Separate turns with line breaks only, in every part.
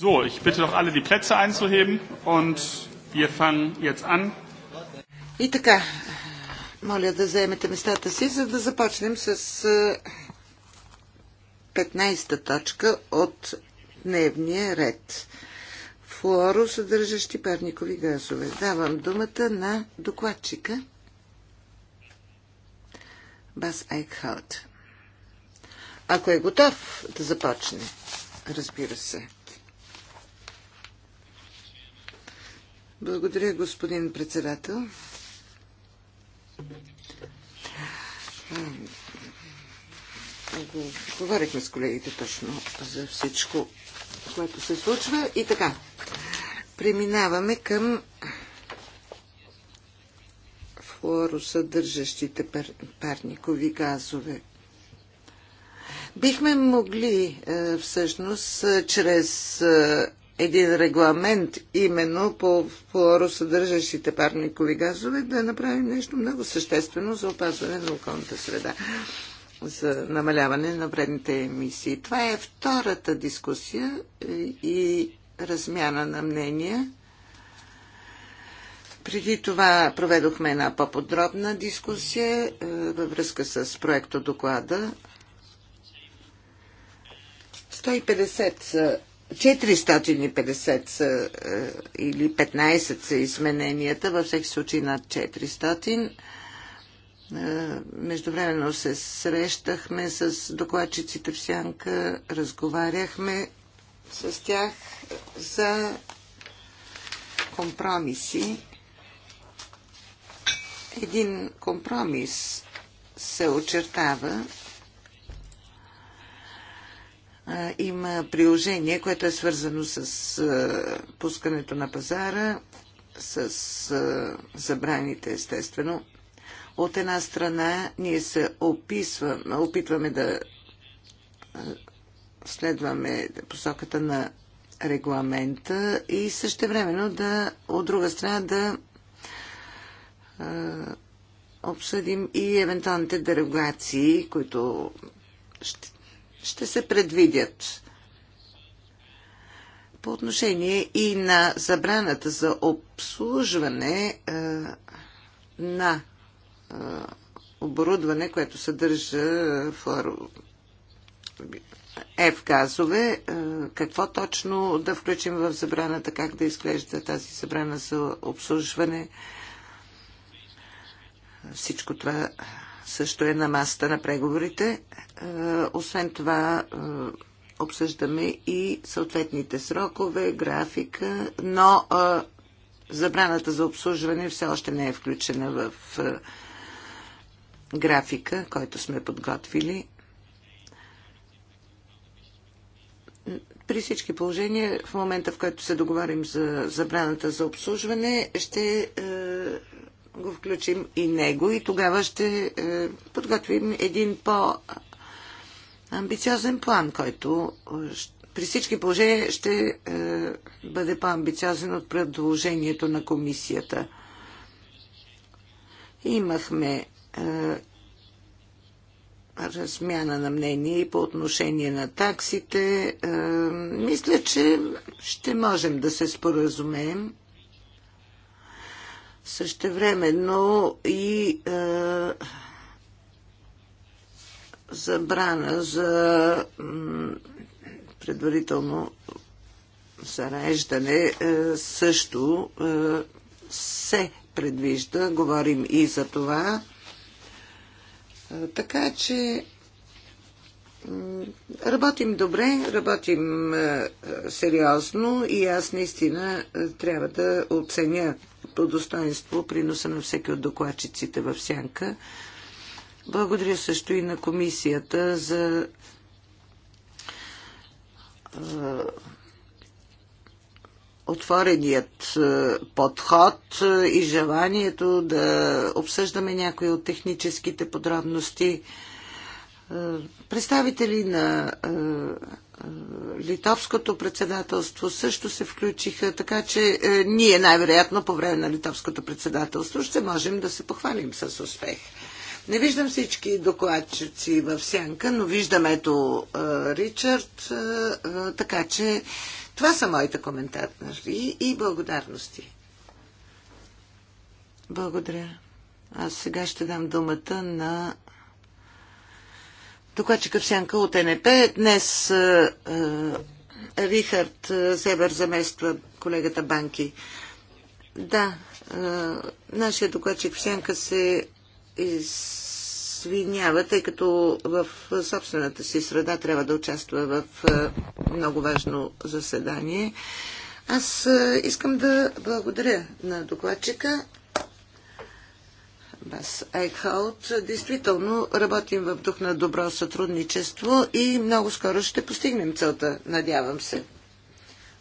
So, ich bitte doch alle, die Plätze einzuheben und wir fangen jetzt an. И така, моля да заемете местата си, за да започнем с 15-та е, точка от дневния ред. Флоро, съдържащи парникови газове. Давам думата на докладчика Бас Айкхаут. Ако е готов да започне, разбира се. Благодаря, господин председател. Говорихме с колегите точно за всичко, което се случва. И така, преминаваме към флуоросъдържащите парникови газове. Бихме могли е, всъщност е, чрез е, един регламент именно по флоросъдържащите парникови газове, да направим нещо много съществено за опазване на околната среда, за намаляване на вредните емисии. Това е втората дискусия е, и размяна на мнения. Преди това проведохме една по-подробна дискусия е, във връзка с проекто доклада 150 са 450 са, е, или 15 са измененията, във всеки случай над 400. Е, междувременно се срещахме с докладчиците в Сянка, разговаряхме с тях за компромиси. Един компромис се очертава има приложение, което е свързано с пускането на пазара, с забраните, естествено. От една страна, ние се описваме, опитваме да следваме посоката на регламента и също времено да, от друга страна, да обсъдим и евентуалните дерогации, които ще ще се предвидят по отношение и на забраната за обслужване е, на е, оборудване, което съдържа флор... F-газове, е, какво точно да включим в забраната, как да изглежда тази забрана за обслужване. Всичко това също е на масата на преговорите. Е, освен това, е, обсъждаме и съответните срокове, графика, но е, забраната за обслужване все още не е включена в графика, който сме подготвили. При всички положения, в момента в който се договорим за забраната за обслужване, ще го включим и него и тогава ще е, подготвим един по- амбициозен план, който е, при всички положения ще е, бъде по-амбициозен от предложението на комисията. Имахме размяна на мнение и по отношение на таксите. Мисля, че ще можем да се споразумеем. Същевременно и е, забрана за предварително зареждане е, също е, се предвижда. Говорим и за това. Е, така че Работим добре, работим е, сериозно и аз наистина е, трябва да оценя по достоинство приноса на всеки от докладчиците в Сянка. Благодаря също и на комисията за отвореният подход и желанието да обсъждаме някои от техническите подробности. Представители на литовското председателство също се включиха, така че е, ние най-вероятно по време на литовското председателство ще можем да се похвалим с успех. Не виждам всички докладчици в сянка, но виждам ето е, Ричард, е, е, така че това са моите коментатори и благодарности. Благодаря. Аз сега ще дам думата на Докладчик Авсянка сянка от НП. Днес е, е, Рихард е, Зебер замества колегата Банки. Да, нашия докладчик Авсянка сянка се извинява, тъй като в собствената си среда трябва да участва в много важно заседание. Аз искам да благодаря на докладчика Бас Айкхаут. Действително работим в дух на добро сътрудничество и много скоро ще постигнем целта, надявам се.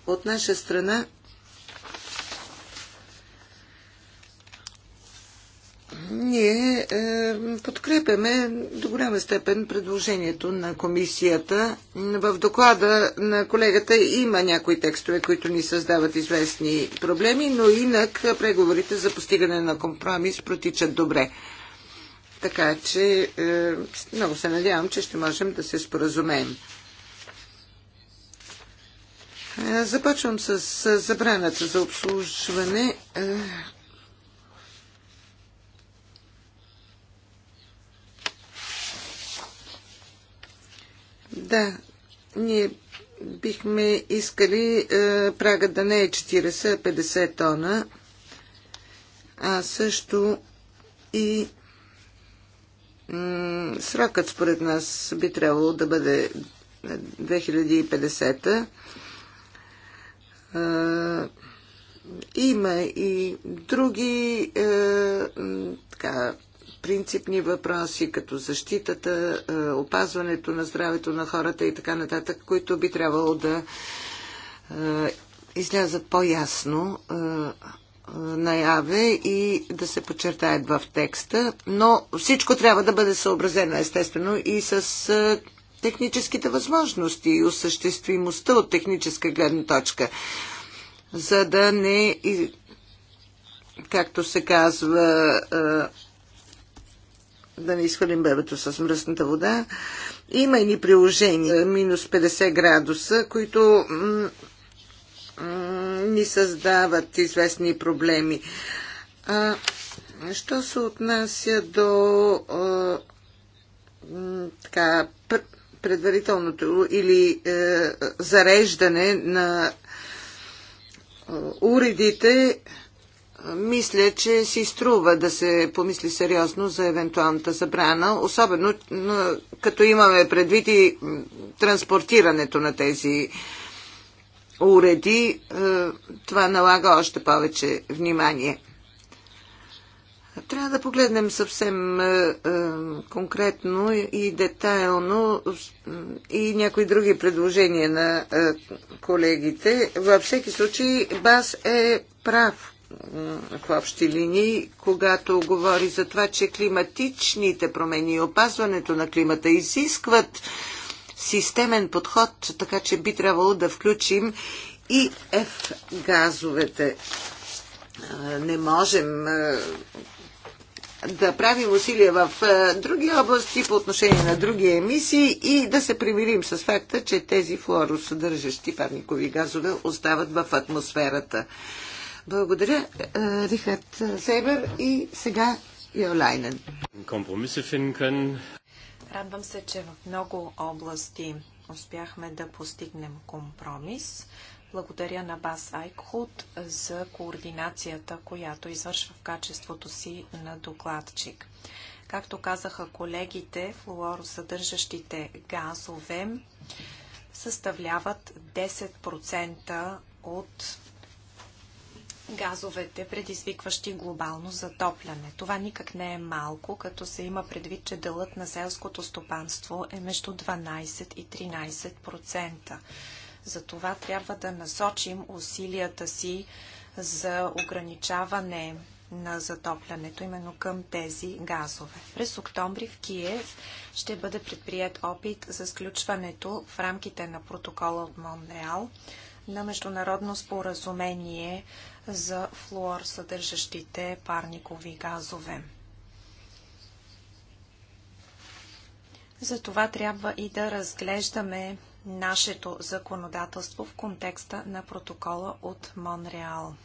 От наша страна Ние е, подкрепяме до голяма степен предложението на комисията. В доклада на колегата има някои текстове, които ни създават известни проблеми, но инак преговорите за постигане на компромис протичат добре. Така че е, много се надявам, че ще можем да се споразумеем. Е, започвам с забраната за обслужване е, Да, ние бихме искали е, прага да не е 40, 50 тона, а също и срокът според нас би трябвало да бъде 2050 е, а, е, има и други е, така, принципни въпроси, като защитата, е, опазването на здравето на хората и така нататък, които би трябвало да е, излязат по-ясно е, наяве и да се подчертаят в текста, но всичко трябва да бъде съобразено естествено и с техническите възможности и осъществимостта от техническа гледна точка, за да не, както се казва, да не изхвърлим бебето с мръсната вода. Има и приложения, минус 50 градуса, които ни създават известни проблеми. А, що се отнася до а, така, предварителното или а, е, зареждане на е, уредите, мисля, че си струва да се помисли сериозно за евентуалната забрана, особено като имаме предвид и транспортирането на тези уреди. Е, това налага още повече внимание. Трябва да погледнем съвсем е, е, конкретно и детайлно и някои други предложения на колегите. Във всеки случай, Бас е прав в общи линии, когато говори за това, че климатичните промени и опазването на климата изискват системен подход, така че би трябвало да включим и F-газовете. Не можем да правим усилия в други области по отношение на други емисии и да се примирим с факта, че тези флоросъдържащи парникови газове остават в атмосферата. Благодаря, е, Рихард Сейбер и сега Йолайнен. Компромиси finden können.
Радвам се, че в много области успяхме да постигнем компромис. Благодаря на Бас Айкхут за координацията, която извършва в качеството си на докладчик. Както казаха колегите, флуоросъдържащите газове съставляват 10% от газовете, предизвикващи глобално затопляне. Това никак не е малко, като се има предвид, че делът на селското стопанство е между 12 и 13%. За това трябва да насочим усилията си за ограничаване на затоплянето именно към тези газове. През октомври в Киев ще бъде предприят опит за сключването в рамките на протокола от Монреал на международно споразумение за флуор, съдържащите парникови газове. Затова трябва и да разглеждаме нашето законодателство в контекста на протокола от Монреал.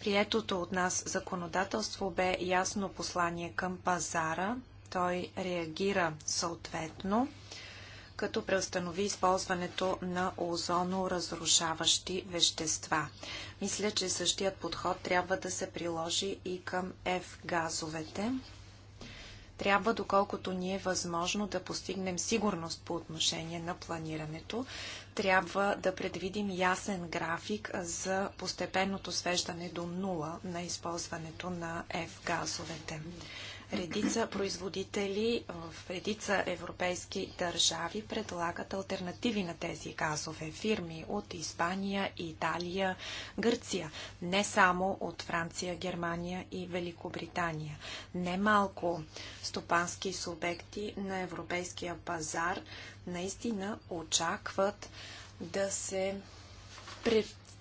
Приетото от нас законодателство бе ясно послание към пазара. Той реагира съответно като преустанови използването на озоноразрушаващи вещества. Мисля, че същият подход трябва да се приложи и към F-газовете. Трябва, доколкото ни е възможно да постигнем сигурност по отношение на планирането, трябва да предвидим ясен график за постепенното свеждане до нула на използването на F-газовете. Редица производители в редица европейски държави предлагат альтернативи на тези газове фирми от Испания, Италия, Гърция, не само от Франция, Германия и Великобритания. Немалко стопански субекти на европейския пазар наистина очакват да се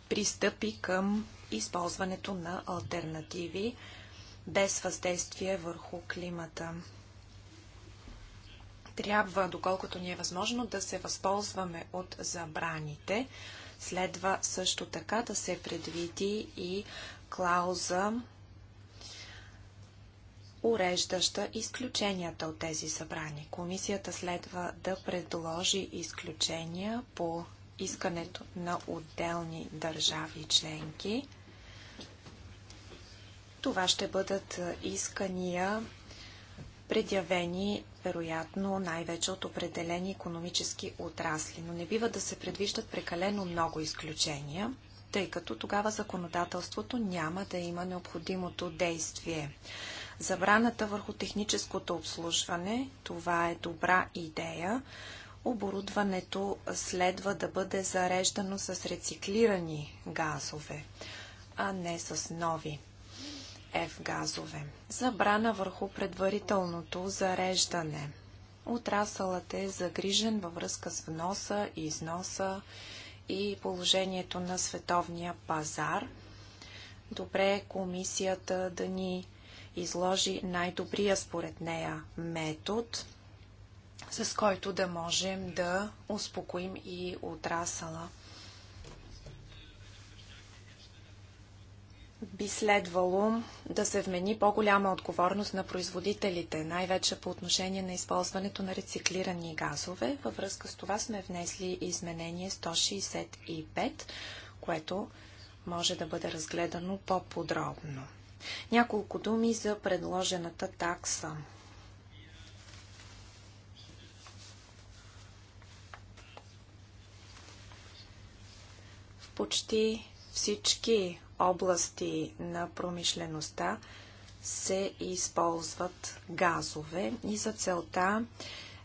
пристъпи към използването на альтернативи без въздействие върху климата. Трябва, доколкото ни е възможно, да се възползваме от забраните. Следва също така да се предвиди и клауза, уреждаща изключенията от тези събрани. Комисията следва да предложи изключения по искането на отделни държави членки. Това ще бъдат искания предявени, вероятно, най-вече от определени економически отрасли. Но не бива да се предвиждат прекалено много изключения, тъй като тогава законодателството няма да има необходимото действие. Забраната върху техническото обслужване, това е добра идея. Оборудването следва да бъде зареждано с рециклирани газове, а не с нови. F газове. Забрана върху предварителното зареждане. Отрасълът е загрижен във връзка с вноса, износа и положението на световния пазар. Добре е комисията да ни изложи най-добрия според нея метод, с който да можем да успокоим и отрасъла. би следвало да се вмени по-голяма отговорност на производителите, най-вече по отношение на използването на рециклирани газове. Във връзка с това сме внесли изменение 165, което може да бъде разгледано по-подробно. Няколко думи за предложената такса. В почти всички области на промишлеността се използват газове и за целта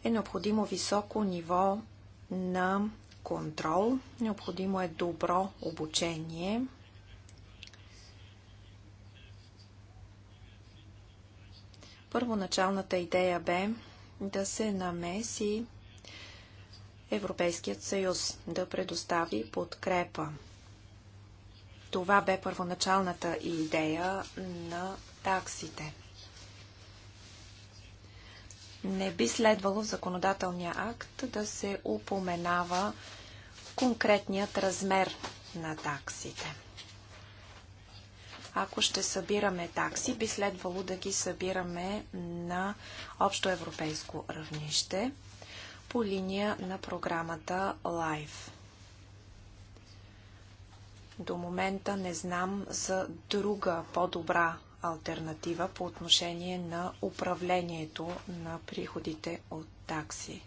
е необходимо високо ниво на контрол, необходимо е добро обучение. Първоначалната идея бе да се намеси Европейският съюз, да предостави подкрепа това бе първоначалната идея на таксите. Не би следвало в законодателния акт да се упоменава конкретният размер на таксите. Ако ще събираме такси, би следвало да ги събираме на общо европейско равнище по линия на програмата LIFE. До момента не знам за друга по-добра альтернатива по отношение на управлението на приходите от такси.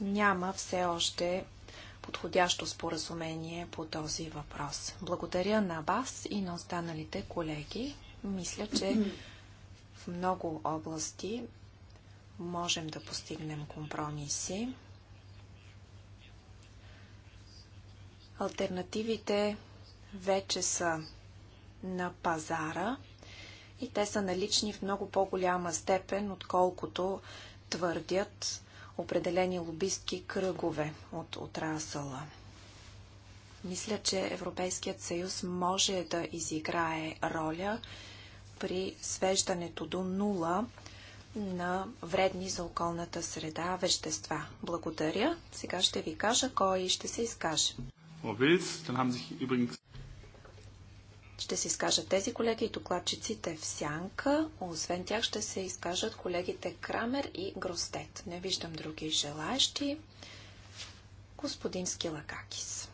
Няма все още подходящо споразумение по този въпрос. Благодаря на вас и на останалите колеги. Мисля, че в много области можем да постигнем компромиси. Альтернативите вече са на пазара и те са налични в много по-голяма степен, отколкото твърдят определени лобистки кръгове от отрасъла. Мисля, че Европейският съюз може да изиграе роля при свеждането до нула на вредни за околната среда вещества. Благодаря. Сега ще ви кажа кой ще се изкаже. Ще се изкажат тези колеги и докладчиците в сянка. Освен тях ще се изкажат колегите Крамер и Гростет. Не виждам други желаящи. Господин Скилакакис.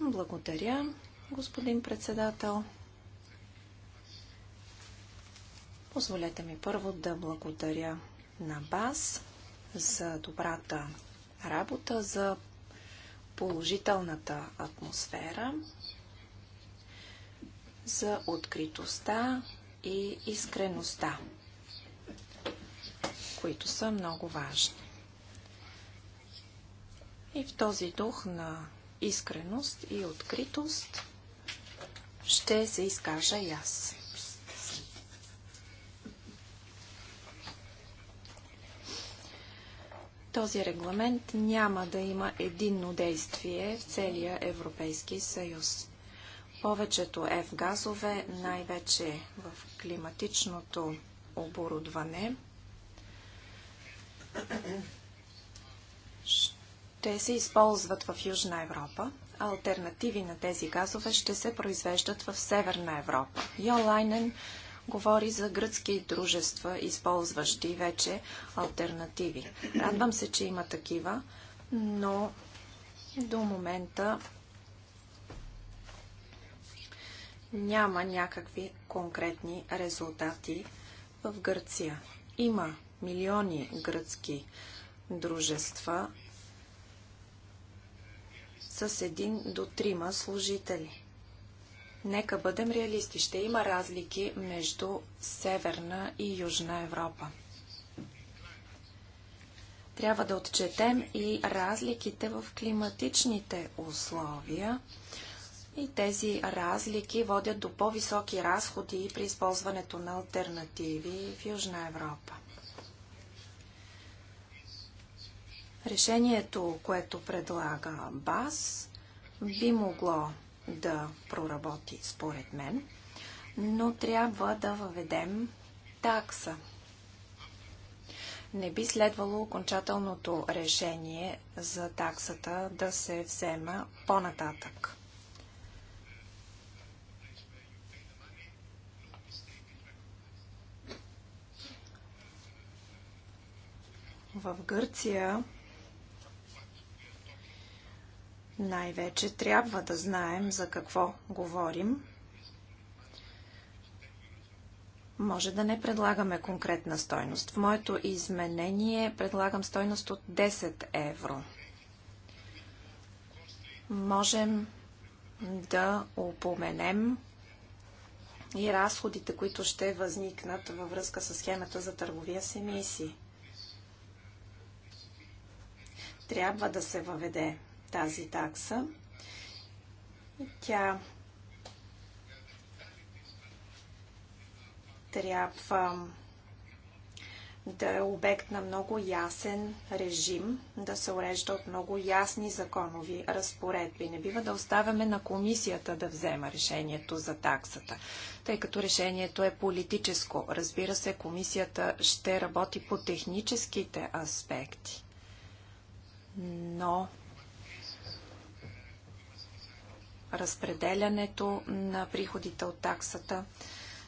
Благодаря, господин председател. Позволете ми първо да благодаря на вас за добрата работа за положителната атмосфера, за откритостта и искреността, които са много важни. И в този дух на искреност и откритост ще се изкажа и аз. този регламент няма да има единно действие в целия Европейски съюз. Повечето F-газове, най-вече в климатичното оборудване, ще се използват в Южна Европа. Альтернативи на тези газове ще се произвеждат в Северна Европа. Йолайнен говори за гръцки дружества, използващи вече альтернативи. Радвам се, че има такива, но до момента няма някакви конкретни резултати в Гърция. Има милиони гръцки дружества с един до трима служители. Нека бъдем реалисти. Ще има разлики между Северна и Южна Европа. Трябва да отчетем и разликите в климатичните условия. И тези разлики водят до по-високи разходи при използването на альтернативи в Южна Европа. Решението, което предлага БАС, би могло да проработи, според мен, но трябва да въведем такса. Не би следвало окончателното решение за таксата да се взема
по-нататък.
В Гърция най-вече трябва да знаем за какво говорим. Може да не предлагаме конкретна стойност. В моето изменение предлагам стойност от 10 евро. Можем да упоменем и разходите, които ще възникнат във връзка с схемата за търговия с емисии. Трябва да се въведе тази такса. Тя трябва да е обект на много ясен режим, да се урежда от много ясни законови разпоредби. Не бива да оставяме на комисията да взема решението за таксата, тъй като решението е политическо. Разбира се, комисията ще работи по техническите аспекти, но разпределянето на приходите от таксата,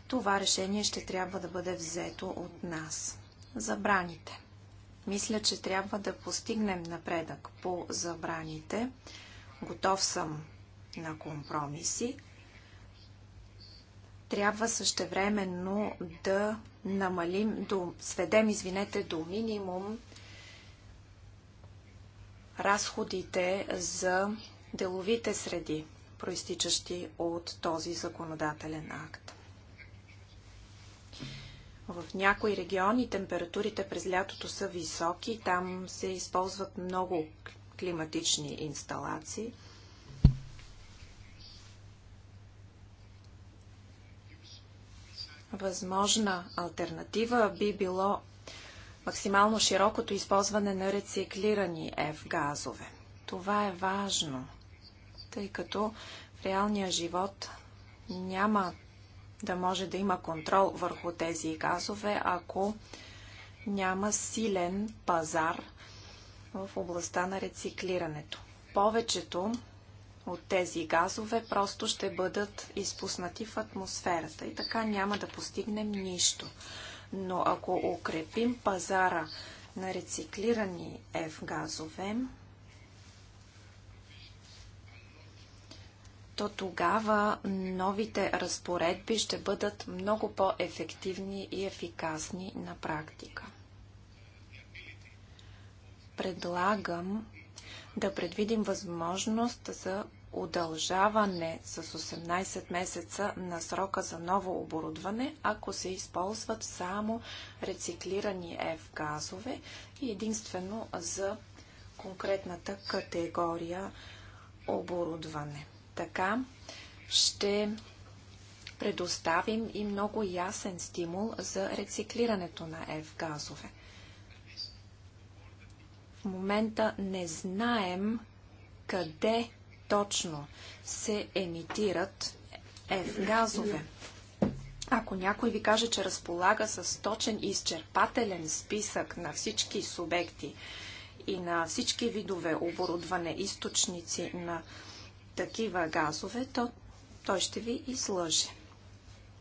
това решение ще трябва да бъде взето от нас. Забраните. Мисля, че трябва да постигнем напредък по забраните. Готов съм на компромиси. Трябва същевременно да намалим, до, сведем, извинете, до минимум разходите за деловите среди проистичащи от този законодателен акт. В някои региони температурите през лятото са високи, там се използват много климатични инсталации. Възможна альтернатива би било максимално широкото използване на рециклирани F-газове. Това е важно тъй като в реалния живот няма да може да има контрол върху тези газове, ако няма силен пазар в областта на рециклирането. Повечето от тези газове просто ще бъдат изпуснати в атмосферата и така няма да постигнем нищо. Но ако укрепим пазара на рециклирани F-газове, то тогава новите разпоредби ще бъдат много по-ефективни и ефикасни на практика. Предлагам да предвидим възможност за удължаване с 18 месеца на срока за ново оборудване, ако се използват само рециклирани F-газове и единствено за конкретната категория оборудване. Така ще предоставим и много ясен стимул за рециклирането на F-газове. В момента не знаем къде точно се емитират F-газове. Ако някой ви каже, че разполага с точен и изчерпателен списък на всички субекти и на всички видове оборудване, източници на такива газове, то той ще ви излъже.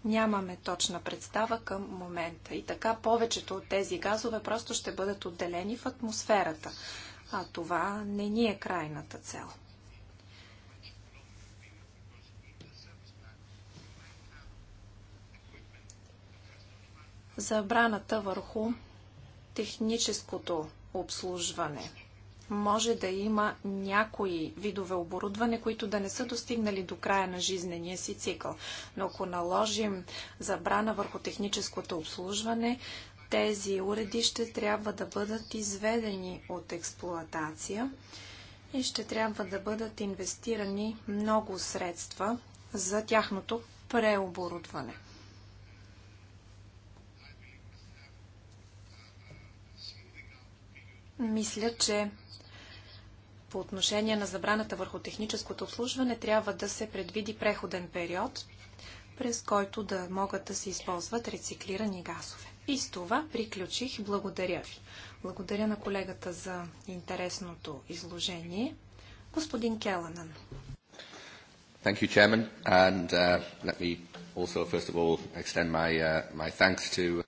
Нямаме точна представа към момента. И така повечето от тези газове просто ще бъдат отделени в атмосферата. А това не ни е крайната цел. Забраната върху техническото обслужване – може да има някои видове оборудване, които да не са достигнали до края на жизнения си цикъл. Но ако наложим забрана върху техническото обслужване, тези уреди ще трябва да бъдат изведени от експлоатация и ще трябва да бъдат инвестирани много средства за тяхното преоборудване. Мисля, че по отношение на забраната върху техническото обслужване трябва да се предвиди преходен период, през който да могат да се използват рециклирани газове. И с това приключих. Благодаря ви. Благодаря на колегата за интересното изложение. Господин Келанан.
Thank you, Chairman, and uh, let me also, first of all, extend my, uh, my thanks to...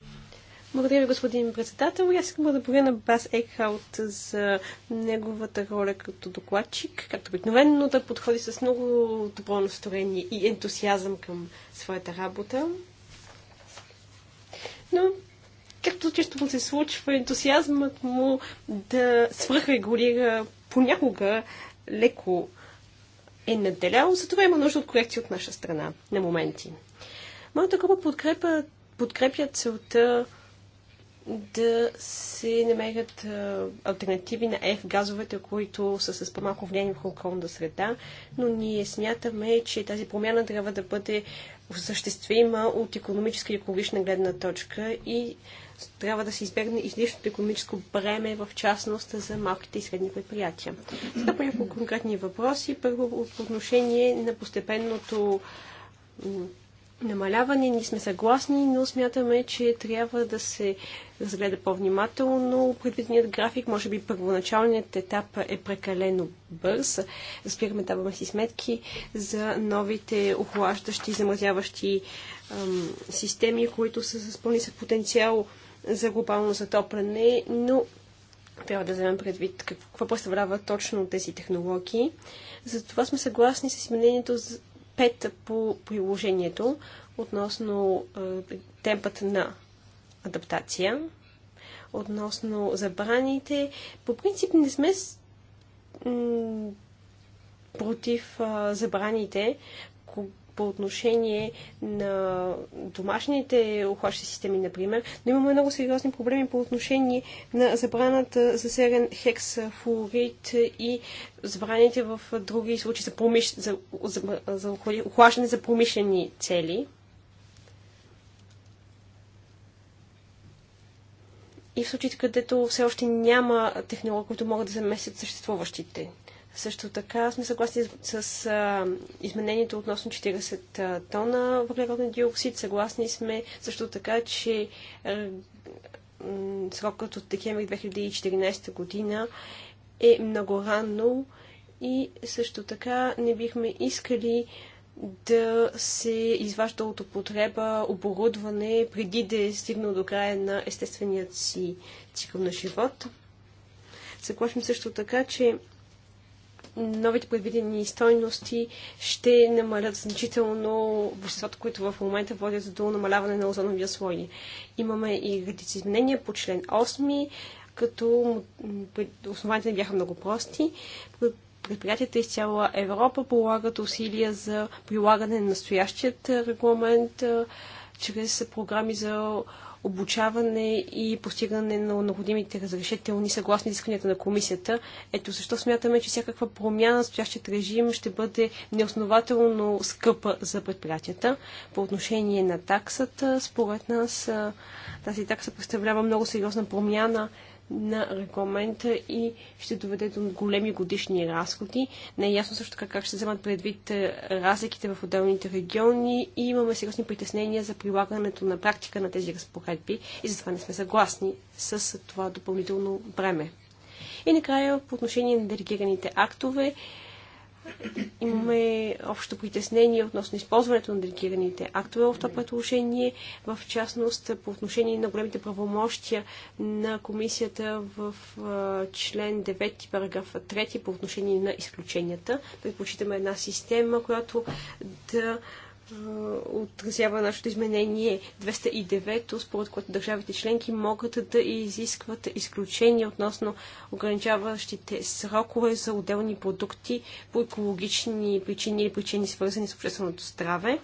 Благодаря ви, господин председател. Аз искам да благодаря на Бас Екхаут за неговата роля като докладчик, както обикновено да подходи с много добро настроение и ентусиазъм към своята работа. Но, както често му се случва, ентусиазмът му да свръхрегулира понякога леко е наделял, затова има нужда от корекции от наша страна на моменти. Моята група подкрепя, подкрепя целта да се намерят альтернативи на F-газовете, които са с по-малко влияние върху околната среда, но ние смятаме, че тази промяна трябва да бъде осъществима от економическа и екологична гледна точка и трябва да се избегне излишното економическо бреме, в частност за малките и средни предприятия. Сега по конкретни въпроси. Първо по отношение на постепенното намаляване. Ние сме съгласни, но смятаме, че трябва да се разгледа по-внимателно предвидният график. Може би първоначалният етап е прекалено бърз. Разбираме, даваме си сметки за новите охлаждащи, замразяващи системи, които са с по-нисък потенциал за глобално затопляне, но трябва да вземем предвид какво представляват точно тези технологии. Затова сме съгласни с изменението 5 по приложението относно темпът на адаптация, относно забраните. По принцип не сме против забраните, по отношение на домашните охлаждащи системи, например, но имаме много сериозни проблеми по отношение на забраната за серен хексафлорид и забраните в други случаи за, промиш... за, за, за охлаждане за промишлени цели. И в случаите, където все още няма технологии, които могат да заместят съществуващите. Също така сме съгласни с, с а, изменението относно 40 тона въглероден диоксид. Съгласни сме също така, че а, срокът от декември 2014 година е много ранно и също така не бихме искали да се изважда от употреба оборудване преди да е стигнал до края на естественият си цикъл на живот. Съгласим също така, че новите предвидени стойности ще намалят значително веществата, които в момента водят до намаляване на озоновия слой. Имаме и редици изменения по член 8, като основанията не бяха много прости. Предприятията из цяла Европа полагат усилия за прилагане на настоящият регламент чрез програми за обучаване и постигане на необходимите разрешителни съгласни изискванията на комисията. Ето защо смятаме, че всякаква промяна на стоящият режим ще бъде неоснователно скъпа за предприятията. По отношение на таксата, според нас тази такса представлява много сериозна промяна на регламента и ще доведе до големи годишни разходи. Не е ясно също така как ще вземат предвид е, разликите в отделните региони и имаме сериозни притеснения за прилагането на практика на тези разпоредби и затова не сме съгласни с това допълнително време. И накрая по отношение на делегираните актове, имаме общо притеснение относно използването на делегираните актове в това предложение, в частност по отношение на големите правомощия на комисията в член 9, параграф 3 по отношение на изключенията. Предпочитаме една система, която да отразява нашето изменение 209, според което държавите членки могат да изискват изключения относно ограничаващите срокове за отделни продукти по екологични причини или причини свързани с общественото здраве.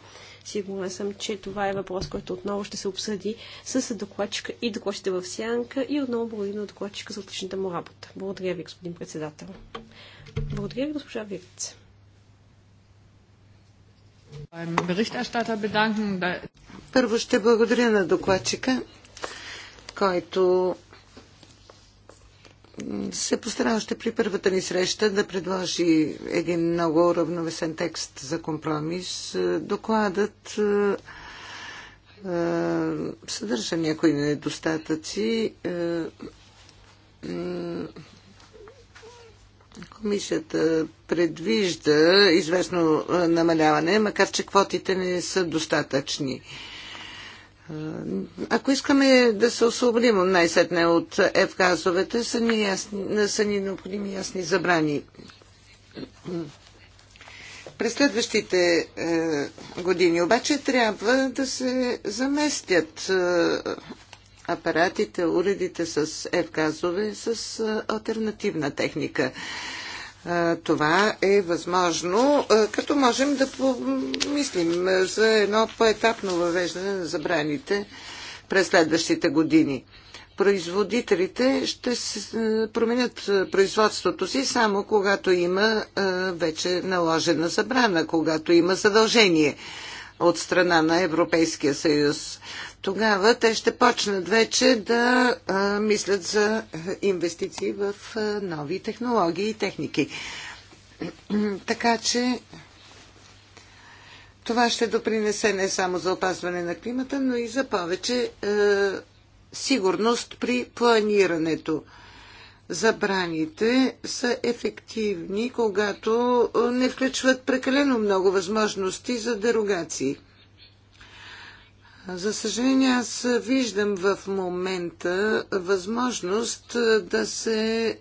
Сигурен съм, че това е въпрос, който отново ще се обсъди с докладчика и докладчите в сянка и отново благодаря на докладчика за отличната му работа. Благодаря ви, господин председател. Благодаря ви, госпожа Вирц.
Първо ще благодаря на докладчика, който се постара още при първата ни среща да предложи един много равновесен текст за компромис. Докладът е, е, съдържа някои недостатъци. Е, Комисията предвижда известно намаляване, макар че квотите не са достатъчни. Ако искаме да се освободим най-сетне от F-газовете, са ни, ясни, са ни необходими ясни забрани. През следващите е, години обаче трябва да се заместят е, апаратите, уредите с F-газове с е, альтернативна техника това е възможно, като можем да помислим за едно по-етапно въвеждане на забраните през следващите години. Производителите ще променят производството си само когато има вече наложена забрана, когато има задължение от страна на Европейския съюз тогава те ще почнат вече да а, мислят за е, инвестиции в а, е, нови технологии и техники. Така че това ще допринесе не само за опазване на климата, но и за повече а, е, сигурност при планирането. Забраните са ефективни, когато не включват прекалено много възможности за дерогации. За съжаление, аз виждам в момента възможност е, да се е,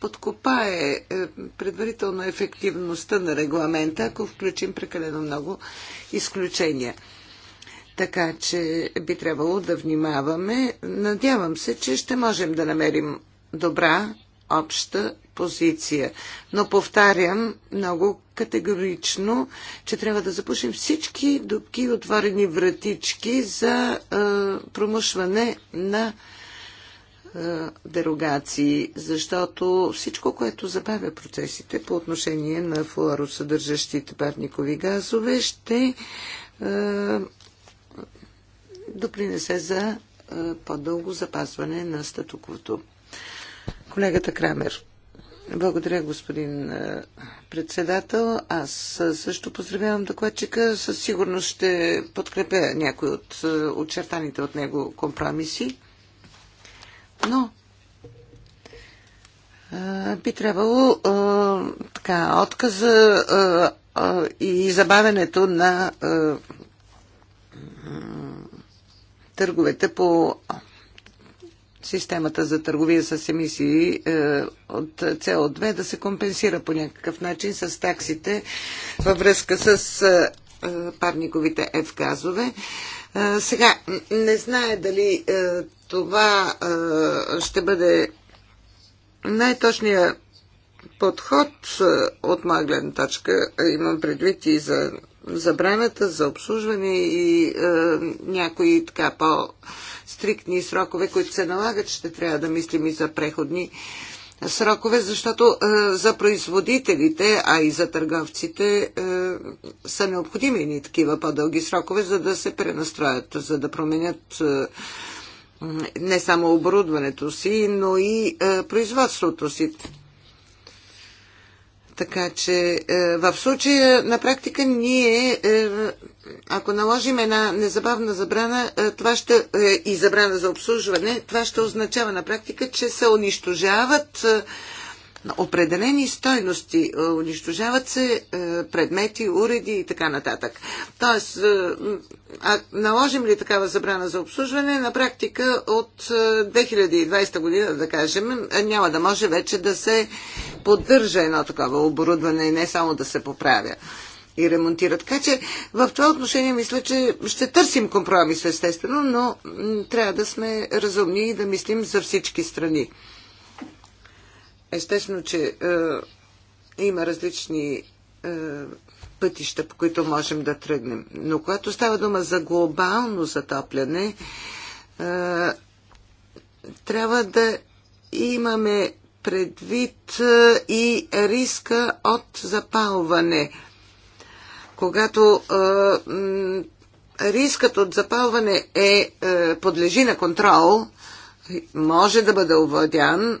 подкопае е, предварително ефективността на регламента, ако включим прекалено много изключения. Така че би трябвало да внимаваме. Надявам се, че ще можем да намерим добра обща позиция. Но повтарям много категорично, че трябва да запушим всички дубки и отворени вратички за е, промушване на е, дерогации, защото всичко, което забавя процесите по отношение на флуоросъдържащите парникови газове, ще е, допринесе за е, по-дълго запазване на статуквото. Колегата Крамер. Благодаря, господин председател. Аз също поздравявам докладчика. Със сигурност ще подкрепя някои от очертаните от него компромиси. Но би трябвало така, отказа и забавянето на търговете по системата за търговия с емисии е, от CO2 да се компенсира по някакъв начин с таксите във връзка с е, е, парниковите F-газове. Сега, не знае дали това ще бъде най-точният подход от моя гледна точка. Имам предвид и за забраната за обслужване и някои така по- стриктни срокове, които се налагат, ще трябва да мислим и за преходни срокове, защото е, за производителите, а и за търговците е, са необходими ни такива по-дълги срокове, за да се пренастроят, за да променят е, не само оборудването си, но и е, производството си. Така че е, в случая на практика ние, е, ако наложим една незабавна забрана е, това ще, и забрана за обслужване, това ще означава на практика, че се унищожават на определени стойности. Е, унищожават се е, предмети, уреди и така нататък. Тоест, е, а наложим ли такава забрана за обслужване, на практика от 2020 година, да кажем, няма да може вече да се поддържа едно такова оборудване и не само да се поправя и ремонтира. Така че в това отношение мисля, че ще търсим компромис, естествено, но трябва да сме разумни и да мислим за всички страни. Естествено, че е, има различни е, пътища, по които можем да тръгнем. Но когато става дума за глобално е, трябва да имаме предвид е, и риска от запалване. Когато рискът от запалване е, подлежи на контрол, може да бъде овладян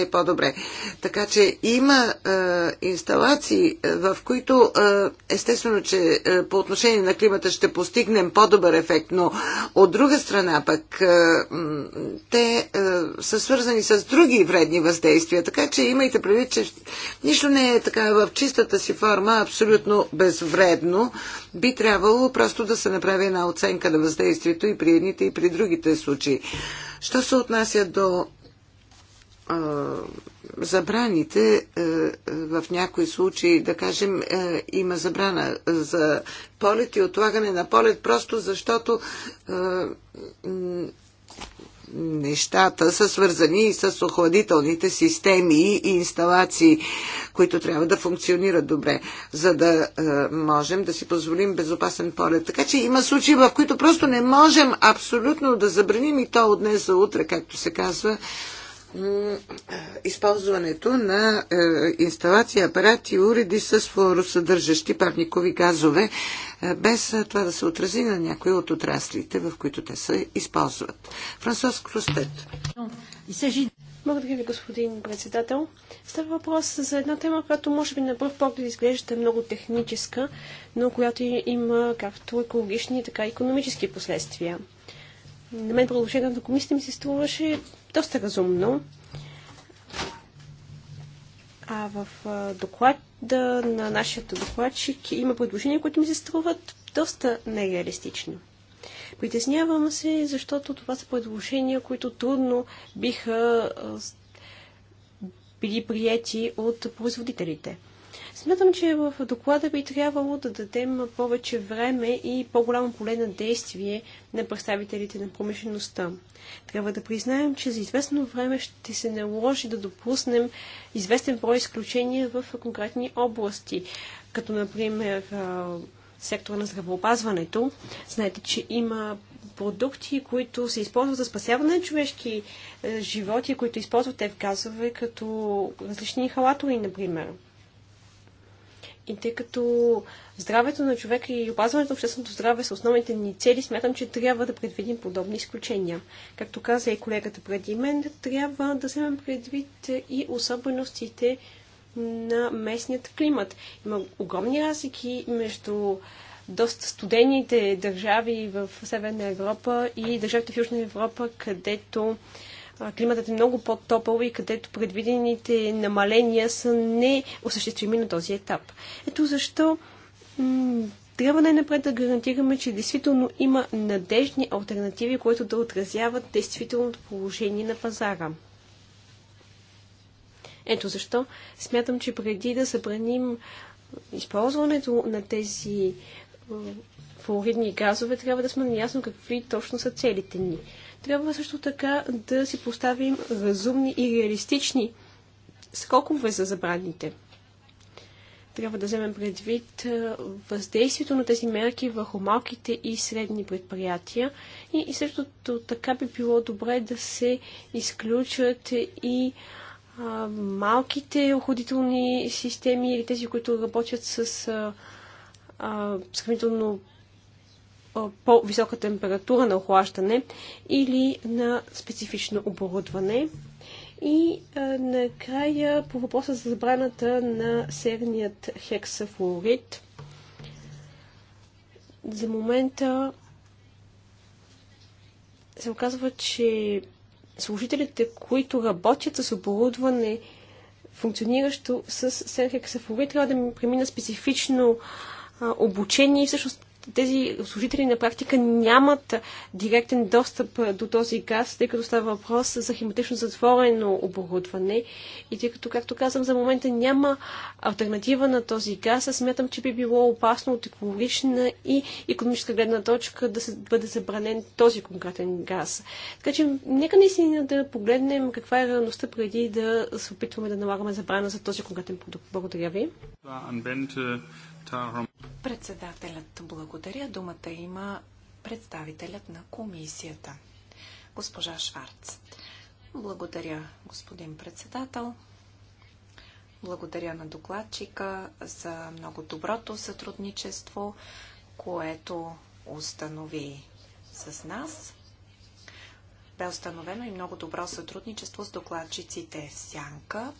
е по-добре. Така че има е, инсталации, е, в които е, естествено, че е, по отношение на климата ще постигнем по-добър ефект, но от друга страна пък е, те е, са свързани с други вредни въздействия. Така че имайте предвид, че нищо не е така в чистата си форма абсолютно безвредно. Би трябвало просто да се направи една оценка на въздействието и при едните и при другите случаи. Що се отнася до забраните е, е, в някои случаи, да кажем, е, има забрана за полет и отлагане на полет, просто защото нещата са свързани и с охладителните системи и инсталации, които трябва да функционират добре, за да можем да си позволим безопасен полет. Така че има случаи, в които просто не можем абсолютно да забраним и то от днес за утре, както се казва, използването на е, инсталации, апарати и уреди с флуоросъдържащи парникови газове, е, без е, това да се отрази на някои от отраслите, в които те се използват. Франсос Крустет.
Благодаря ви, господин председател. Става въпрос за една тема, която може би на пръв поглед изглежда много техническа, но която има както екологични, така и економически последствия. На мен продължението на комисията ми се струваше доста разумно. А в доклада на нашия докладчик има предложения, които ми се струват доста нереалистични. Притеснявам се, защото това са предложения, които трудно биха били прияти от производителите. Смятам, че в доклада би трябвало да дадем повече време и по-голямо поле на действие на представителите на промишлеността. Трябва да признаем, че за известно време ще се наложи да допуснем известен брой изключения в конкретни области, като например сектора на здравеопазването. Знаете, че има продукти, които се използват за спасяване на човешки е, животи, които използват те в газове, като различни халатори, например. И тъй като здравето на човека и опазването на общественото здраве са основните ни цели, смятам, че трябва да предвидим подобни изключения. Както каза и колегата преди мен, трябва да вземем предвид и особеностите на местният климат. Има огромни разлики между доста студените държави в Северна Европа и държавите в Южна Европа, където климатът е много по-топъл и където предвидените намаления са неосъществими на този етап. Ето защо трябва най-напред да гарантираме, че действително има надежни альтернативи, които да отразяват действителното положение на пазара. Ето защо смятам, че преди да събраним използването на тези флоридни газове, трябва да сме наясно какви точно са целите ни. Трябва също така да си поставим разумни и реалистични скокове за забраните. Трябва да вземем предвид е, въздействието на тези мерки върху малките и средни предприятия и, и също така би било добре да се изключат и а, е, малките охладителни системи или тези, които работят с а, е, а, сравнително по-висока температура на охлаждане или на специфично оборудване. И а, накрая по въпроса за забраната на серният хексафлорид. За момента се оказва, че служителите, които работят с оборудване, функциониращо с серхексафлорид, хексафлорид, трябва да премина специфично а, обучение и всъщност тези служители на практика нямат директен достъп до този газ, тъй като става въпрос за химатично затворено оборудване и тъй като, както казвам, за момента няма альтернатива на този газ, аз смятам, че би било опасно от екологична и економическа гледна точка да се, бъде забранен този конкретен газ. Така че, нека наистина да погледнем каква е реалността преди да се опитваме да налагаме забрана за този конкретен продукт. Благодаря ви. Председателят благодаря.
Думата има представителят на комисията. Госпожа Шварц. Благодаря, господин председател. Благодаря на докладчика за много доброто сътрудничество, което установи с нас. Бе установено и много добро сътрудничество с докладчиците Сянка.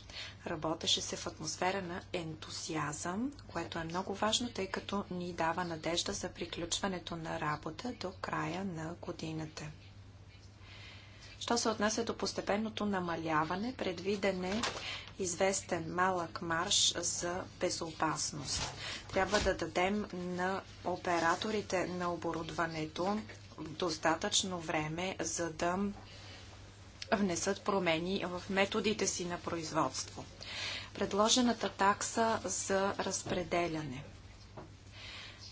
Работеше се в атмосфера на ентусиазъм, което е много важно, тъй като ни дава надежда за приключването на работа до края на годината. Що се отнася до постепенното намаляване, предвиден е известен малък марш за безопасност. Трябва да дадем на операторите на оборудването достатъчно време, за да внесат промени в методите си на производство. Предложената такса за разпределяне.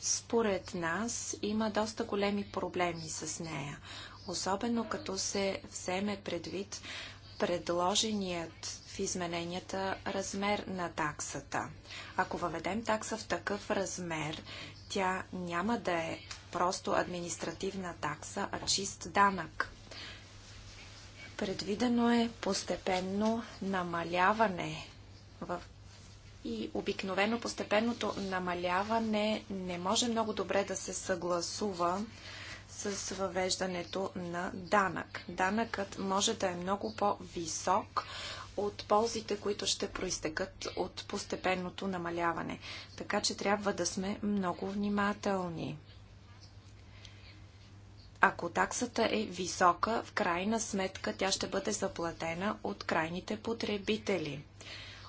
Според нас има доста големи проблеми с нея, особено като се вземе предвид предложеният в измененията размер на таксата. Ако въведем такса в такъв размер, тя няма да е просто административна такса, а чист данък. Предвидено е постепенно намаляване в и обикновено постепенното намаляване не може много добре да се съгласува с въвеждането на данък. Данъкът може да е много по-висок, от ползите, които ще проистекат от постепенното намаляване. Така че трябва да сме много внимателни. Ако таксата е висока, в крайна сметка тя ще бъде заплатена от крайните потребители.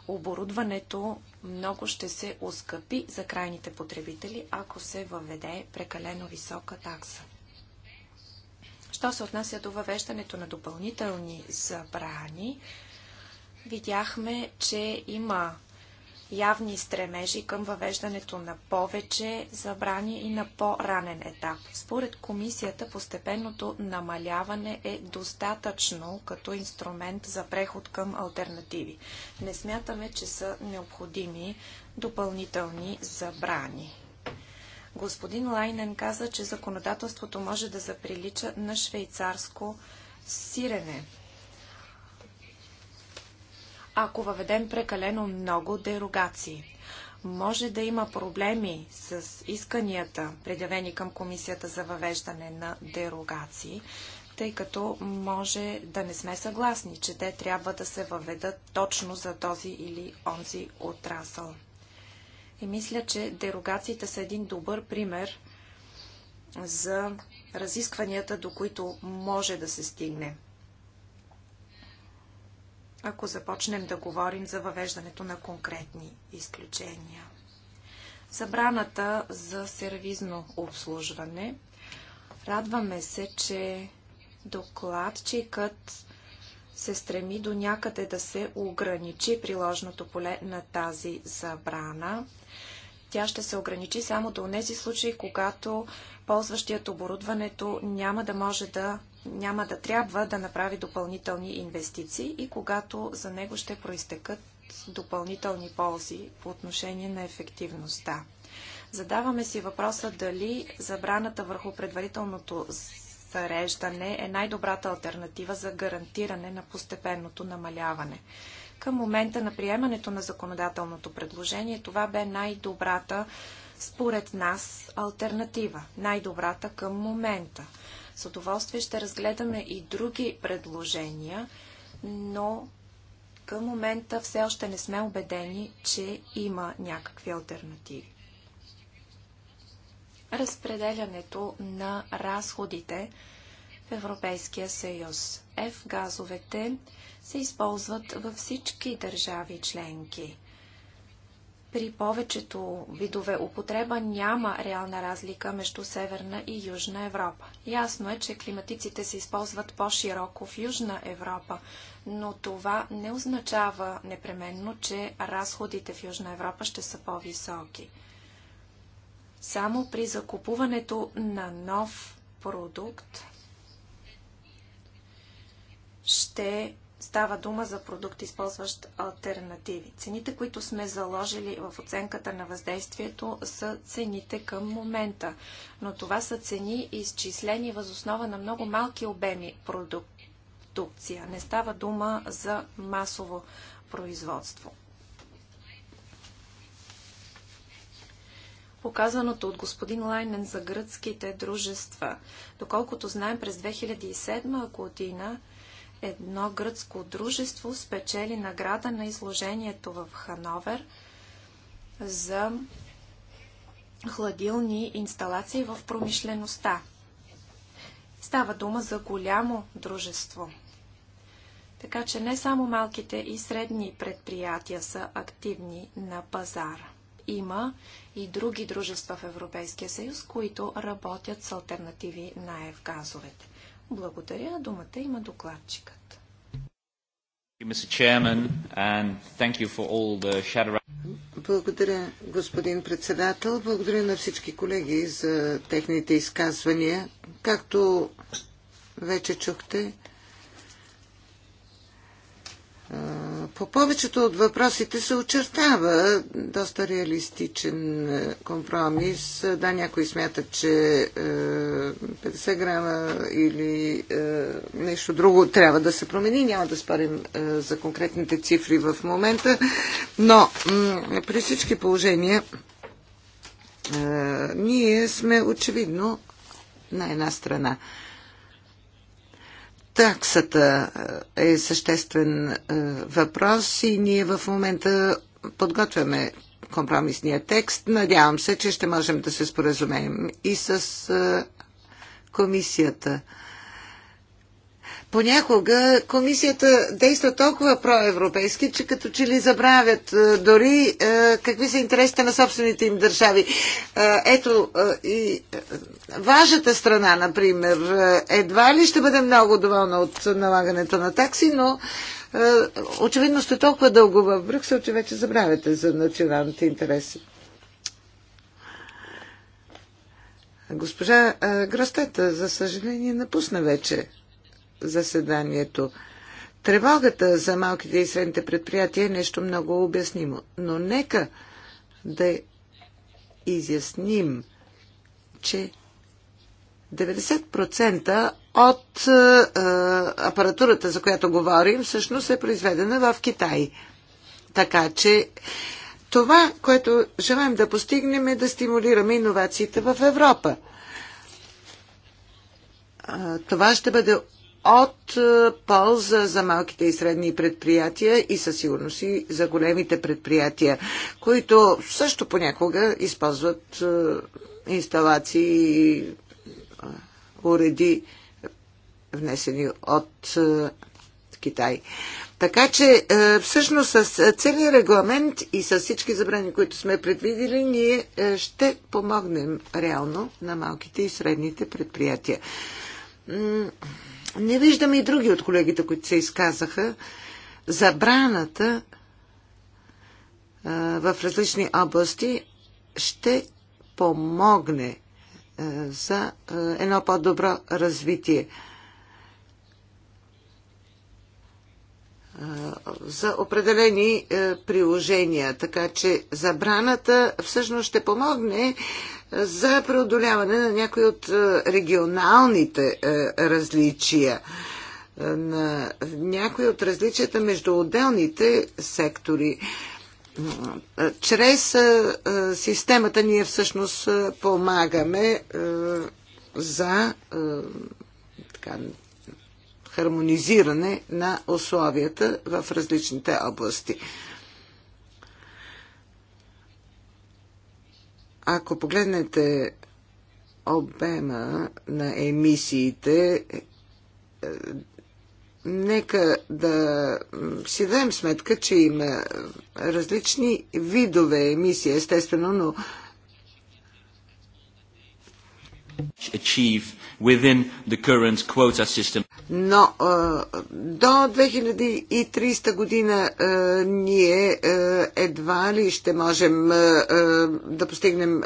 Оборудването много ще се оскъпи за крайните потребители, ако се въведе прекалено висока такса. Що се отнася до въвеждането на допълнителни забрани, видяхме, че има явни стремежи към въвеждането на повече забрани и на по-ранен етап. Според комисията, постепенното намаляване е достатъчно като инструмент за преход към альтернативи. Не смятаме, че са необходими допълнителни забрани. Господин Лайнен каза, че законодателството може да заприлича на швейцарско сирене ако въведем прекалено много дерогации. Може да има проблеми с исканията, предявени към Комисията за въвеждане на дерогации, тъй като може да не сме съгласни, че те трябва да се въведат точно за този или онзи отрасъл. И мисля, че дерогациите са един добър пример за разискванията, до които може да се стигне ако започнем да говорим за въвеждането на конкретни изключения. Забраната за сервизно обслужване. Радваме се, че докладчикът се стреми до някъде да се ограничи приложното поле на тази забрана. Тя ще се ограничи само до тези случаи, когато ползващият оборудването няма да може да няма да трябва да направи допълнителни инвестиции и когато за него ще проистекат допълнителни ползи по отношение на ефективността. Задаваме си въпроса дали забраната върху предварителното зареждане е най-добрата альтернатива за гарантиране на постепенното намаляване. Към момента на приемането на законодателното предложение това бе най-добрата според нас альтернатива, най-добрата към момента. С удоволствие ще разгледаме и други предложения, но към момента все още не сме убедени, че има някакви альтернативи. Разпределянето на разходите в Европейския съюз. F-газовете се използват във всички държави членки. При повечето видове употреба няма реална разлика между Северна и Южна Европа. Ясно е, че климатиците се използват по-широко в Южна Европа, но това не означава непременно, че разходите в Южна Европа ще са по-високи. Само при закупуването на нов продукт ще Става дума за продукт, използващ альтернативи. Цените, които сме заложили в оценката на въздействието, са цените към момента. Но това са цени, изчислени възоснова на много малки обеми продукция. Не става дума за масово производство. показаното от господин Лайнен за гръцките дружества. Доколкото знаем, през 2007 година едно гръцко дружество спечели награда на изложението в Хановер за хладилни инсталации в промишлеността. Става дума за голямо дружество. Така че не само малките и средни предприятия са активни на пазара. Има и други дружества в Европейския съюз, които работят с альтернативи на ефгазовете. Благодаря. Думата има докладчикът.
Благодаря, господин председател. Благодаря на всички колеги за техните изказвания. Както вече чухте, по повечето от въпросите се очертава доста реалистичен е, компромис. Да, някои смятат, че 50 е, грама или е, нещо друго трябва да се промени. Няма да спорим за конкретните цифри в момента, но при всички положения ние сме очевидно на една страна. Таксата е, е съществен е, въпрос и ние в момента подготвяме компромисния текст. Надявам се, че ще можем да се споразумеем и с е, комисията понякога комисията действа толкова проевропейски, че като че ли забравят е, дори е, какви са интересите на собствените им държави. Е, ето, и вашата страна, например, едва ли ще бъде много доволна от налагането на такси, но очевидно сте толкова дълго в Брюксел, че вече забравяте за националните интереси. Госпожа Гростета, за съжаление, напусна вече заседанието. Тревогата за малките и средните предприятия е нещо много обяснимо, но нека да изясним, че 90% от е, е, апаратурата, за която говорим, всъщност е произведена в Китай. Така че това, което желаем да постигнем е да стимулираме иновациите в Европа. Е, това ще бъде от е, полза за малките и средни предприятия и със сигурност и за големите предприятия, които също понякога използват е, инсталации и е, уреди, внесени от Китай. Така че всъщност с целият регламент и с всички забрани, които сме предвидили, ние ще помогнем реално на малките и средните предприятия. Не виждам и други от колегите, които се изказаха. Забраната в различни области ще помогне за едно по-добро развитие. за определени приложения. Така че забраната всъщност ще помогне за преодоляване на някои от е, регионалните е, различия, е, на някои от различията между отделните сектори. Чрез системата ние всъщност помагаме за така, хармонизиране на условията в различните области. Ако погледнете обема на емисиите, е, нека да си дадем сметка, че има различни видове емисии, естествено, но
achieve within the current quota system.
Но до 2030 година ние едва ли ще можем да постигнем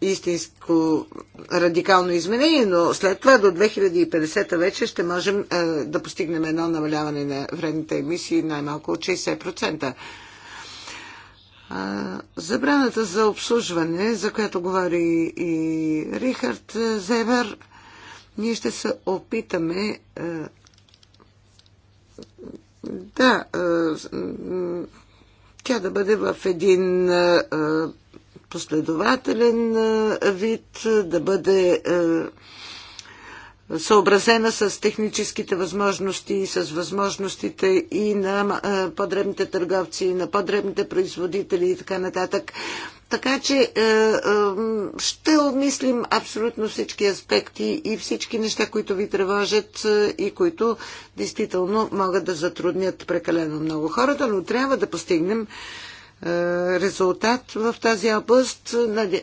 истинско радикално изменение, но след това до 2050 вече ще можем е, да постигнем едно намаляване на вредните емисии най-малко от 60%. Забраната за обслужване, за която говори и Рихард Зевер, ние ще се опитаме е, да е, тя да бъде в един е, последователен вид, да бъде съобразена с техническите възможности и с възможностите и на подребните търговци, и на подребните производители и така нататък. Така че е, е, ще обмислим абсолютно всички аспекти и всички неща, които ви тревожат е, и които действително могат да затруднят прекалено много хората, но трябва да постигнем е, резултат в тази област.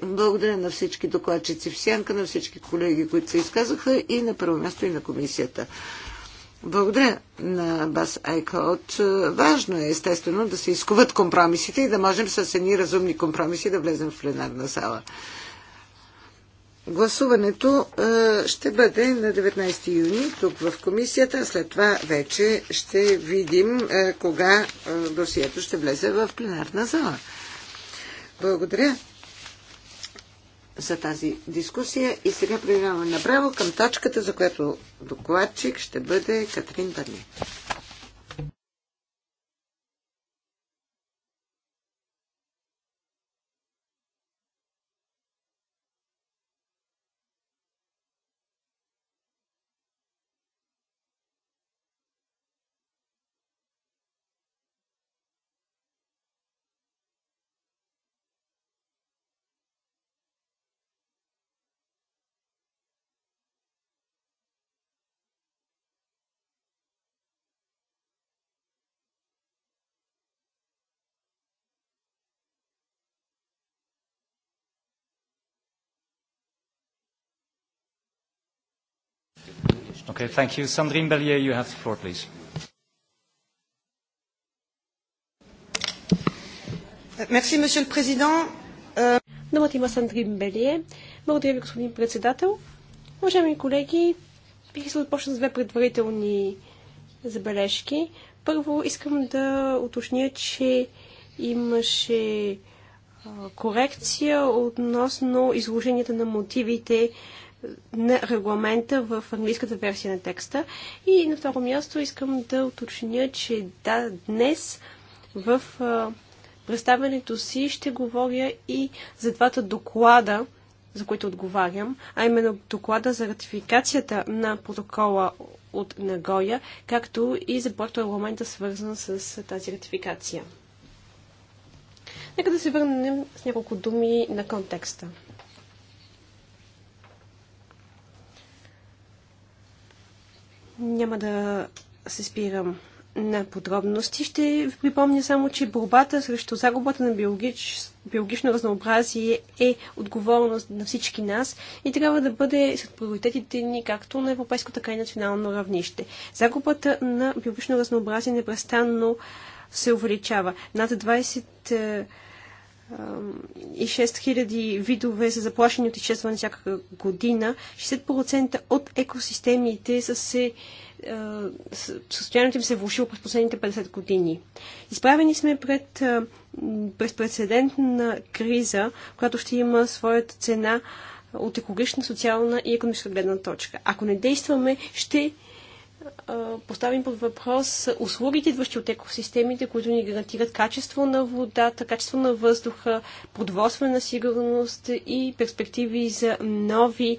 Благодаря на всички докладчици в Сянка, на всички колеги, които се изказаха и на първо място и на комисията. Благодаря на Бас Айкот. Важно е, естествено, да се изкуват компромисите и да можем с едни разумни компромиси да влезем в пленарна сала. Гласуването е, ще бъде на 19 юни тук в комисията, а след това вече ще видим е, кога е, досието ще влезе в пленарна зала. Благодаря за тази дискусия и сега преминаваме направо към точката, за която докладчик ще бъде Катрин Барни. Okay, thank you. Sandrine Bellier, you have the floor, please. Merci, Monsieur
le Président. Euh, Думата има Сандрин Белие. Благодаря ви, господин председател. Уважаеми колеги, бих искал да почна с две предварителни забележки. Първо искам да уточня, че имаше корекция относно изложенията на мотивите на регламента в английската версия на текста. И на второ място искам да уточня, че да, днес в представенето си ще говоря и за двата доклада, за които отговарям, а именно доклада за ратификацията на протокола от Нагоя, както и за проекто регламента, свързан с тази ратификация. Нека да се върнем с няколко думи на контекста. Няма да се спирам на подробности. Ще ви припомня само, че борбата срещу загубата на биологич, биологично разнообразие е отговорност на всички нас и трябва да бъде сред приоритетите ни както на европейско, така и национално равнище. Загубата на биологично разнообразие непрестанно се увеличава. Над 20 и 6000 видове са заплашени от изчезване всяка година. 60% от екосистемите са се състоянието им се е влушило през последните 50 години. Изправени сме пред безпредседентна криза, която ще има своята цена от екологична, социална и економическа гледна точка. Ако не действаме, ще поставим под въпрос услугите, идващи от екосистемите, които ни гарантират качество на водата, качество на въздуха, продоволствена сигурност и перспективи за нови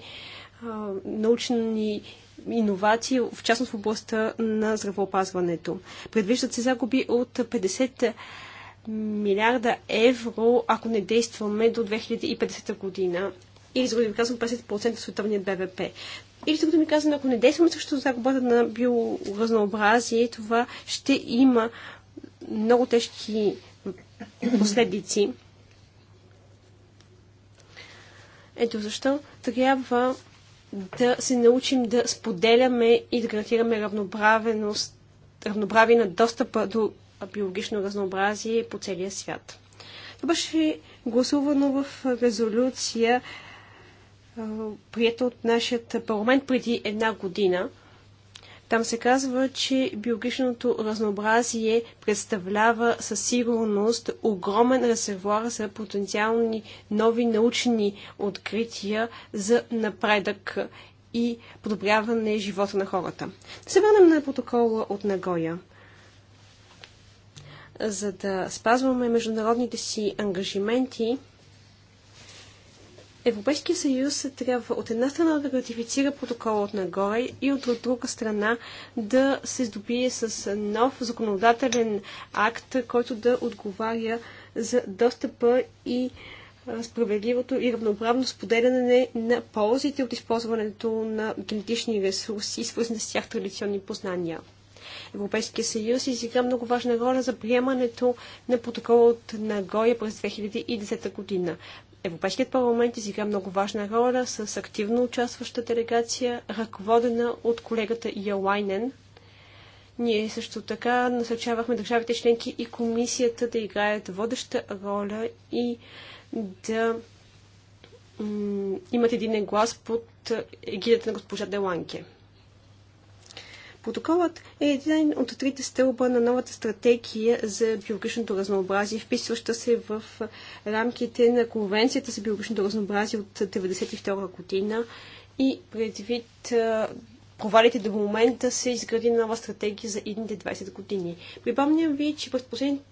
а, научни иновации, в частност в областта на здравеопазването. Предвиждат се загуби от 50 милиарда евро, ако не действаме до 2050 година или за да ви казвам 50% от световния БВП. Или да ми казвам, ако не действаме също загубата на биоразнообразие, това ще има много тежки последици. Ето защо трябва да се научим да споделяме и да гарантираме равноправеност, равноправие на достъпа до биологично разнообразие по целия свят. Това беше гласувано в резолюция приета от нашият парламент преди една година. Там се казва, че биологичното разнообразие представлява със сигурност огромен резервуар за потенциални нови научни открития за напредък и подобряване живота на хората. Да се върнем на протокола от Нагоя. За да спазваме международните си ангажименти, Европейския съюз трябва от една страна да ратифицира протокола от Нагоре и от друга страна да се здобие с нов законодателен акт, който да отговаря за достъпа и справедливото и равноправно споделяне на ползите от използването на генетични ресурси, свързани с тях традиционни познания. Европейския съюз изигра много важна роля за приемането на протокола от Нагоя през 2010 година. Европейският парламент изигра много важна роля с активно участваща делегация, ръководена от колегата Йолайнен. Ние също така насърчавахме държавите членки и комисията да играят водеща роля и да имат един глас под егидата на госпожа Деланке. Протоколът е един от трите стълба на новата стратегия за биологичното разнообразие, вписваща се в рамките на Конвенцията за биологичното разнообразие от 1992 година и предвид провалите до момента се изгради нова стратегия за идните 20 години. Припомням ви, че през последните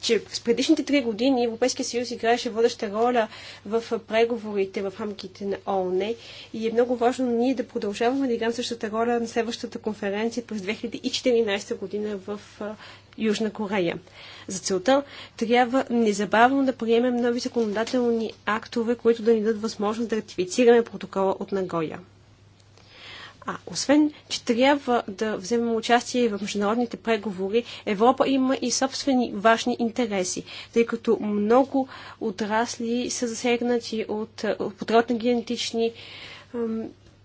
че в предишните три години Европейския съюз играеше водеща роля в преговорите в рамките на ООН и е много важно ние да продължаваме да играем същата роля на следващата конференция през 2014 година в Южна Корея. За целта трябва незабавно да приемем нови законодателни актове, които да ни дадат възможност да ратифицираме протокола от Нагоя. А освен, че трябва да вземем участие в международните преговори, Европа има и собствени важни интереси, тъй като много отрасли са засегнати от, от на генетични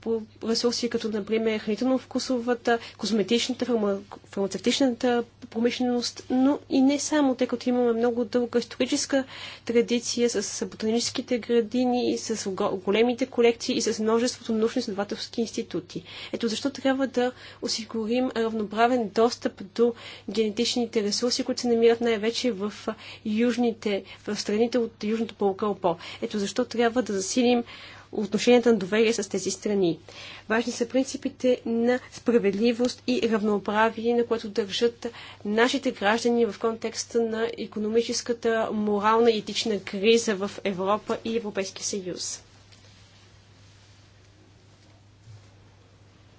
по ресурси, като например хранително-вкусовата, козметичната, фарма... фармацевтичната промишленост, но и не само, тъй като имаме много дълга историческа традиция с ботаническите градини, с големите колекции и с множеството научно-изследователски институти. Ето защо трябва да осигурим равноправен достъп до генетичните ресурси, които се намират най-вече в южните, в страните от Южното полукълпо. Ето защо трябва да засилим отношенията на доверие с тези страни. Важни са принципите на справедливост и равноправие, на което държат нашите граждани в контекста на економическата, морална и етична криза в Европа и Европейския съюз.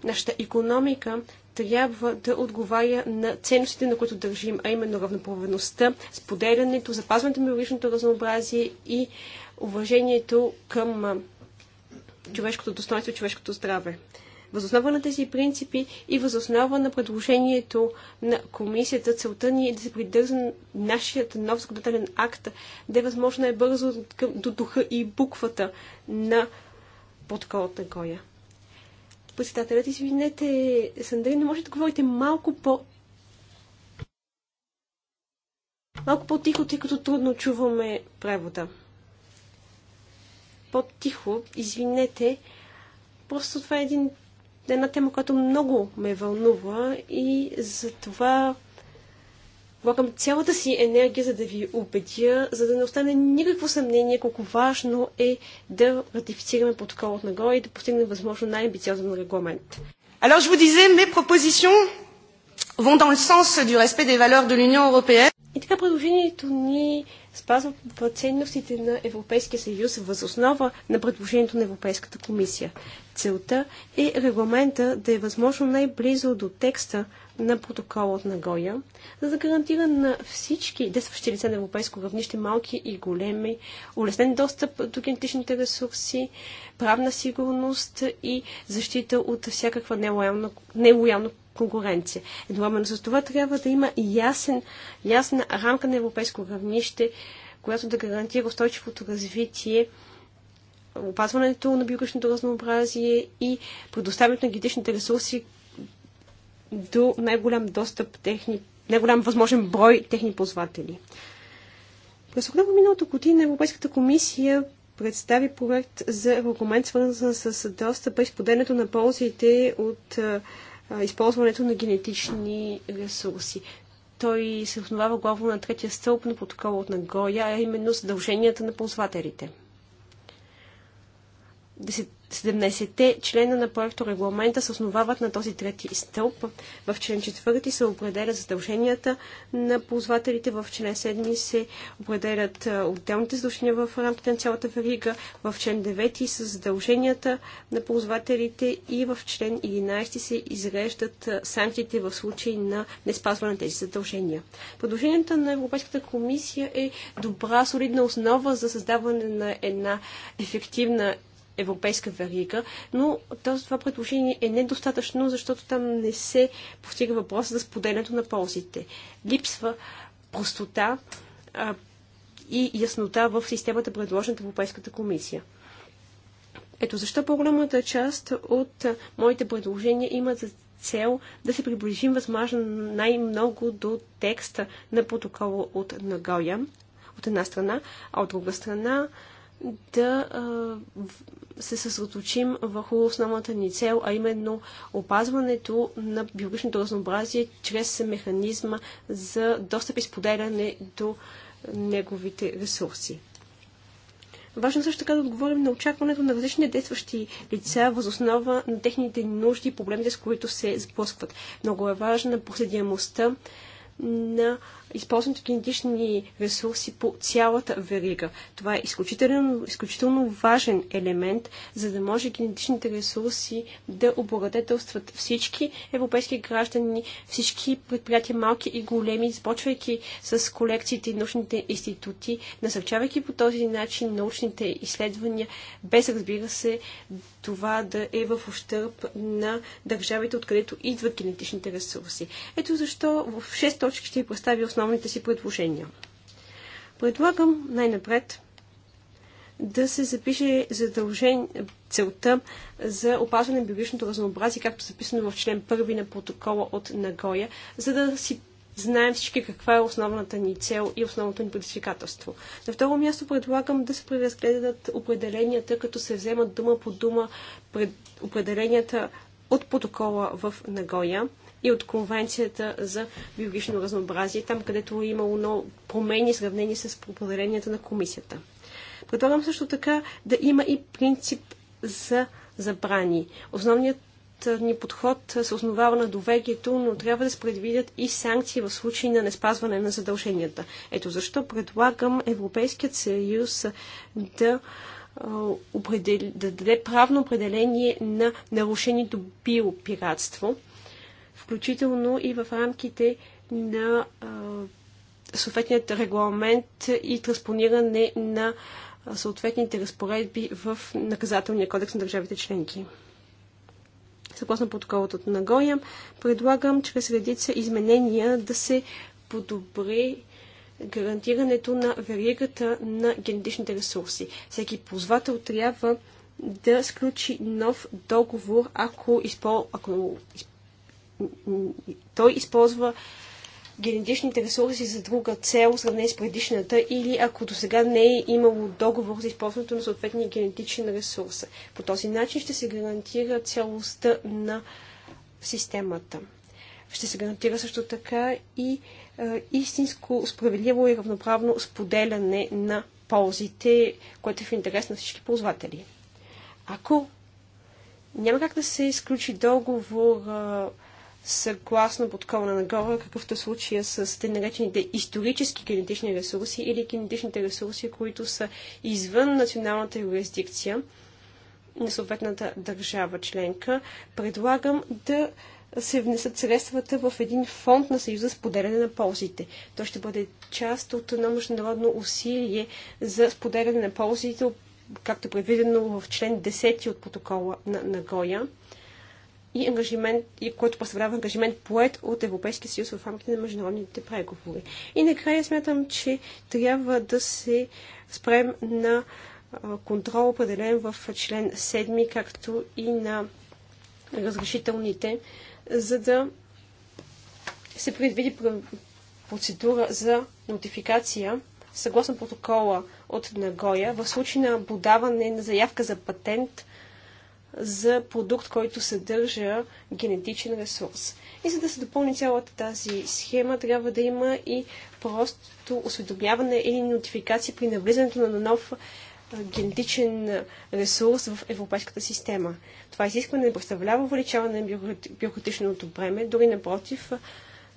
Нашата економика трябва да отговаря на ценностите, на които държим, а именно равноправеността, споделянето, запазването на биологичното разнообразие и уважението към човешкото достоинство човешкото здраве. Възоснова на тези принципи и възоснова на предложението на комисията, целта ни е да се придържа нашият нов законодателен акт, да е възможно е бързо до духа и буквата на протокол на Нагоя. Председателят, извинете, Сандри, не можете да говорите малко по... Малко по-тихо, тъй като трудно чуваме превода по-тихо. Извинете. Просто това е един, една тема, която много ме вълнува и за това влагам цялата си енергия, за да ви убедя, за да не остане никакво съмнение колко важно е да ратифицираме протокол от нагоре и да постигнем възможно най-амбициозен регламент. Alors je vous disais, mes propositions vont dans le sens du respect des valeurs de l'Union européenne. И така предложението ни спазват ценностите на Европейския съюз въз основа на предложението на Европейската комисия. Целта е регламента да е възможно най-близо до текста на протокола от Нагоя, за да гарантира на всички действащи лица на европейско равнище, малки и големи, улеснен достъп до генетичните ресурси, правна сигурност и защита от всякаква нелоялна, нелоялна конкуренция. Едновременно с това трябва да има ясен, ясна рамка на европейско равнище, която да гарантира устойчивото развитие опазването на биологичното разнообразие и предоставянето на генетичните ресурси до най-голям достъп техни, най-голям възможен брой техни ползватели. През октомври миналата година Европейската комисия представи проект за регламент, свързан с достъпа и споделянето на ползите от а, използването на генетични ресурси. Той се основава главно на третия стълб на протокола от Нагоя, а именно задълженията на ползвателите. Десет 17-те члена на проекто регламента се основават на този трети стълб. В член 4 се определят задълженията на ползвателите, в член 7 се определят отделните задължения в рамките на цялата верига, в член 9 са задълженията на ползвателите и в член 11 се изреждат санкциите в случай на неспазване на тези задължения. Продължението на Европейската комисия е добра, солидна основа за създаване на една ефективна европейска верига, но този, това предложение е недостатъчно, защото там не се постига въпроса за споделянето на ползите. Липсва простота а, и яснота в системата, предложена от Европейската комисия. Ето защо по-голямата част от моите предложения имат за цел да се приближим възможно най-много до текста на протокола от Нагоя, от една страна, а от друга страна да а, се съсредоточим върху основната ни цел, а именно опазването на биологичното разнообразие чрез механизма за достъп и споделяне до неговите ресурси. Важно също така да отговорим на очакването на различни действащи лица въз основа на техните нужди и проблемите, с които се сблъскват. Много е важна проследимостта на използването генетични ресурси по цялата верига. Това е изключително, изключително важен елемент, за да може генетичните ресурси да облагодетелстват всички европейски граждани, всички предприятия, малки и големи, започвайки с колекциите и научните институти, насърчавайки по този начин научните изследвания, без разбира се това да е в ущърп на държавите, откъдето идват генетичните ресурси. Ето защо в 6 точки ще ви представя основ основните си предложения. Предлагам най-напред да се запише задължен... целта за опазване на биологичното разнообразие, както е записано в член 1 на протокола от Нагоя, за да си знаем всички каква е основната ни цел и основното ни предизвикателство. На второ място предлагам да се преразгледат определенията, като се вземат дума по дума пред определенията от протокола в Нагоя и от Конвенцията за биологично разнообразие, там където е имало много промени, сравнени с определенията на комисията. Предлагам също така да има и принцип за забрани. Основният ни подход се основава на доверието, но трябва да се предвидят и санкции в случай на неспазване на задълженията. Ето защо предлагам Европейският съюз да, да даде правно определение на нарушението биопиратство включително и в рамките на съответният регламент и транспониране на съответните разпоредби в наказателния кодекс на държавите членки. Съгласно протоколът от Нагоя, предлагам чрез редица изменения да се подобри гарантирането на веригата на генетичните ресурси. Всеки ползвател трябва да сключи нов договор, ако, изпол... ако той използва генетичните ресурси за друга цел, сравнение с предишната, или ако до сега не е имало договор за използването на съответния генетичен ресурс. По този начин ще се гарантира цялостта на системата. Ще се гарантира също така и е, истинско, справедливо и равноправно споделяне на ползите, което е в интерес на всички ползватели. Ако няма как да се изключи договор е, съгласно подкона нагоре, какъвто е случая с те наречените исторически генетични ресурси или генетичните ресурси, които са извън националната юрисдикция на съответната държава членка. Предлагам да се внесат средствата в един фонд на Съюза с поделяне на ползите. То ще бъде част от едно международно усилие за споделяне на ползите, както е предвидено в член 10 от протокола на Нагоя и ангажимент, и който представлява ангажимент поет от Европейския съюз в рамките на международните преговори. И накрая смятам, че трябва да се спрем на контрол, определен в член 7, както и на разрешителните, за да се предвиди процедура за нотификация съгласно протокола от Нагоя в случай на подаване на заявка за патент за продукт, който съдържа генетичен ресурс. И за да се допълни цялата тази схема, трябва да има и просто осведомяване или нотификация при навлизането на нов генетичен ресурс в европейската система. Това изискване не представлява увеличаване на бюрократичното бреме, дори напротив,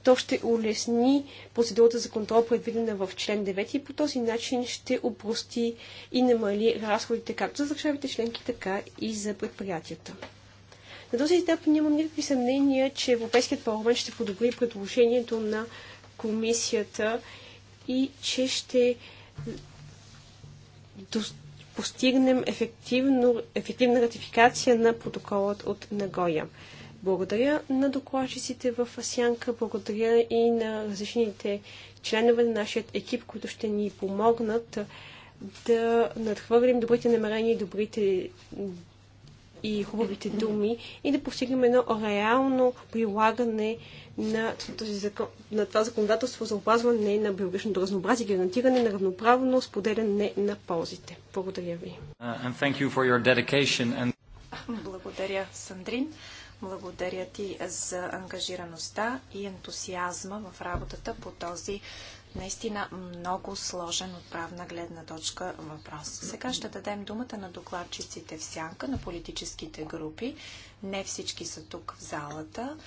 то ще улесни процедурата за контрол, предвидена в член 9 и по този начин ще опрости и намали разходите както за държавите членки, така и за предприятията. На този етап нямам никакви съмнения, че Европейският парламент ще подобри предложението на комисията и че ще постигнем ефективно, ефективна ратификация на протоколът от Нагоя. Благодаря на докладчиците в Асянка, благодаря и на различните членове на нашия екип, които ще ни помогнат да надхвърлим добрите намерения и добрите и хубавите думи и да постигнем едно реално прилагане на, този закон, на това законодателство за опазване на биологичното разнообразие, гарантиране на равноправно споделяне на ползите. Благодаря ви. Uh, and... Благодаря,
Сандрин. Благодаря ти за ангажираността и ентусиазма в работата по този наистина много сложен от правна гледна точка въпрос. Сега ще дадем думата на докладчиците в сянка на политическите групи. Не всички са тук в залата,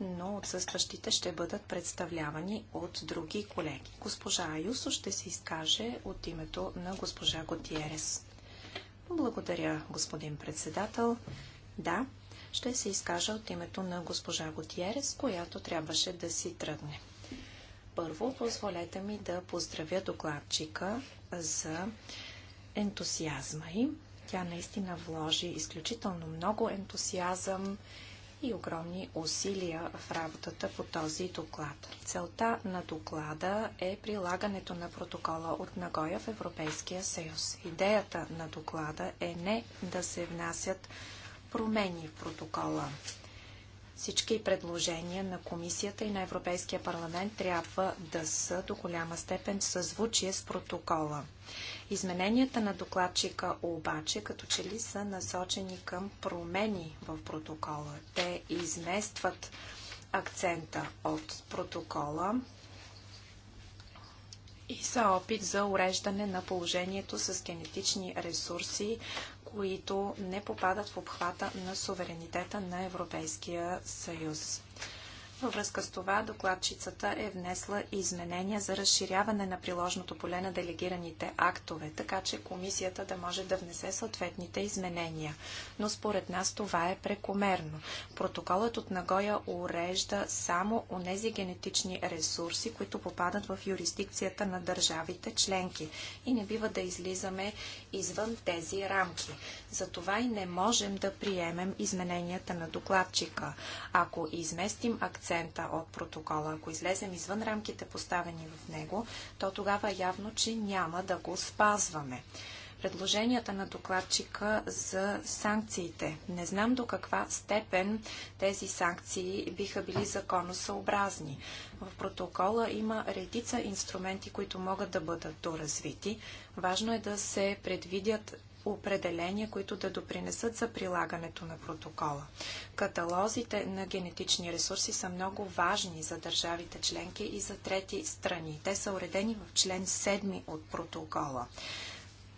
но отсъстващите ще бъдат представлявани от други колеги. Госпожа Аюсо ще се изкаже от името на госпожа Готиерес. Благодаря, господин председател. Да, ще се изкажа от името на госпожа Готиерес, която трябваше да си тръгне. Първо, позволете ми да поздравя докладчика за ентусиазма й. Тя наистина вложи изключително много ентусиазъм и огромни усилия в работата по този доклад. Целта на доклада е прилагането на протокола от Нагоя в Европейския съюз. Идеята на доклада е не да се внасят промени в протокола. Всички предложения на комисията и на Европейския парламент трябва да са до голяма степен съзвучие с протокола. Измененията на докладчика обаче като че ли са насочени към промени в протокола. Те изместват акцента от протокола и са опит за уреждане на положението с генетични ресурси които не попадат в обхвата на суверенитета на Европейския съюз. Във връзка с това докладчицата е внесла изменения за разширяване на приложното поле на делегираните актове, така че комисията да може да внесе съответните изменения. Но според нас това е прекомерно. Протоколът от Нагоя урежда само онези генетични ресурси, които попадат в юрисдикцията на държавите членки и не бива да излизаме извън тези рамки. Затова и не можем да приемем измененията на докладчика. Ако изместим акцент 10% от протокола. Ако излезем извън рамките поставени в него, то тогава е явно, че няма да го спазваме. Предложенията на докладчика за санкциите. Не знам до каква степен тези санкции биха били законосъобразни. В протокола има редица инструменти, които могат да бъдат доразвити. Важно е да се предвидят определения, които да допринесат за прилагането на протокола. Каталозите на генетични ресурси са много важни за държавите членки и за трети страни. Те са уредени в член 7 от протокола.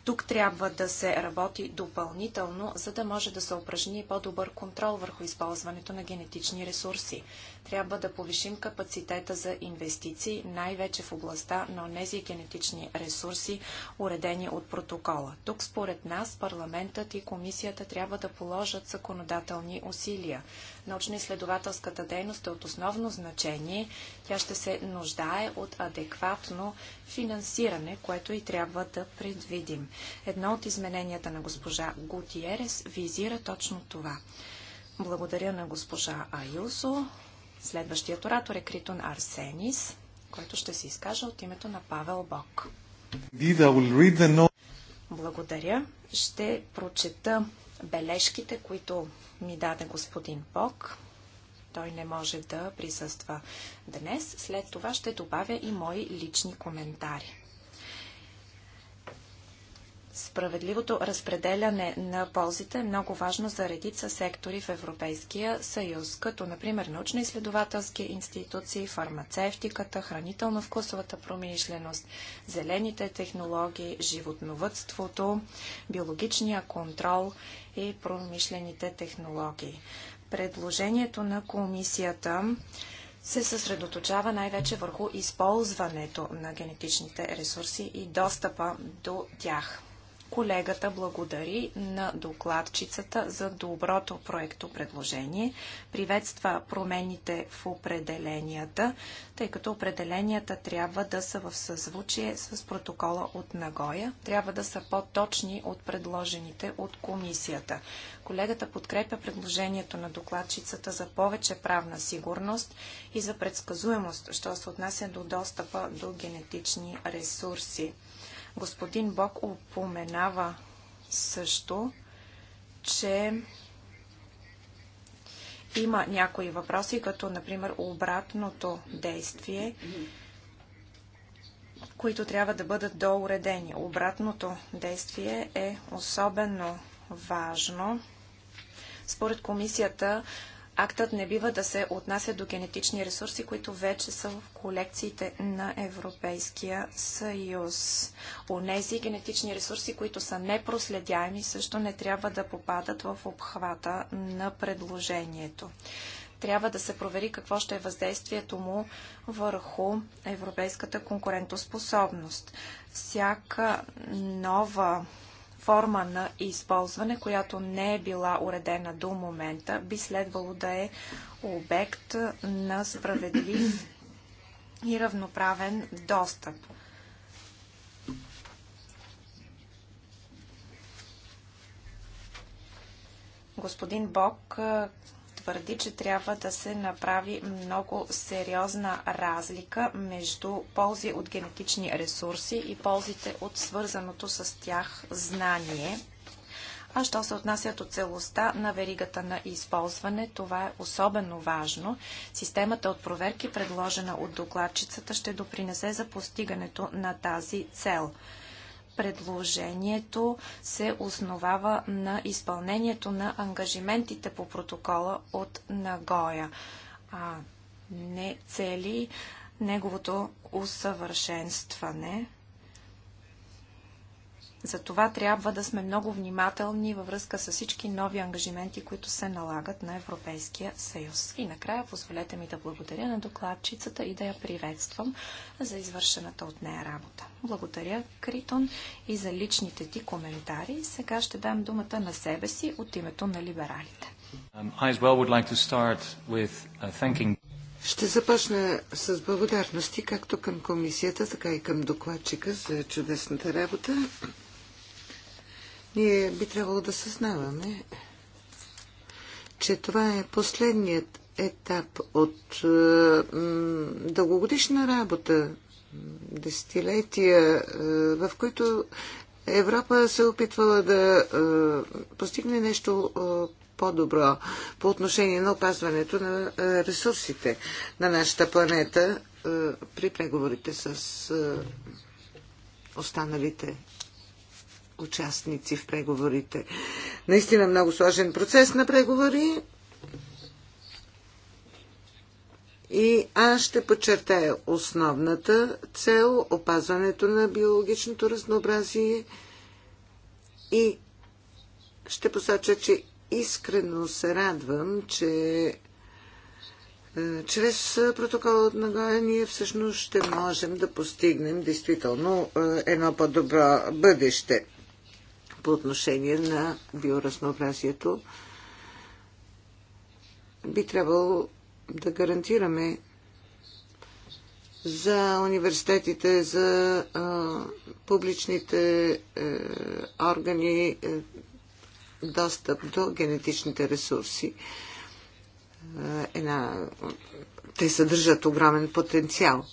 Тук трябва да се работи допълнително, за да може да се упражни по-добър контрол върху използването на генетични ресурси. Трябва да повишим капацитета за инвестиции, най-вече в областта на тези генетични ресурси, уредени от протокола. Тук според нас парламентът и комисията трябва да положат законодателни усилия. Научно-изследователската дейност е от основно значение. Тя ще се нуждае от адекватно финансиране, което и трябва да предвидим. Едно от измененията на госпожа Гутиерес визира точно това. Благодаря на госпожа Аюсо. Следващият оратор е Критон Арсенис, който ще се изкаже от името на Павел Бог. Благодаря. Ще прочета бележките, които ми даде господин Бог. Той не може да присъства днес. След това ще добавя и мои лични коментари. Справедливото разпределяне на ползите е много важно за редица сектори в Европейския съюз, като например научно-изследователски институции, фармацевтиката, хранително-вкусовата промишленост, зелените технологии, животновътството, биологичния контрол и промишлените технологии. Предложението на комисията се съсредоточава най-вече върху използването на генетичните ресурси и достъпа до тях. Колегата благодари на докладчицата за доброто проекто предложение. Приветства промените в определенията, тъй като определенията трябва да са в съзвучие с протокола от Нагоя, трябва да са по-точни от предложените от комисията. Колегата подкрепя предложението на докладчицата за повече правна сигурност и за предсказуемост, що се отнася до достъпа до генетични ресурси. Господин Бог упоменава също, че има някои въпроси, като например обратното действие, които трябва да бъдат доуредени. Обратното действие е особено важно. Според комисията Актът не бива да се отнася до генетични ресурси, които вече са в колекциите на Европейския съюз. Онези генетични ресурси, които са непроследяеми, също не трябва да попадат в обхвата на предложението трябва да се провери какво ще е въздействието му върху европейската конкурентоспособност. Всяка нова форма на използване, която не е била уредена до момента, би следвало да е обект на справедлив и равноправен достъп. Господин Бог твърди, че трябва да се направи много сериозна разлика между ползи от генетични ресурси и ползите от свързаното с тях знание. А що се отнася до от целостта на веригата на използване, това е особено важно. Системата от проверки, предложена от докладчицата, ще допринесе за постигането на тази цел – предложението се основава на изпълнението на ангажиментите по протокола от Нагоя, а не цели неговото усъвършенстване. Затова трябва да сме много внимателни във връзка с всички нови ангажименти, които се налагат на Европейския съюз. И накрая позволете ми да благодаря на докладчицата и да я приветствам за извършената от нея работа. Благодаря, Критон, и за личните ти коментари. Сега ще дам думата на себе си от името на либералите.
Um, uh, ще започна с благодарности както към комисията, така и към докладчика за чудесната работа. Ние би трябвало да съзнаваме, че това е последният етап от е, дългогодишна работа, десетилетия, е, в които Европа се е опитвала да постигне нещо по-добро по отношение на опазването на ресурсите на нашата планета при преговорите с останалите участници в преговорите. Наистина много сложен процес на преговори. И аз ще подчертая основната цел опазването на биологичното разнообразие и ще посоча, че искрено се радвам, че е, чрез протокола от Нагоя ние всъщност ще можем да постигнем действително е, едно по-добро бъдеще по отношение на биоразнообразието. Би трябвало да гарантираме за университетите, за а, публичните а, е, органи а, е, достъп до генетичните ресурси. А, е, една, те съдържат огромен потенциал.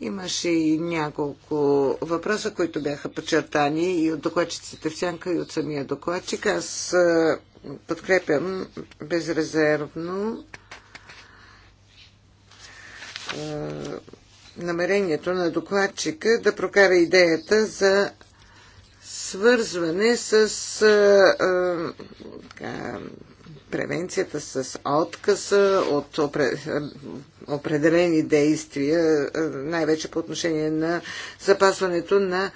Имаше и няколко въпроса, които бяха подчертани и от докладчиците в сянка, и от самия докладчик. Аз подкрепям безрезервно намерението на докладчика да прокара идеята за свързване с превенцията с отказа от определени действия, най-вече по отношение на запасването на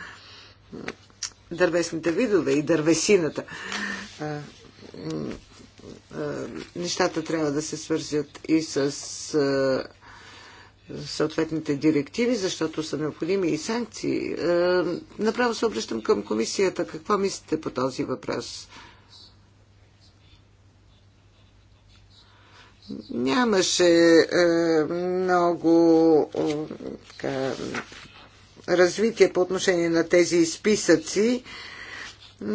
дървесните видове и дървесината. Нещата трябва да се свързят и с съответните директиви, защото са необходими и санкции. Направо се обръщам към комисията. Какво мислите по този въпрос? нямаше е, много е, така, развитие по отношение на тези списъци.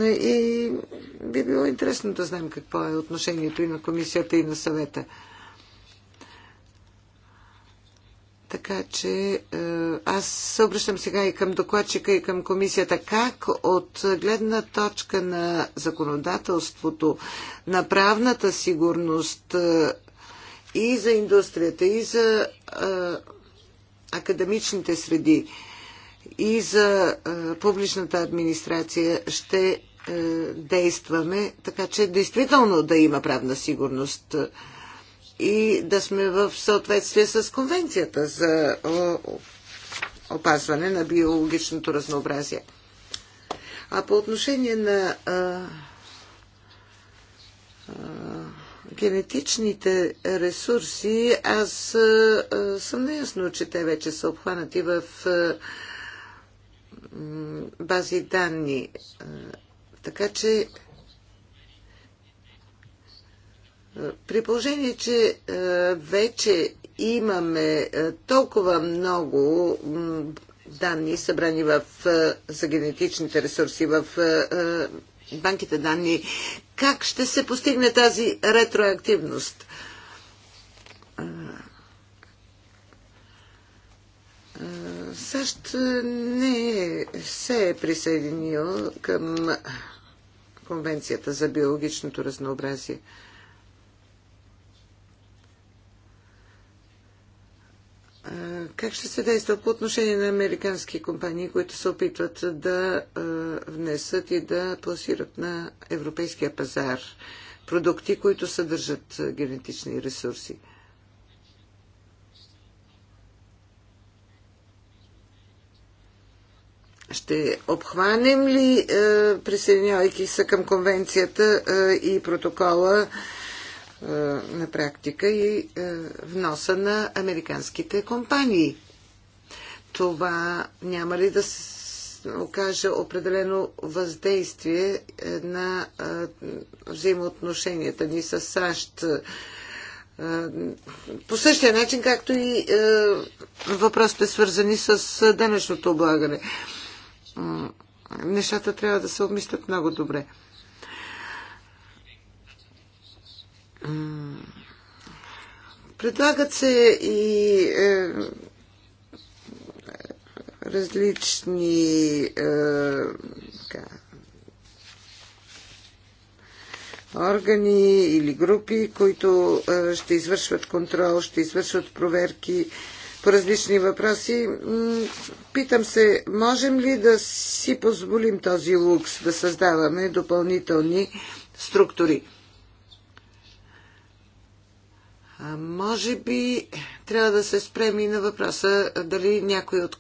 И би било интересно да знаем какво е отношението и на комисията, и на съвета. Така че е, аз се обръщам сега и към докладчика, и към комисията. Как от гледна точка на законодателството, на правната сигурност, е, и за индустрията, и за а, академичните среди, и за а, публичната администрация ще а, действаме, така че действително да има правна сигурност и да сме в съответствие с конвенцията за опазване на биологичното разнообразие. А по отношение на а, генетичните ресурси, аз съм наясно, че те вече са обхванати в бази данни. така че при положение, че вече имаме толкова много данни събрани в, за генетичните ресурси в банките данни. Как ще се постигне тази ретроактивност? САЩ не се е присъединил към Конвенцията за биологичното разнообразие. Как ще се действа по отношение на американски компании, които се опитват да внесат и да пласират на европейския пазар продукти, които съдържат генетични ресурси? Ще обхванем ли, присъединявайки се към конвенцията и протокола, е, на практика и е, вноса на американските компании. Това няма ли да окаже определено въздействие на е, взаимоотношенията ни с САЩ? По същия начин, както и въпросите свързани с денежното облагане. Нещата трябва да се обмислят много добре. Предлагат се и е, различни е, така, органи или групи, които е, ще извършват контрол, ще извършват проверки по различни въпроси. Питам се, можем ли да си позволим този лукс да създаваме допълнителни структури? Може би трябва да се спреми и на въпроса дали някои от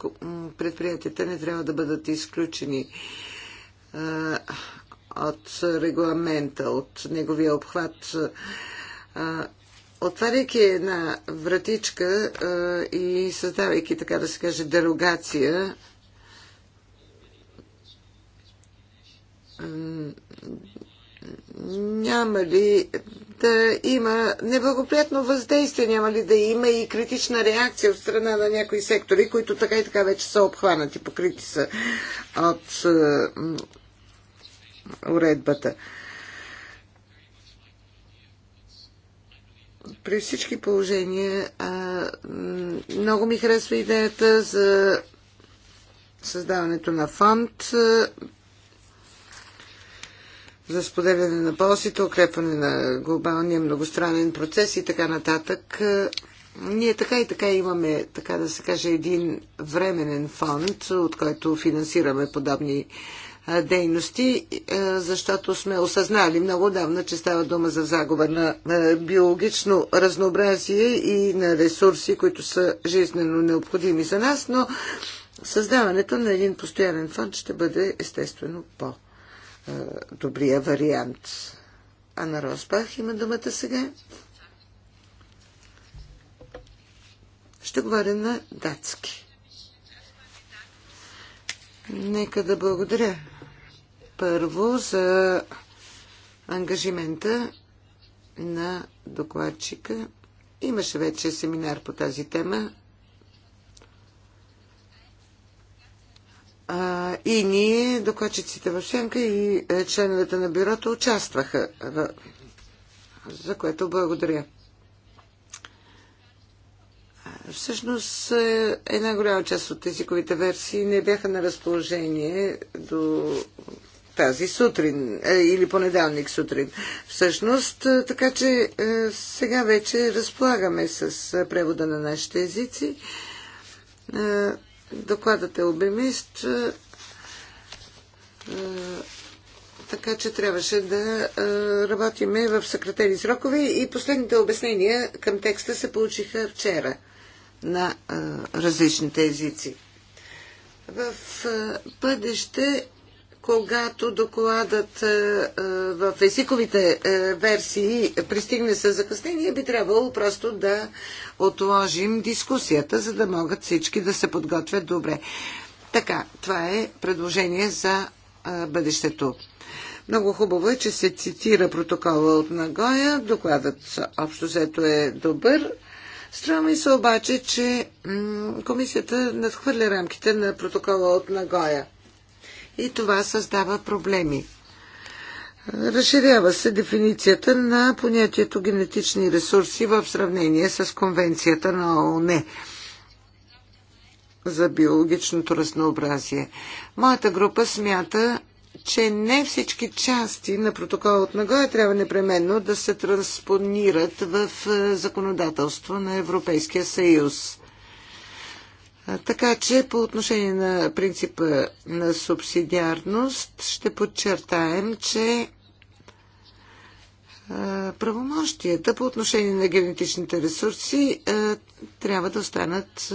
предприятията не трябва да бъдат изключени от регламента, от неговия обхват. Отваряйки една вратичка и създавайки, така да се каже, дерогация, няма ли да има неблагоприятно въздействие, няма ли да има и критична реакция от страна на някои сектори, които така и така вече са обхванати, покрити са от е, уредбата. При всички положения много ми харесва идеята за създаването на фонд за споделяне на ползите, укрепване на глобалния многостранен процес и така нататък. Е, ние така и така имаме, така да се каже, един временен фонд, от който финансираме подобни е, дейности, е, защото сме осъзнали много давна, че става дума за загуба на биологично разнообразие и на ресурси, които са жизненно необходими за нас, но създаването на един постоянен фонд ще бъде естествено по е, добрия вариант. Ана Росбах има думата сега. Ще говоря на датски. Нека да благодаря първо за ангажимента на докладчика. Имаше вече семинар по тази тема А, и ние, докладчиците в Шенка и е, членовете на бюрото участваха, за което благодаря. Всъщност, е, една голяма част от езиковите версии не бяха на разположение до тази сутрин е, или понеделник сутрин. Всъщност, така че сега вече разполагаме с превода на нашите езици. Докладът е обемист, е, така че трябваше да е, работиме в съкратени срокове и последните обяснения към текста се получиха вчера на е, различните езици. В бъдеще когато докладът е, е, в езиковите е, версии пристигне с закъснение, би трябвало просто да отложим дискусията, за да могат всички да се подготвят добре. Така, това е предложение за бъдещето. Много хубаво е, че се цитира протокола от Нагоя. Докладът общо взето е добър. Струва ми се обаче, че комисията надхвърля рамките на протокола от Нагоя и това създава проблеми. Разширява се дефиницията на понятието генетични ресурси в сравнение с конвенцията на ООН за биологичното разнообразие. Моята група смята, че не всички части на протокола от Нагоя трябва непременно да се транспонират в е, законодателство на Европейския съюз. Така че по отношение на принципа на субсидиарност ще подчертаем, че правомощията по отношение на генетичните ресурси трябва да останат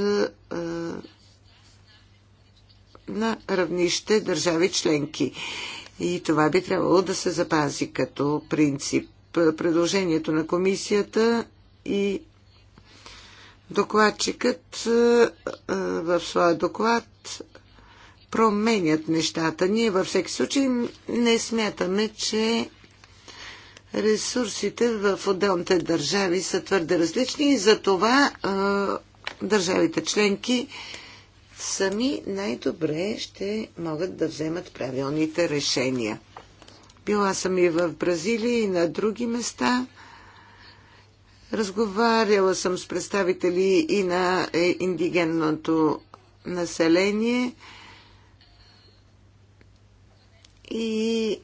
на равнище държави членки. И това би трябвало да се запази като принцип. Предложението на комисията и Докладчикът е, е, в своя доклад променят нещата. Ние във всеки случай не смятаме, че ресурсите в отделните държави са твърде различни и за това е, държавите членки сами най-добре ще могат да вземат правилните решения. Била съм и в Бразилия и на други места – Разговаряла съм с представители и на е, индигенното население и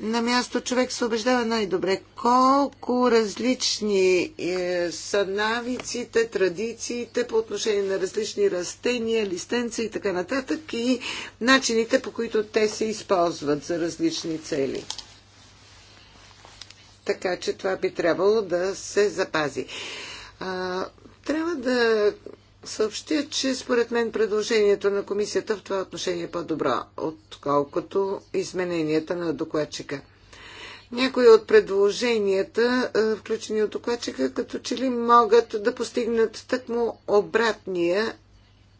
на място човек се убеждава най-добре колко различни е, са навиците, традициите по отношение на различни растения, листенца и така нататък и начините по които те се използват за различни цели. Така че това би трябвало да се запази. А, трябва да съобщя, че според мен предложението на комисията в това отношение е по-добро, отколкото измененията на докладчика. Някои от предложенията, включени от докладчика, като че ли могат да постигнат тъкмо обратния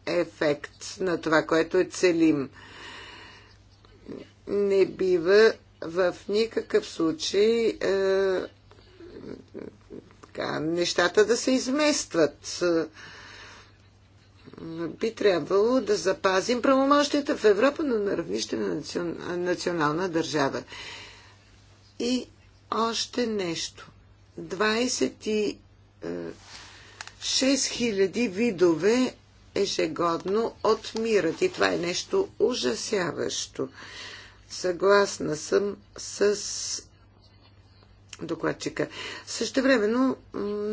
ефект на това, което е целим. Не бива в никакъв случай е, така, нещата да се изместват. Би трябвало да запазим правомощията в Европа, но на равнище на национ... национална държава. И още нещо. 26 000 видове ежегодно отмират и това е нещо ужасяващо. Съгласна съм с докладчика. Същевременно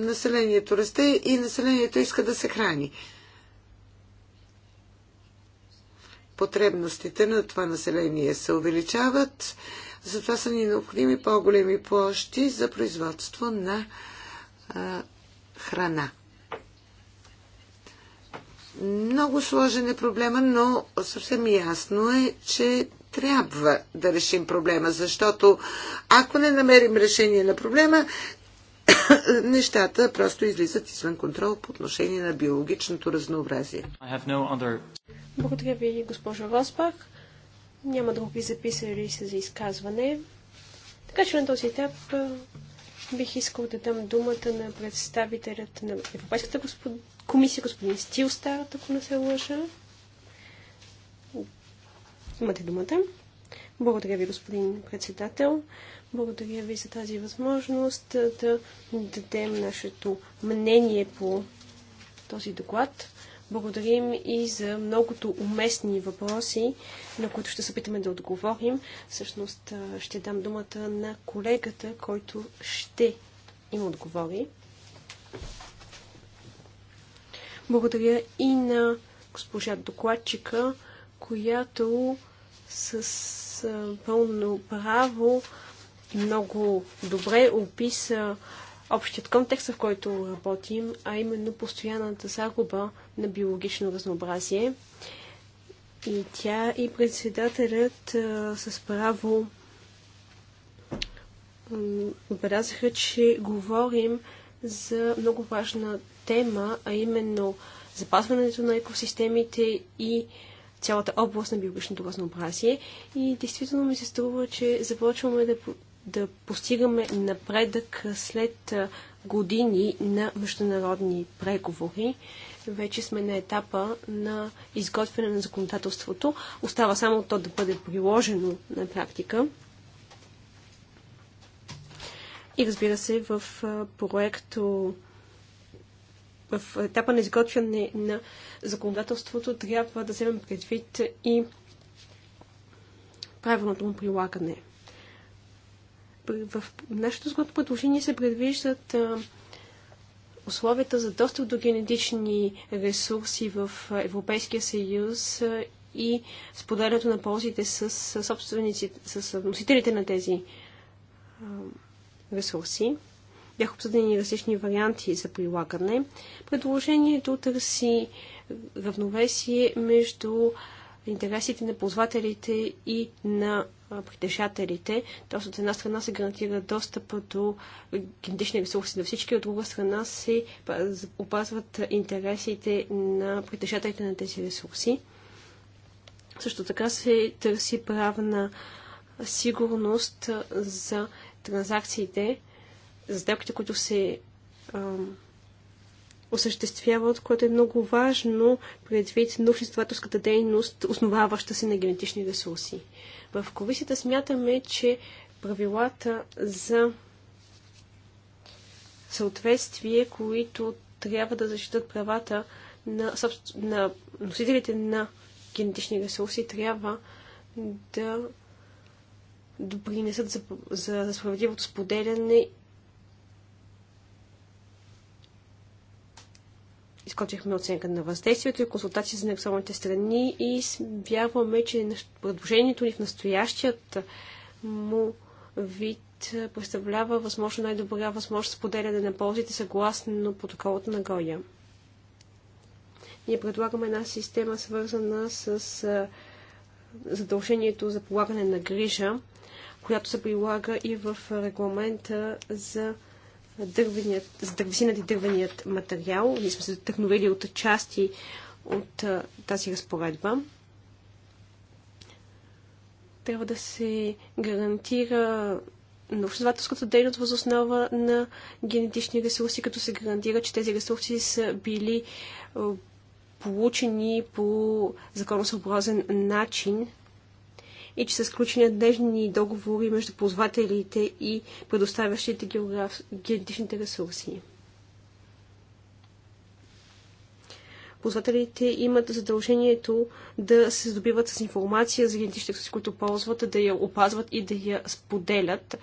населението расте и населението иска да се храни. Потребностите на това население се увеличават, затова са ни необходими по-големи площи за производство на а, храна. Много сложен е проблема, но съвсем ясно е, че трябва да решим проблема, защото ако не намерим решение на проблема, нещата просто излизат извън контрол по отношение на биологичното разнообразие. No other...
Благодаря ви, госпожо Росбах. Няма други записали се за изказване. Така че на този етап бих искал да дам думата на представителят на Европейската господ... комисия, господин Стилстар, ако не се лъжа. Имате думата. Благодаря ви, господин председател. Благодаря ви за тази възможност да дадем нашето мнение по този доклад. Благодарим и за многото уместни въпроси, на които ще се опитаме да отговорим. Всъщност ще дам думата на колегата, който ще им отговори. Благодаря и на госпожа докладчика, която с пълно право и много добре описа общият контекст, в който работим, а именно постоянната загуба на биологично разнообразие. И тя и председателят а, с право отбелязаха, че говорим за много важна тема, а именно запазването на екосистемите и цялата област на биологичното разнообразие и действително ми се струва, че започваме да, да постигаме напредък след години на международни преговори. Вече сме на етапа на изготвяне на законодателството. Остава само то да бъде приложено на практика. И разбира се, в проекто в етапа на изготвяне на законодателството трябва да вземем предвид и правилното му прилагане. В нашето сгодно предложение се предвиждат условията за достъп до генетични ресурси в Европейския съюз и споделянето на ползите с собствениците, с носителите на тези ресурси. Бяха обсъдени различни варианти за прилагане. Предложението търси равновесие между интересите на ползвателите и на притежателите. Тоест, от една страна се гарантира достъп до генетични ресурси на всички, от друга страна се опазват интересите на притежателите на тези ресурси. Също така се търси правна сигурност за транзакциите, сделките, които се осъществяват, което е много важно предвид научно-изследователската дейност, основаваща се на генетични ресурси. В комисията смятаме, че правилата за съответствие, които трябва да защитат правата на, на носителите на генетични ресурси, трябва да допринесат за, за справедливото споделяне изкочихме оценка на въздействието и консултации за заинтересованите страни и вярваме, че предложението ни в настоящият му вид представлява възможно най-добра възможност споделя да на ползите съгласно протоколът на Гоя. Ние предлагаме една система, свързана с задължението за полагане на грижа, която се прилага и в регламента за дървеният, за дървесинът и дървеният материал. Ние сме се вдъхновили от части от а, тази разпоредба. Трябва да се гарантира научно-изследователската дейност въз основа на генетични ресурси, като се гарантира, че тези ресурси са били получени по законосъобразен начин и че са сключени надежни договори между ползвателите и предоставящите географ... генетичните ресурси. ползвателите имат задължението да се здобиват с информация за генетичните ресурси, които ползват, да я опазват и да я споделят.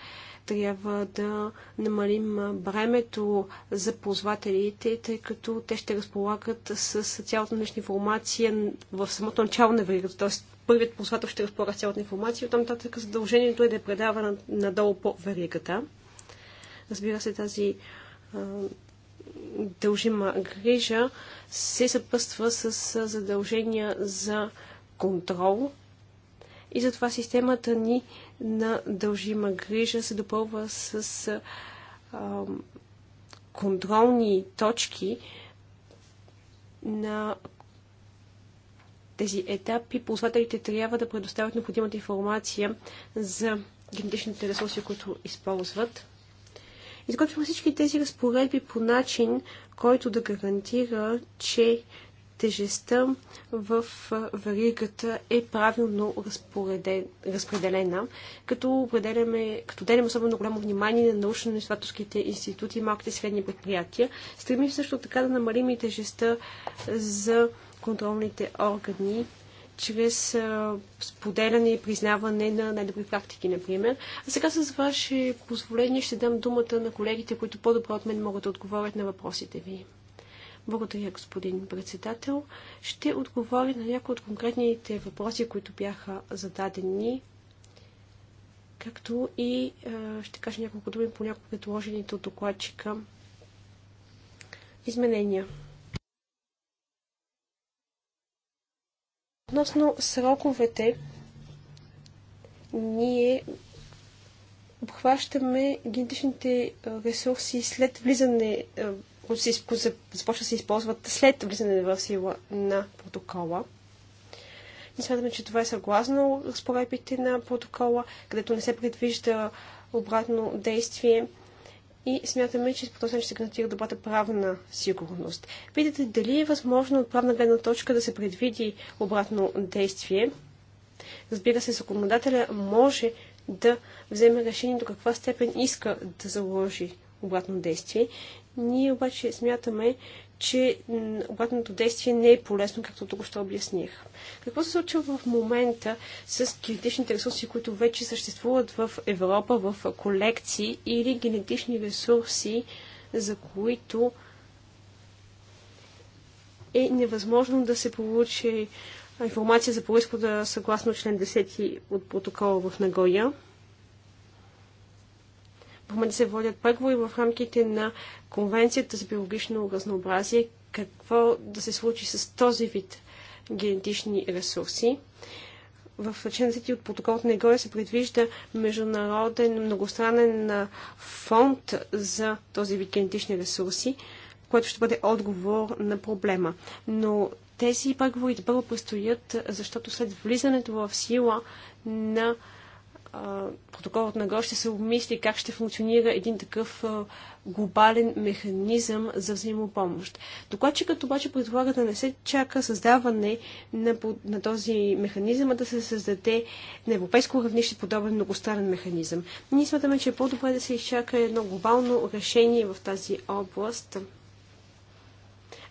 Трябва да намалим бремето за ползвателите, тъй като те ще разполагат с цялата днешна информация в самото начало на веригата, т.е първият ползвател ще разполага цялата информация. Оттам нататък задължението е да я предава надолу по веригата. Разбира се, тази а, дължима грижа се съпъства с задължения за контрол. И затова системата ни на дължима грижа се допълва с а, контролни точки на тези етапи, ползвателите трябва да предоставят необходимата информация за генетичните ресурси, които използват. Изготвяме всички тези разпоредби по начин, който да гарантира, че тежестта в варигата е правилно разпределена, като определяме, като делим особено голямо внимание на научно-изследователските институти и малките средни предприятия. Стремим също така да намалим и тежестта за контролните органи чрез споделяне и признаване на най-добри практики, например. А сега с ваше позволение ще дам думата на колегите, които по-добро от мен могат да отговорят на въпросите ви. Благодаря, господин председател. Ще отговоря на някои от конкретните въпроси, които бяха зададени, както и ще кажа няколко думи по някои предложените от докладчика изменения. Относно сроковете, ние обхващаме генетичните ресурси след влизане, които се, започва да се използват след влизане в сила на протокола. Ние смятаме, че това е съгласно разпоредбите на протокола, където не се предвижда обратно действие и смятаме, че по този начин се гарантира добрата правна сигурност. Питате дали е възможно от правна гледна точка да се предвиди обратно действие. Разбира се, законодателя може да вземе решение до каква степен иска да заложи обратно действие. Ние обаче смятаме, че обратното действие не е полезно, както тук ще обясних. Какво се случва в момента с генетичните ресурси, които вече съществуват в Европа в колекции или генетични ресурси, за които е невъзможно да се получи информация за происхода съгласно член 10 от протокола в Нагоя? В се водят преговори в рамките на Конвенцията за биологично разнообразие, какво да се случи с този вид генетични ресурси. В член от протокол от Негоя се предвижда международен многостранен фонд за този вид генетични ресурси, което ще бъде отговор на проблема. Но тези преговори първо предстоят, защото след влизането в сила на протоколът на ГОЩ ще се обмисли как ще функционира един такъв глобален механизъм за взаимопомощ. Докладчикът обаче предлага да не се чака създаване на, на този механизъм, а да се създаде на европейско равнище подобен многостранен механизъм. Ние смятаме, че е по-добре да се изчака едно глобално решение в тази област,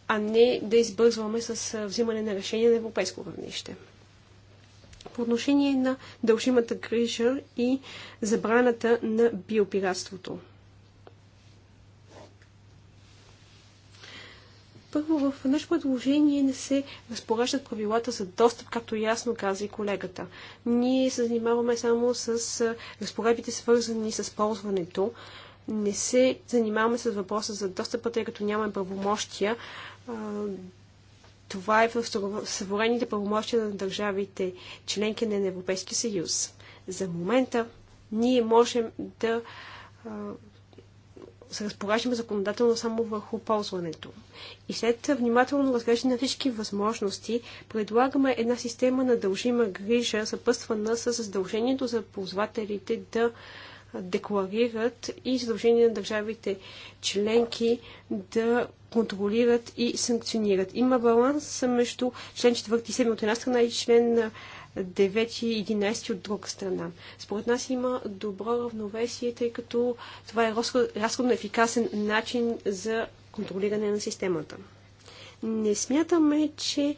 а не да избързваме с взимане на решение на европейско равнище. По отношение на дължимата грижа и забраната на биопиратството. първо в нашето предложение не се разпоръщат правилата за достъп, както ясно каза и колегата. Ние се занимаваме само с разпоредбите, свързани с ползването. Не се занимаваме с въпроса за достъпа, тъй като нямаме правомощия това е в съворените правомощия на държавите, членки на Европейския съюз. За момента ние можем да се разпоражим законодателно само върху ползването. И след внимателно разглеждане на всички възможности, предлагаме една система на дължима грижа, съпъствана с задължението за ползвателите да декларират и задължение на държавите членки да контролират и санкционират. Има баланс между член 4 и 7 от една страна и член 9 и 11 от друга страна. Според нас има добро равновесие, тъй като това е разходно ефикасен начин за контролиране на системата. Не смятаме, че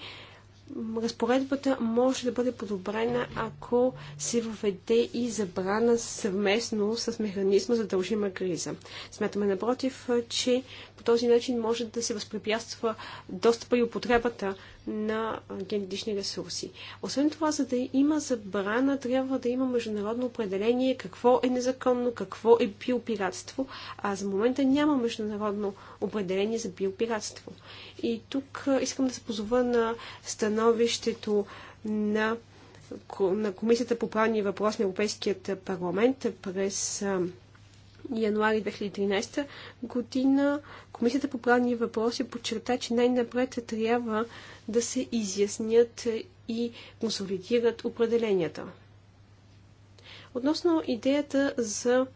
разпоредбата може да бъде подобрена, ако се въведе и забрана съвместно с механизма за дължима криза. Смятаме напротив, че по този начин може да се възпрепятства достъпа и употребата на генетични ресурси. Освен това, за да има забрана, трябва да има международно определение какво е незаконно, какво е биопиратство, а за момента няма международно определение за биопиратство. И тук искам да се позова на становището на на Комисията по правни въпроси на Европейският парламент през януари 2013 година Комисията по правни въпроси подчерта, че най-напред трябва да се изяснят и консолидират определенията. Относно идеята за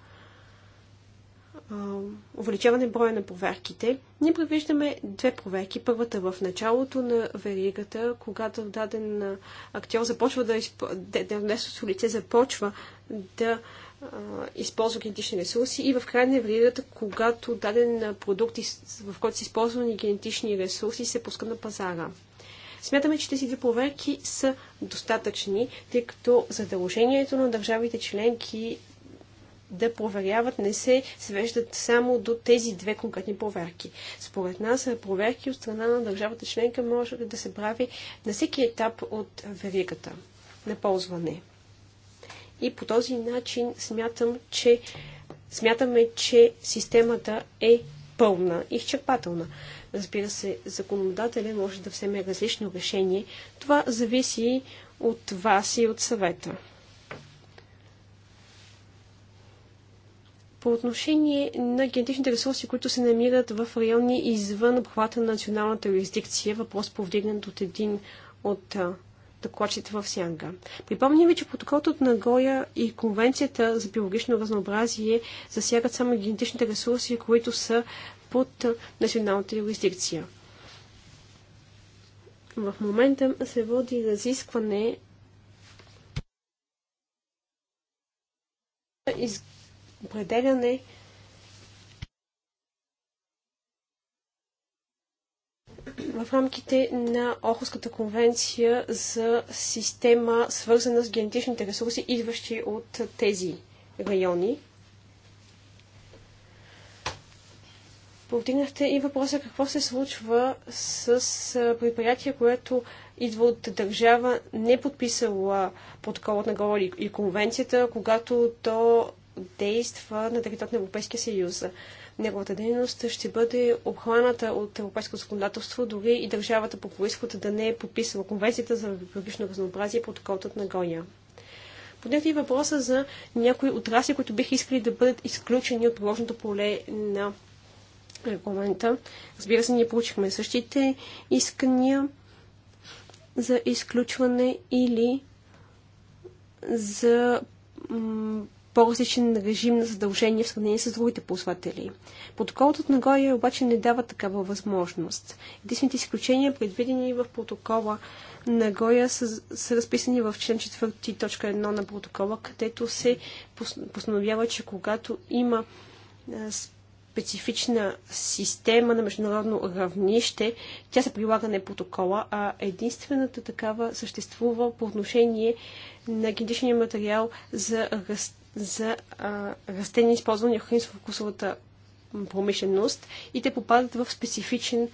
увеличаване броя на проверките, ние предвиждаме две проверки. Първата в началото на веригата, когато даден актьор започва да, изп... лице започва да използва генетични ресурси и в крайна на когато даден продукт, в който са използвани генетични ресурси, се пуска на пазара. Смятаме, че тези две проверки са достатъчни, тъй като задължението на държавите членки да проверяват не се свеждат само до тези две конкретни проверки. Според нас проверки от страна на държавата членка може да се прави на всеки етап от веригата на ползване. И по този начин смятам, че, смятаме, че системата е пълна и изчерпателна. Разбира се, законодателя може да вземе различно решение. Това зависи от вас и от съвета. По отношение на генетичните ресурси, които се намират в райони извън обхвата на националната юрисдикция, въпрос повдигнат от един от докладчите в Сянга. Припомням ви, че протоколът от Нагоя и Конвенцията за биологично разнообразие засягат само генетичните ресурси, които са под националната юрисдикция. В момента се води разискване из определяне в рамките на Охотската конвенция за система, свързана с генетичните ресурси, идващи от тези райони. Повдигнахте и въпроса какво се случва с предприятие, което идва от държава, не подписала подколът на Гола и конвенцията, когато то действа на територията на Европейския съюз неговата дейност ще бъде обхваната от европейско законодателство, дори и държавата по происход да не е подписала Конвенцията за биологично разнообразие и протоколът от Нагоя. Поднете и въпроса за някои отрасли, които бих искали да бъдат изключени от ложното поле на регламента. Разбира се, ние получихме същите искания за изключване или за по-различен режим на задължения в сравнение с другите ползватели. Протоколът от Нагоя обаче не дава такава възможност. Единствените изключения, предвидени в протокола Нагоя, са, са разписани в член 4, точка на протокола, където се постановява, че когато има специфична система на международно равнище. Тя се прилага не протокола, а единствената такава съществува по отношение на генетичния материал за растение за а, растения, използвани в хранително-вкусовата промишленост и те попадат в специфичен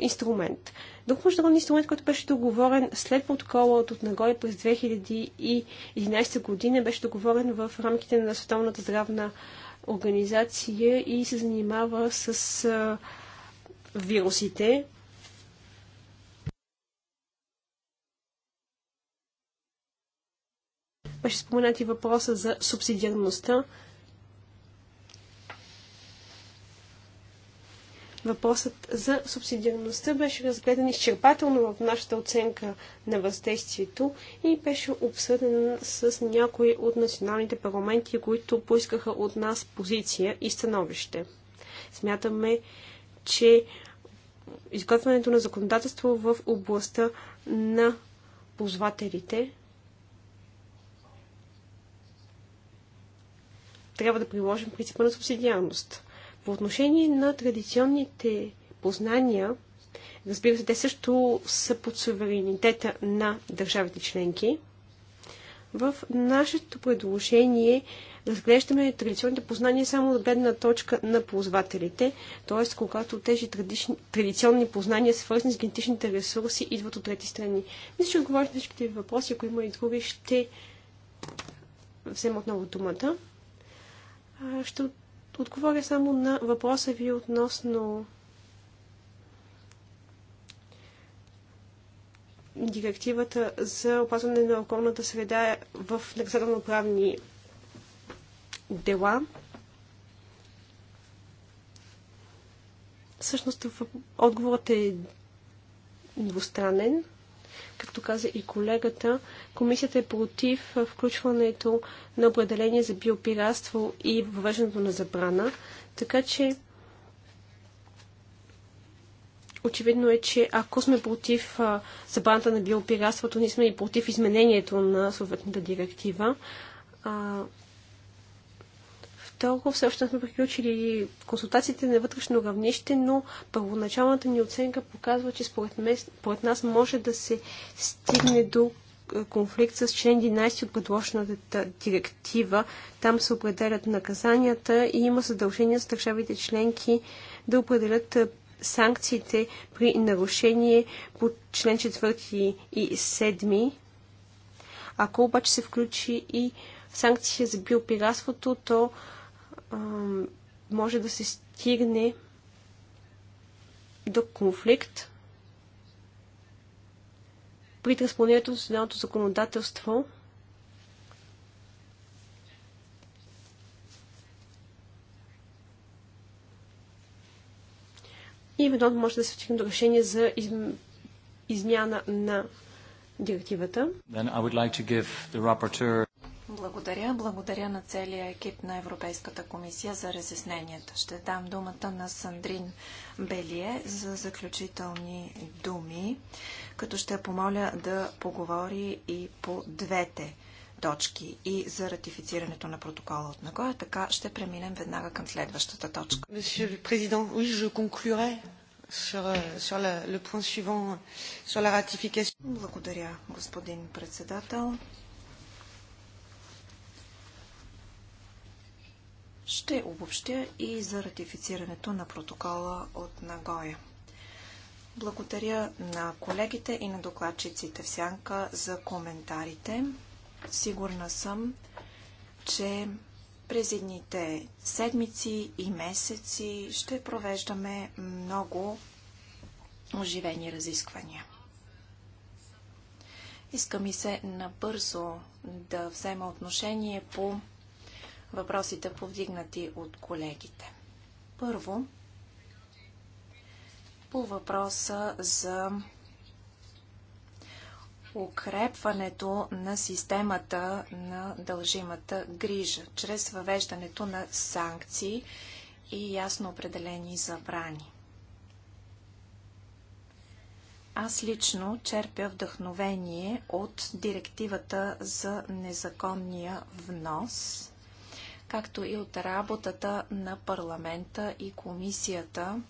инструмент. Друг международен инструмент, който беше договорен след протокола от Нагоя през 2011 година, беше договорен в рамките на Световната здравна организация и се занимава с а, вирусите. Беше споменат и въпроса за субсидиарността. Въпросът за субсидиарността беше разгледан изчерпателно в нашата оценка на въздействието и беше обсъден с някои от националните парламенти, които поискаха от нас позиция и становище. Смятаме, че изготвянето на законодателство в областта на ползвателите трябва да приложим принципа на субсидиарност. По отношение на традиционните познания, разбира се, те също са под суверенитета на държавите членки. В нашето предложение разглеждаме традиционните познания само от гледна точка на ползвателите, т.е. когато тези традиционни познания, свързани с генетичните ресурси, идват от трети страни. Мисля, че отговорите всичките ви въпроси. Ако има и други, ще взема отново думата. Ще отговоря само на въпроса ви относно директивата за опазване на околната среда в наказателно-правни дела. Всъщност отговорът е двустранен. Както каза и колегата, комисията е против включването на определение за биопиратство и въвеждането на забрана, така че очевидно е, че ако сме против забраната на биопиратството, ние сме и против изменението на съответната директива. А, Второ, все още сме приключили консултациите на вътрешно равнище, но първоначалната ни оценка показва, че според, мес, според нас може да се стигне до е, конфликт с член 11 от предложената директива. Там се определят наказанията и има задължения за държавите членки да определят е, санкциите при нарушение по член 4 и 7. Ако обаче се включи и санкция за биопиратството, то а, може да се стигне до конфликт при транспонирането на националното законодателство и евентуално може да се стигне до решение за изм... измяна на директивата.
Then I would like to give the rapporteur благодаря. Благодаря на целия екип на Европейската комисия за разясненията. Ще дам думата на Сандрин Белие за заключителни думи, като ще помоля да поговори и по двете точки и за ратифицирането на протокола от Нагоя. Така ще преминем веднага към следващата точка. Monsieur президент, oui, je conclurai sur, sur le, le point suivant, sur la ratification. Благодаря, господин председател. Ще обобщя и за ратифицирането на протокола от Нагоя. Благодаря на колегите и на докладчиците в Сянка за коментарите. Сигурна съм, че през едните седмици и месеци ще провеждаме много оживени разисквания. Иска ми се набързо да взема отношение по въпросите повдигнати от колегите. Първо, по въпроса за укрепването на системата на дължимата грижа, чрез въвеждането на санкции и ясно определени забрани. Аз лично черпя вдъхновение от директивата за незаконния внос както и от работата на парламента и комисията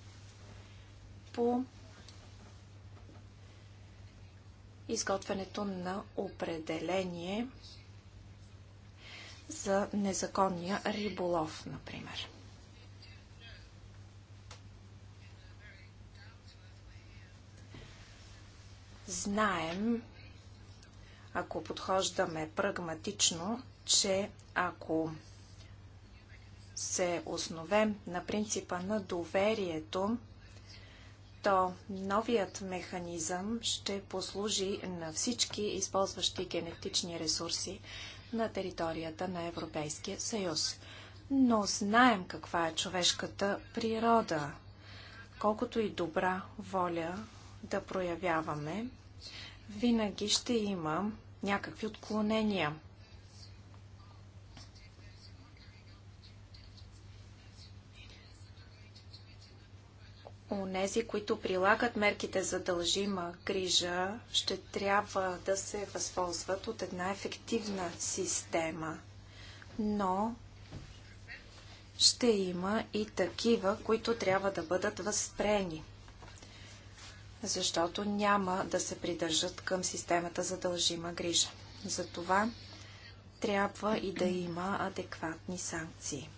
по изготвянето на определение за незаконния риболов, например. Знаем, ако подхождаме прагматично, че ако се основем на принципа на доверието, то новият механизъм ще послужи на всички използващи генетични ресурси на територията на Европейския съюз. Но знаем каква е човешката природа. Колкото и добра воля да проявяваме, винаги ще има някакви отклонения. онези, които прилагат мерките за дължима грижа, ще трябва да се възползват от една ефективна система. Но ще има и такива, които трябва да бъдат възпрени, защото няма да се придържат към системата за дължима грижа. Затова трябва и да има адекватни санкции.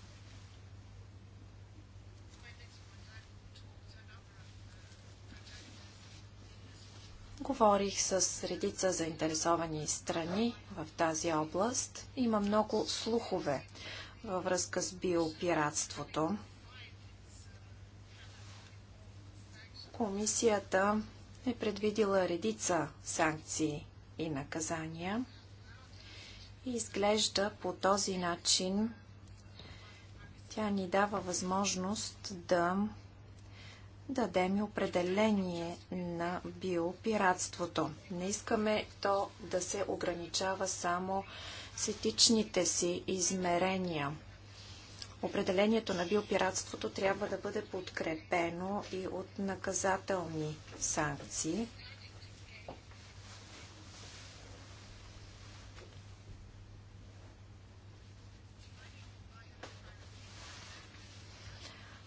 Говорих с редица заинтересовани страни в тази област. Има много слухове във връзка с биопиратството. Комисията е предвидила редица санкции и наказания. И изглежда по този начин тя ни дава възможност да дадем и определение на биопиратството. Не искаме то да се ограничава само с етичните си измерения. Определението на биопиратството трябва да бъде подкрепено и от наказателни санкции.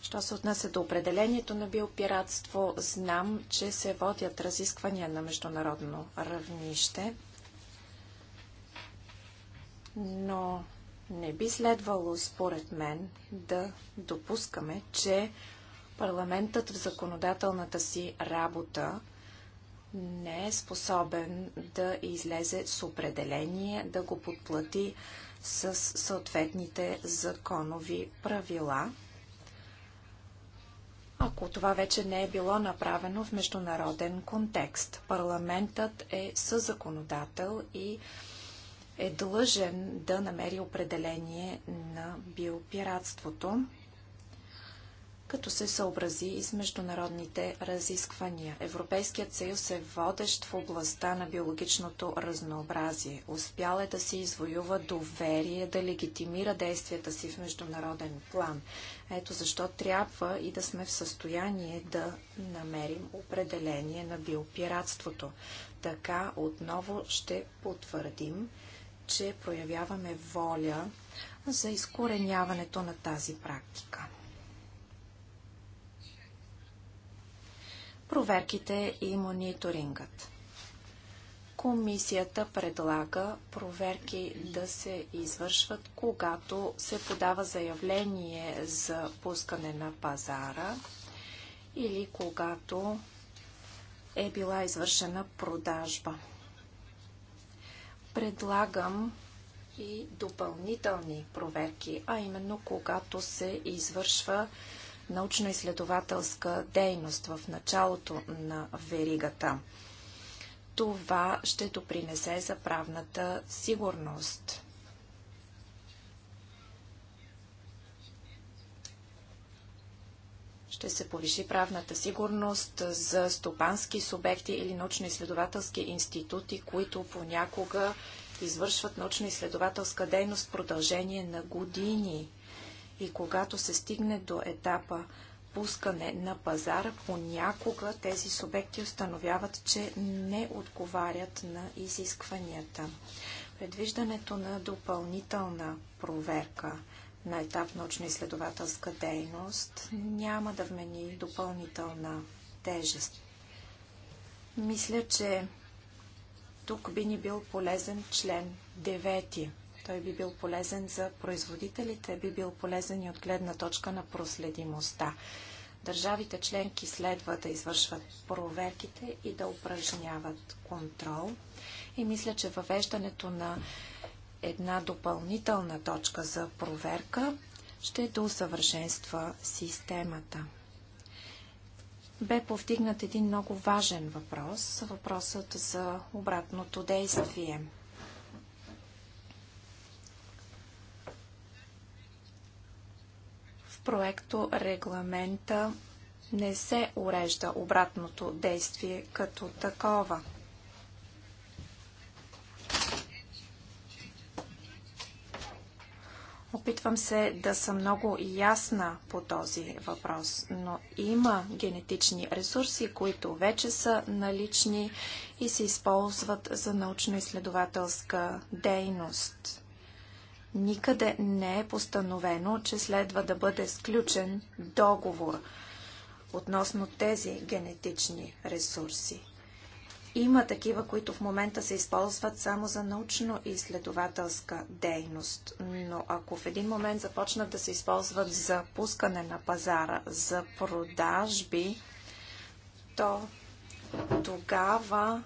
Що се отнася до определението на биопиратство, знам, че се водят разисквания на международно равнище, но не би следвало, според мен, да допускаме, че парламентът в законодателната си работа не е способен да излезе с определение, да го подплати с съответните законови правила ако това вече не е било направено в международен контекст. Парламентът е съзаконодател и е длъжен да намери определение на биопиратството като се съобрази и с международните разисквания. Европейският съюз е водещ в областта на биологичното разнообразие. Успял е да си извоюва доверие, да легитимира действията си в международен план. Ето защо трябва и да сме в състояние да намерим определение на биопиратството. Така отново ще потвърдим, че проявяваме воля за изкореняването на тази практика. проверките и мониторингът. Комисията предлага проверки да се извършват, когато се подава заявление за пускане на пазара или когато е била извършена продажба. Предлагам и допълнителни проверки, а именно когато се извършва научно-изследователска дейност в началото на веригата. Това ще допринесе за правната сигурност. ще се повиши правната сигурност за стопански субекти или научно-изследователски институти, които понякога извършват научно-изследователска дейност в продължение на години и когато се стигне до етапа пускане на пазара, понякога тези субекти установяват, че не отговарят на изискванията. Предвиждането на допълнителна проверка на етап научно-изследователска дейност няма да вмени допълнителна тежест. Мисля, че тук би ни бил полезен член той би бил полезен за производителите, би бил полезен и от гледна точка на проследимостта. Държавите членки следва да извършват проверките и да упражняват контрол. И мисля, че въвеждането на една допълнителна точка за проверка ще доусъвършенства системата. Бе повдигнат един много важен въпрос, въпросът за обратното действие – проекто регламента не се урежда обратното действие като такова. Опитвам се да съм много ясна по този въпрос, но има генетични ресурси, които вече са налични и се използват за научно-изследователска дейност никъде не е постановено, че следва да бъде сключен договор относно тези генетични ресурси. Има такива, които в момента се използват само за научно-изследователска дейност, но ако в един момент започнат да се използват за пускане на пазара, за продажби, то тогава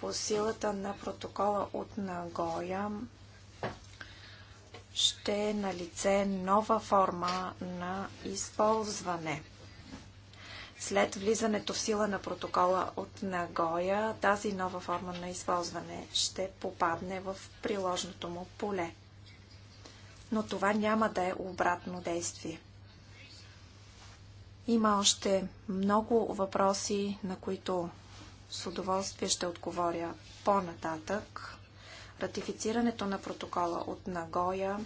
по силата на протокола от Нагоя ще е налице нова форма на използване. След влизането в сила на протокола от Нагоя, тази нова форма на използване ще попадне в приложното му поле. Но това няма да е обратно действие. Има още много въпроси, на които с удоволствие ще отговоря по-нататък. Ратифицирането на протокола от Нагоя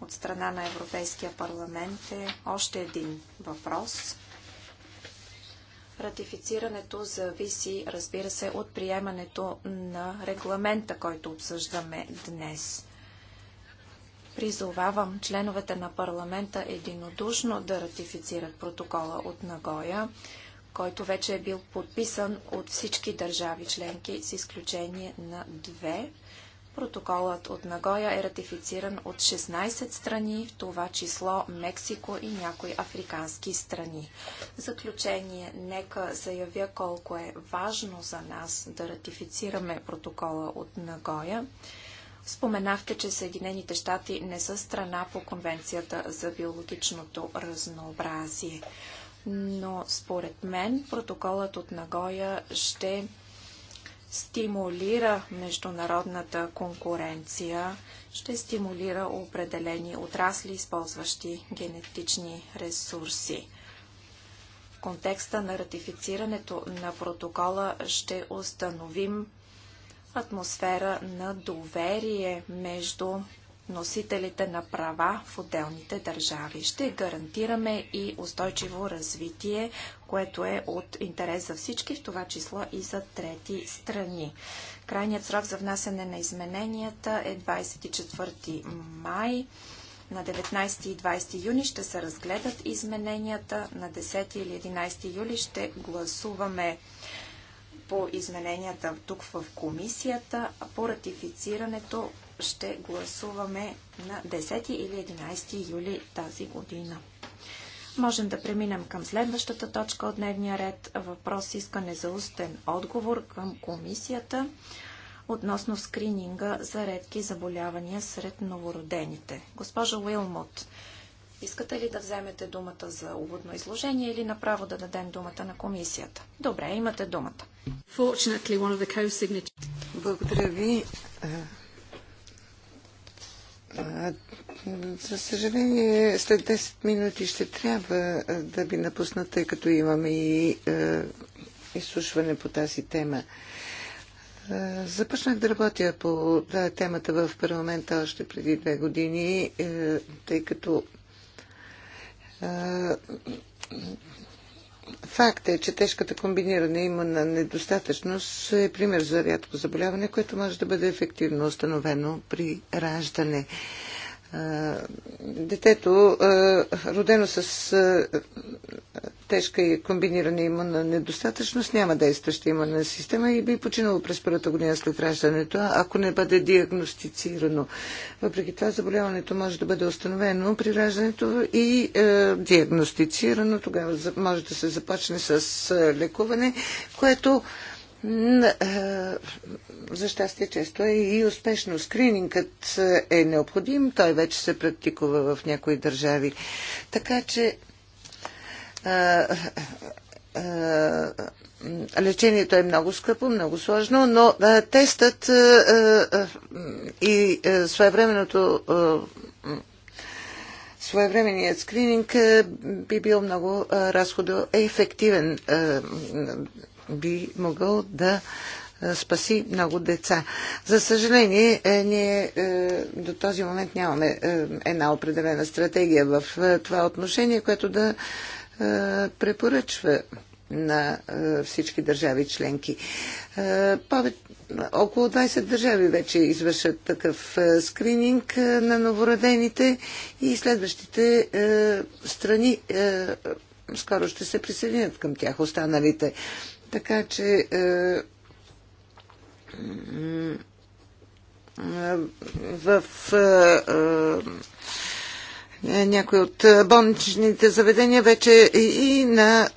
от страна на Европейския парламент е още един въпрос. Ратифицирането зависи, разбира се, от приемането на регламента, който обсъждаме днес. Призовавам членовете на парламента единодушно да ратифицират протокола от Нагоя, който вече е бил подписан от всички държави членки, с изключение на две Протоколът от Нагоя е ратифициран от 16 страни, в това число Мексико и някои африкански страни. В заключение, нека заявя колко е важно за нас да ратифицираме протокола от Нагоя. Споменахте, че Съединените щати не са страна по Конвенцията за биологичното разнообразие. Но според мен протоколът от Нагоя ще стимулира международната конкуренция, ще стимулира определени отрасли, използващи генетични ресурси. В контекста на ратифицирането на протокола ще установим атмосфера на доверие между носителите на права в отделните държави. Ще гарантираме и устойчиво развитие, което е от интерес за всички, в това число и за трети страни. Крайният срок за внасяне на измененията е 24 май. На 19 и 20 юни ще се разгледат измененията. На 10 или 11 юли ще гласуваме по измененията тук в комисията, по ратифицирането ще гласуваме на 10 или 11 юли тази година. Можем да преминем към следващата точка от дневния ред. Въпрос искане за устен отговор към комисията относно скрининга за редки заболявания сред новородените. Госпожа Уилмот, искате ли да вземете думата за уводно изложение или направо да дадем думата на комисията? Добре, имате думата.
Благодаря ви. Е, за съжаление, след 10 минути ще трябва да ви напусна, тъй като имаме и е, изслушване по тази тема. Е, започнах да работя по да, темата в парламента още преди две години, е, тъй като Факт е, че тежката комбинирана имунна недостатъчност е пример за рядко заболяване, което може да бъде ефективно установено при раждане. Е, детето, е, родено с е, тежка и комбинирана имунна недостатъчност, няма действаща имунна система и би починало през първата година след раждането, ако не бъде диагностицирано. Въпреки това, заболяването може да бъде установено при раждането и диагностицирано. Тогава може да се започне с лекуване, което за щастие често е и успешно. Скринингът е необходим, той вече се практикува в някои държави. Така че а, а, лечението е много скъпо, много сложно, но а, тестът а, и а, своевременното своевременният скрининг би бил много разходоефективен. Би могъл да спаси много деца. За съжаление, е, ние е, до този момент нямаме е, една определена стратегия в това отношение, което да препоръчва на всички държави членки. Около 20 държави вече извършат такъв скрининг на новородените и следващите страни скоро ще се присъединят към тях останалите. Така че в някои от болничните заведения вече и на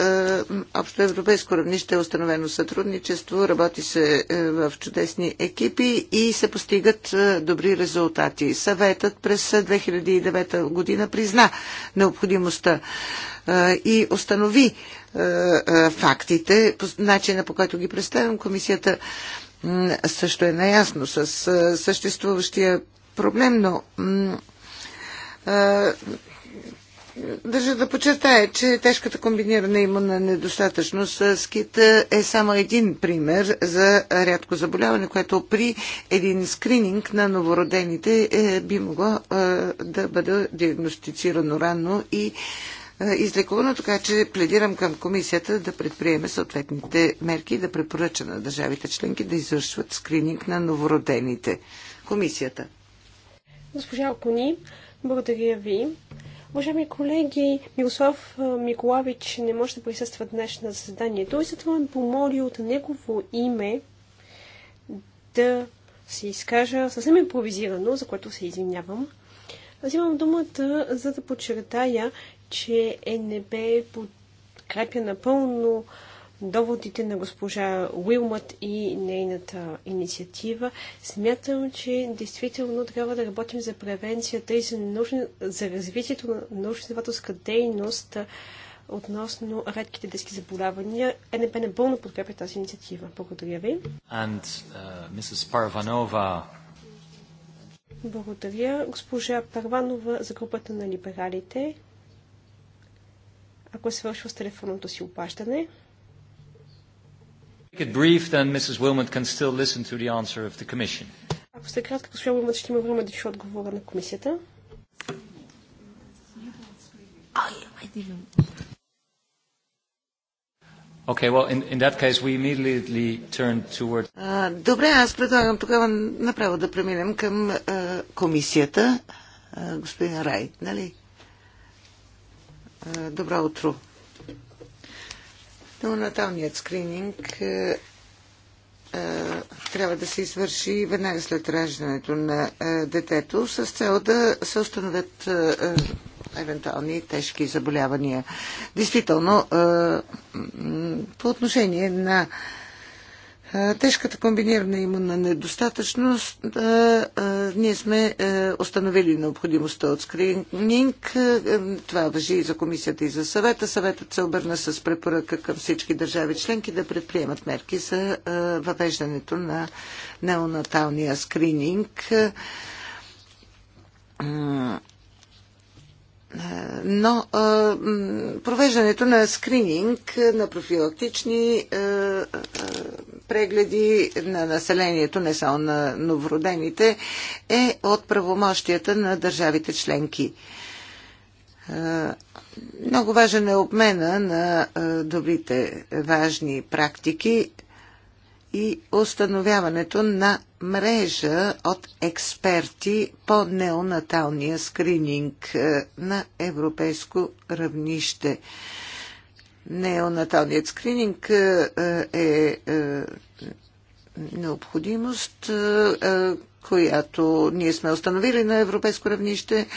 общо европейско равнище е установено сътрудничество, работи се е, в чудесни екипи и се постигат е, добри резултати. Съветът през 2009 година призна необходимостта е, и установи фактите, начина по който ги представям комисията също е наясно с съществуващия проблем, но Държа да подчертая, че тежката комбинирана имунна недостатъчност с кит е само един пример за рядко заболяване, което при един скрининг на новородените е, би могло да бъде диагностицирано рано и е, излекувано, така че пледирам към комисията да предприеме съответните мерки и да препоръча на държавите членки да извършват скрининг на новородените. Комисията.
Госпожа Окуни, благодаря ви. Уважаеми колеги, Мирослав е, Миколавич не може да присъства днес на заседанието и затова ме помоли от негово име да се изкажа съвсем импровизирано, за което се извинявам. Аз имам думата, за да подчертая, че НБ подкрепя напълно доводите на госпожа Уилмът и нейната инициатива. Смятам, че действително трябва да работим за превенцията и за, нужни, за развитието на научно-изследователска дейност относно редките детски заболявания. НП напълно подкрепя тази инициатива. Благодаря ви.
And, uh,
Благодаря. Госпожа Парванова за групата на либералите ако е свършил с телефонното си опащане. ако сте кратка, госпожа Уилмът ще има време да чуе отговора на комисията. Okay, well, in, in that case, we immediately turn toward...
А, добре, аз предлагам тогава направо да преминем към а, комисията. А, господин Райт, нали? Добро утро! Неонаталният скрининг е, е, трябва да се извърши веднага след раждането на е, детето с цел да се установят евентуални тежки заболявания. Действително, по отношение на Тежката комбинирана имунна недостатъчност, ние сме е, установили необходимостта от скрининг. Е, е, това въжи и за комисията и за съвета. Съветът се обърна с препоръка към всички държави членки да предприемат мерки за въвеждането на неонаталния скрининг но а, провеждането на скрининг на профилактични а, а, прегледи на населението, не само на новородените, е от правомощията на държавите членки. Много важен е обмена на добрите важни практики и установяването на мрежа от експерти по неонаталния скрининг на европейско равнище. Неонаталният скрининг е, е, е необходимост, е, която ние сме установили на европейско равнище,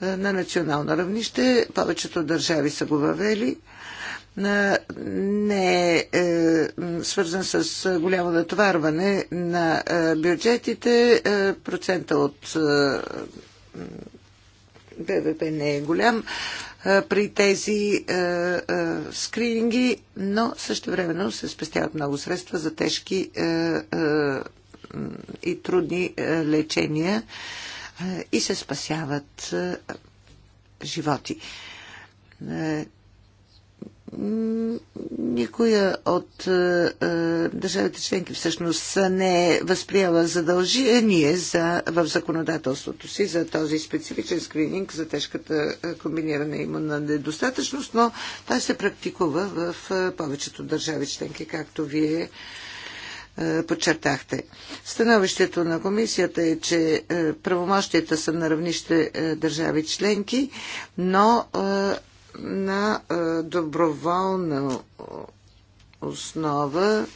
на национално равнище. Повечето държави са го въвели. Не е свързан с голямо натоварване на бюджетите. Процента от БВП не е голям при тези скрининги, но също времено се спестяват много средства за тежки и трудни лечения и се спасяват животи. Никоя от е, е, държавите членки всъщност не е възприела задължение за, в законодателството си за този специфичен скрининг за тежката е, комбинирана имунна недостатъчност, но той се практикува в е, повечето държави членки, както вие подчертахте. Становището на комисията е, че правомощията са на равнище държави членки, но на е, доброволна основа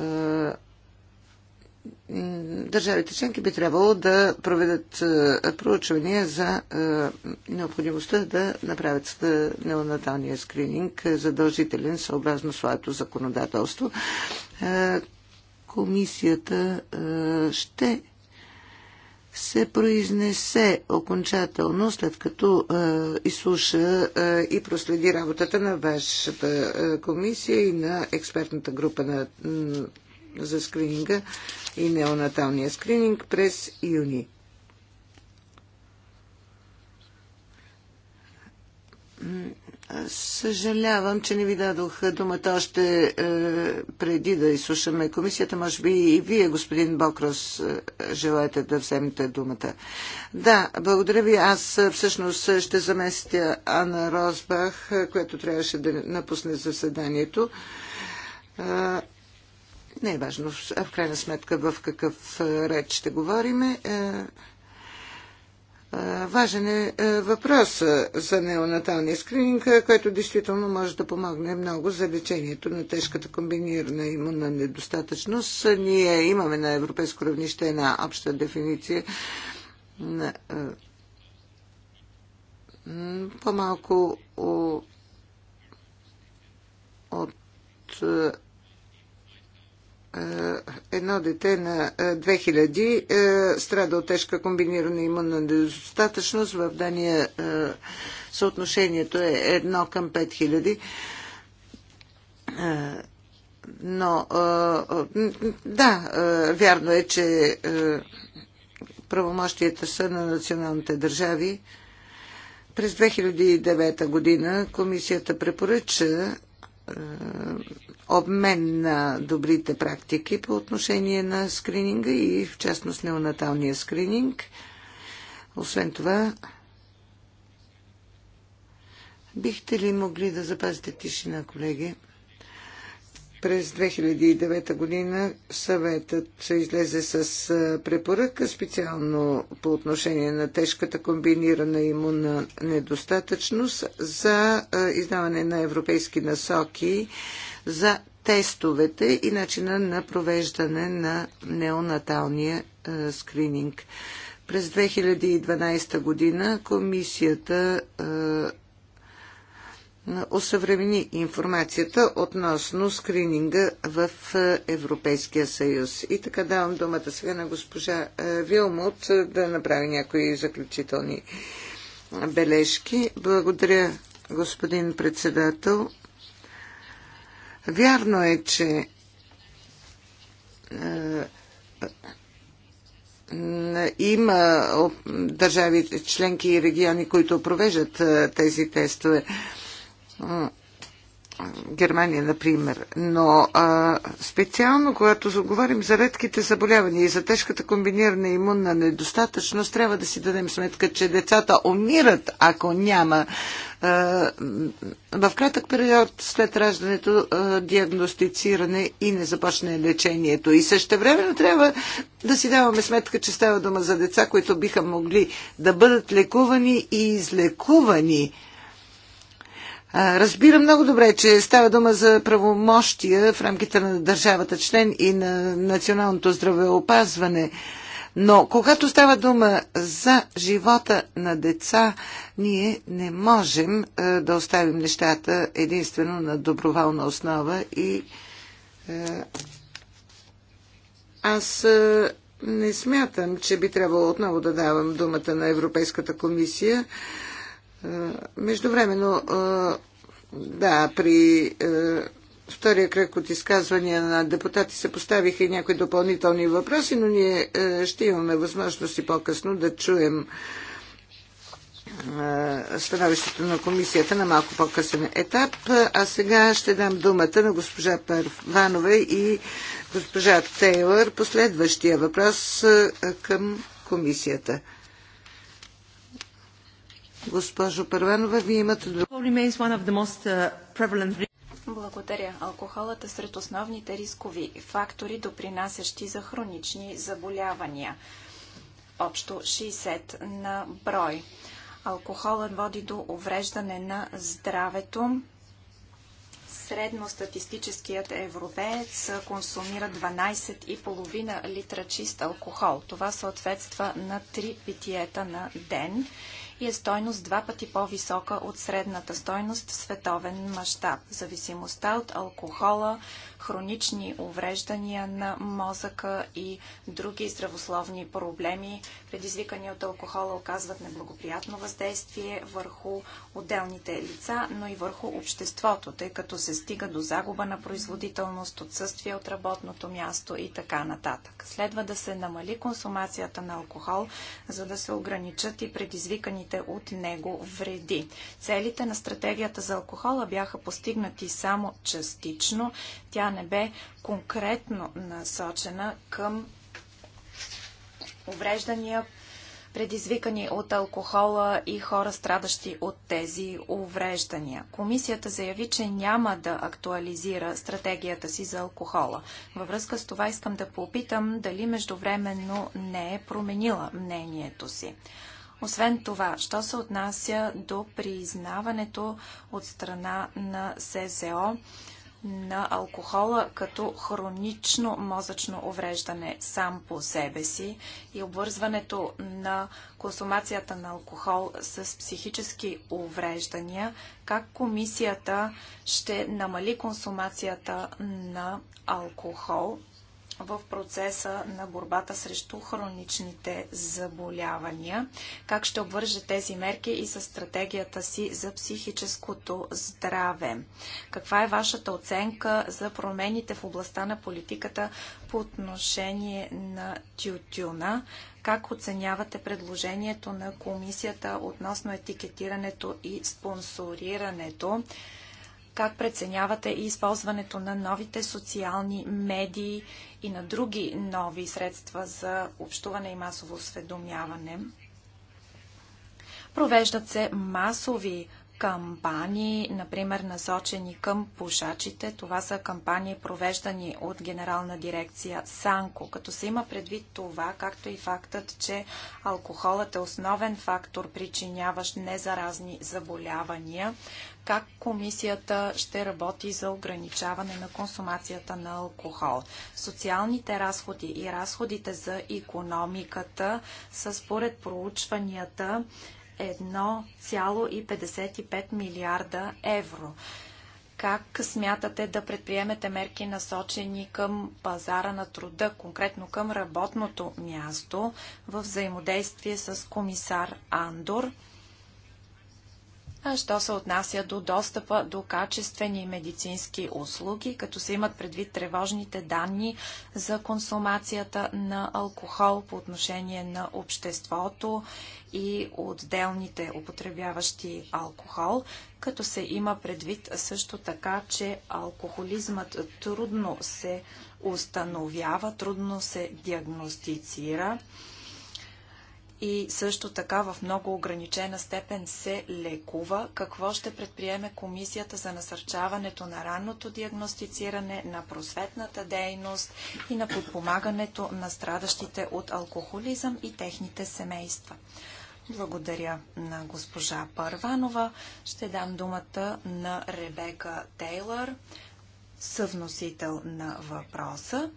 е, държавите членки би трябвало да проведат е, проучвания за необходимостта да направят неонаталния скрининг задължителен съобразно своето законодателство. Комисията ще се произнесе окончателно, след като е, изслуша е, и проследи работата на вашата е, комисия и на експертната група на, за скрининга и неонаталния скрининг през юни. Съжалявам, че не ви дадох думата още е, преди да изслушаме комисията. Може би и вие, господин Бокрос, е, желаете да вземете думата. Да, благодаря ви. Аз е, всъщност ще заместя Анна Розбах, е, която трябваше да напусне заседанието. Е, не е важно в крайна сметка в какъв е, реч ще говориме. Е, Важен е, е въпрос за неонаталния скрининг, който действително може да помогне много за лечението на тежката комбинирана имунна недостатъчност. Ние имаме на европейско равнище една обща дефиниция на по-малко от е, едно дете на 2000 е, е, страда от тежка комбинирана имунна недостатъчност. В Дания съотношението е едно към 5000. Но да, вярно е, че правомощията са на националните държави. През 2009 година комисията препоръча е, обмен на добрите практики по отношение на скрининга и в частност неонаталния скрининг. Освен това, бихте ли могли да запазите тишина, колеги? През 2009 година съветът се излезе с препоръка специално по отношение на тежката комбинирана имунна недостатъчност за издаване на европейски насоки за тестовете и начина на провеждане на неонаталния скрининг. През 2012 година комисията осъвремени информацията относно скрининга в е, Европейския съюз. И така давам думата сега на госпожа е, Вилмут е, да направи някои заключителни бележки. Благодаря, господин председател. Вярно е, че има държави членки и региони, които провеждат тези тестове. Германия, например. Но а, специално, когато говорим за редките заболявания и за тежката комбинирана имунна недостатъчност, трябва да си дадем сметка, че децата умират, ако няма а, в кратък период след раждането а, диагностициране и не започне лечението. И също време трябва да си даваме сметка, че става дума за деца, които биха могли да бъдат лекувани и излекувани Разбира много добре, че става дума за правомощия в рамките на държавата член и на националното здравеопазване. Но когато става дума за живота на деца, ние не можем да оставим нещата единствено на доброволна основа и аз не смятам, че би трябвало отново да давам думата на Европейската комисия. Е, междувременно, е, да, при е, втория кръг от изказвания на депутати се поставиха и някои допълнителни въпроси, но ние ще имаме възможност и по-късно да чуем становището на комисията на малко по-късен етап. А сега ще дам думата на госпожа Парванова и госпожа Тейлър последващия въпрос към комисията. Госпожо Първанова, вие имате... Uh,
Благодаря. Алкохолът е сред основните рискови фактори, допринасящи за хронични заболявания. Общо 60 на брой. Алкохолът води до увреждане на здравето. Средностатистическият европеец консумира 12,5 литра чист алкохол. Това съответства на 3 питиета на ден и е стойност два пъти по-висока от средната стойност в световен мащаб. Зависимостта от алкохола, хронични увреждания на мозъка и други здравословни проблеми, предизвикани от алкохола, оказват неблагоприятно въздействие върху отделните лица, но и върху обществото, тъй като се стига до загуба на производителност, отсъствие от работното място и така нататък. Следва да се намали консумацията на алкохол, за да се ограничат и предизвиканите от него вреди. Целите на стратегията за алкохола бяха постигнати само частично. Тя не бе конкретно насочена към увреждания, предизвикани от алкохола и хора страдащи от тези увреждания. Комисията заяви, че няма да актуализира стратегията си за алкохола. Във връзка с това искам да попитам дали междувременно не е променила мнението си. Освен това, що се отнася до признаването от страна на СЗО на алкохола като хронично мозъчно увреждане сам по себе си и обвързването на консумацията на алкохол с психически увреждания, как комисията ще намали консумацията на алкохол в процеса на борбата срещу хроничните заболявания? Как ще обвърже тези мерки и с стратегията си за психическото здраве? Каква е вашата оценка за промените в областта на политиката по отношение на тютюна? Как оценявате предложението на комисията относно етикетирането и спонсорирането? Как преценявате и използването на новите социални медии и на други нови средства за общуване и масово осведомяване. Провеждат се масови кампании, например насочени към пушачите. Това са кампании провеждани от Генерална дирекция Санко. Като се има предвид това, както и фактът, че алкохолът е основен фактор, причиняващ незаразни заболявания, как комисията ще работи за ограничаване на консумацията на алкохол. Социалните разходи и разходите за економиката са според проучванията 1,55 милиарда евро. Как смятате да предприемете мерки насочени към пазара на труда, конкретно към работното място, в взаимодействие с комисар Андор? що се отнася до достъпа до качествени медицински услуги, като се имат предвид тревожните данни за консумацията на алкохол по отношение на обществото и отделните употребяващи алкохол, като се има предвид също така, че алкохолизмът трудно се установява, трудно се диагностицира и също така в много ограничена степен се лекува. Какво ще предприеме Комисията за насърчаването на ранното диагностициране, на просветната дейност и на подпомагането на страдащите от алкохолизъм и техните семейства? Благодаря на госпожа Парванова. Ще дам думата на Ребека Тейлър, съвносител на въпроса.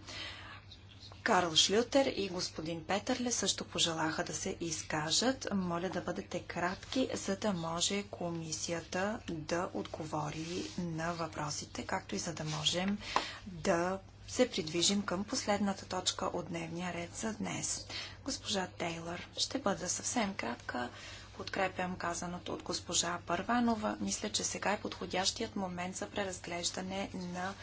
Карл Шлютер и господин Петърле също пожелаха да се изкажат. Моля да бъдете кратки, за да може комисията да отговори на въпросите, както и за да можем да се придвижим към последната точка от дневния ред за днес. Госпожа Тейлър, ще бъда съвсем кратка. Подкрепям казаното от госпожа Първанова. Мисля, че сега е подходящият момент за преразглеждане на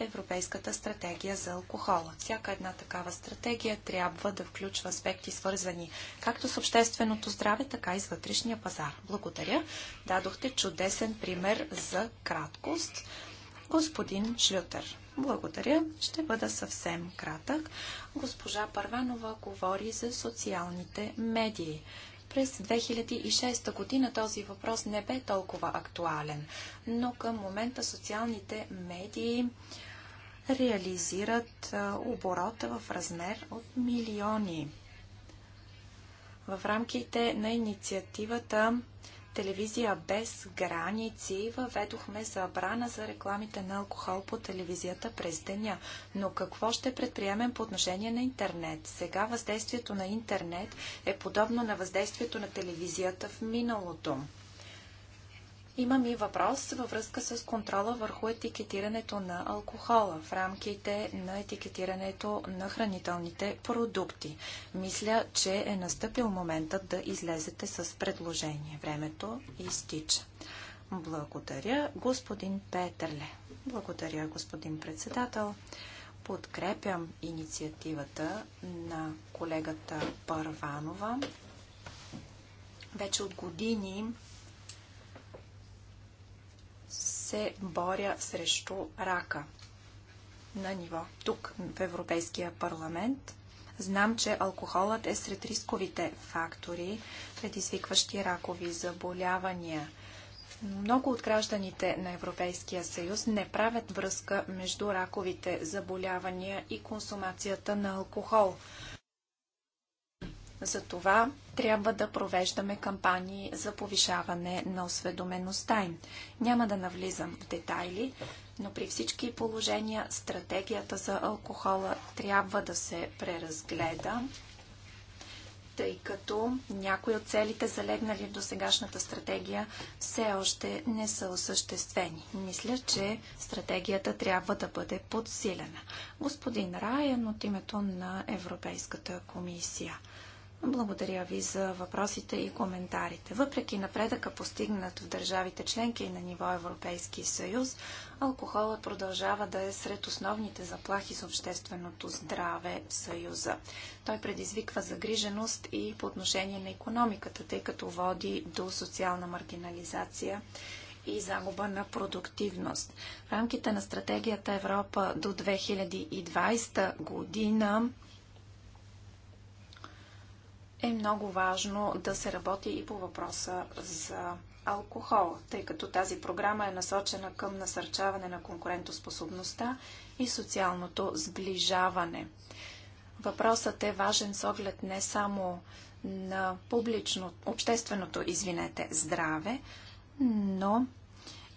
Европейската стратегия за алкохола. Всяка една такава стратегия трябва да включва аспекти свързани както с общественото здраве, така и с вътрешния пазар. Благодаря. Дадохте чудесен пример за краткост. Господин Шлютер. Благодаря. Ще бъда съвсем кратък. Госпожа Парванова, говори за социалните медии. През 2006 година този въпрос не бе толкова актуален, но към момента социалните медии реализират оборота в размер от милиони. В рамките на инициативата телевизия без граници въведохме забрана за рекламите на алкохол по телевизията през деня. Но какво ще предприемем по отношение на интернет? Сега въздействието на интернет е подобно на въздействието на телевизията в миналото. Имам и въпрос във връзка с контрола върху етикетирането на алкохола в рамките на етикетирането на хранителните продукти. Мисля, че е настъпил моментът да излезете с предложение. Времето изтича. Благодаря, господин Петърле. Благодаря, господин председател. Подкрепям инициативата на колегата Парванова. Вече от години се боря срещу рака на ниво тук в Европейския парламент. Знам, че алкохолът е сред рисковите фактори, предизвикващи ракови заболявания. Много от гражданите на Европейския съюз не правят връзка между раковите заболявания и консумацията на алкохол. Затова трябва да провеждаме кампании за повишаване на осведомеността им. Няма да навлизам в детайли, но при всички положения стратегията за алкохола трябва да се преразгледа, тъй като някои от целите, залегнали в досегашната стратегия, все още не са осъществени. Мисля, че стратегията трябва да бъде подсилена. Господин Райен от името на Европейската комисия – благодаря ви за въпросите и коментарите. Въпреки напредъка постигнат в държавите членки и на ниво Европейски съюз, алкохолът продължава да е сред основните заплахи за общественото здраве в съюза. Той предизвиква загриженост и по отношение на економиката, тъй като води до социална маргинализация и загуба на продуктивност. В рамките на стратегията Европа до 2020 година е много важно да се работи и по въпроса за алкохол, тъй като тази програма е насочена към насърчаване на конкурентоспособността и социалното сближаване. Въпросът е важен с оглед не само на публично, общественото, извинете, здраве, но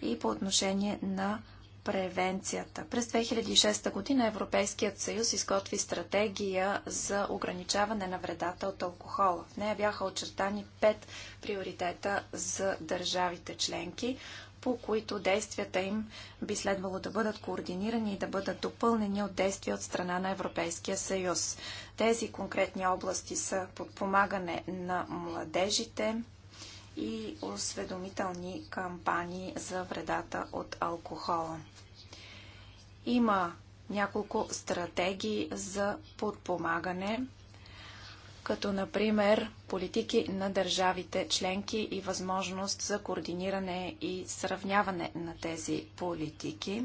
и по отношение на превенцията. През 2006 година Европейският съюз изготви стратегия за ограничаване на вредата от алкохола. В нея бяха очертани пет приоритета за държавите членки, по които действията им би следвало да бъдат координирани и да бъдат допълнени от действия от страна на Европейския съюз. Тези конкретни области са подпомагане на младежите, и осведомителни кампании за вредата от алкохола. Има няколко стратегии за подпомагане, като например политики на държавите членки и възможност за координиране и сравняване на тези политики.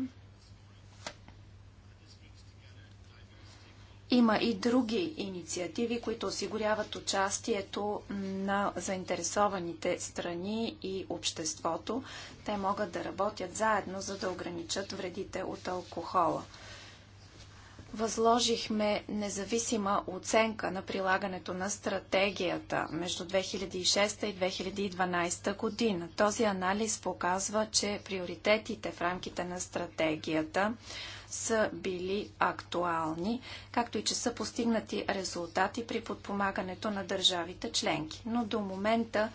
Има и други инициативи, които осигуряват участието на заинтересованите страни и обществото. Те могат да работят заедно, за да ограничат вредите от алкохола. Възложихме независима оценка на прилагането на стратегията между 2006 и 2012 година. Този анализ показва, че приоритетите в рамките на стратегията – са били актуални, както и че са постигнати резултати при подпомагането на държавите членки. Но до момента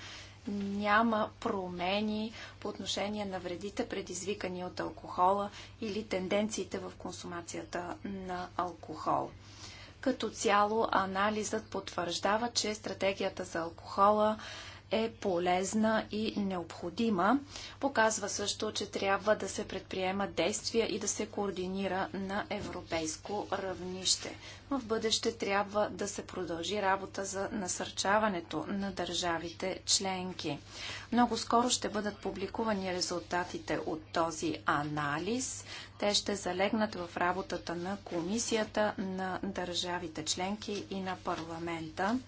няма промени по отношение на вредите, предизвикани от алкохола или тенденциите в консумацията на алкохол. Като цяло анализът потвърждава, че стратегията за алкохола е полезна и необходима. Показва също, че трябва да се предприемат действия и да се координира на европейско равнище. В бъдеще трябва да се продължи работа за насърчаването на държавите членки. Много скоро ще бъдат публикувани резултатите от този анализ. Те ще залегнат в работата на комисията на държавите членки и на парламента.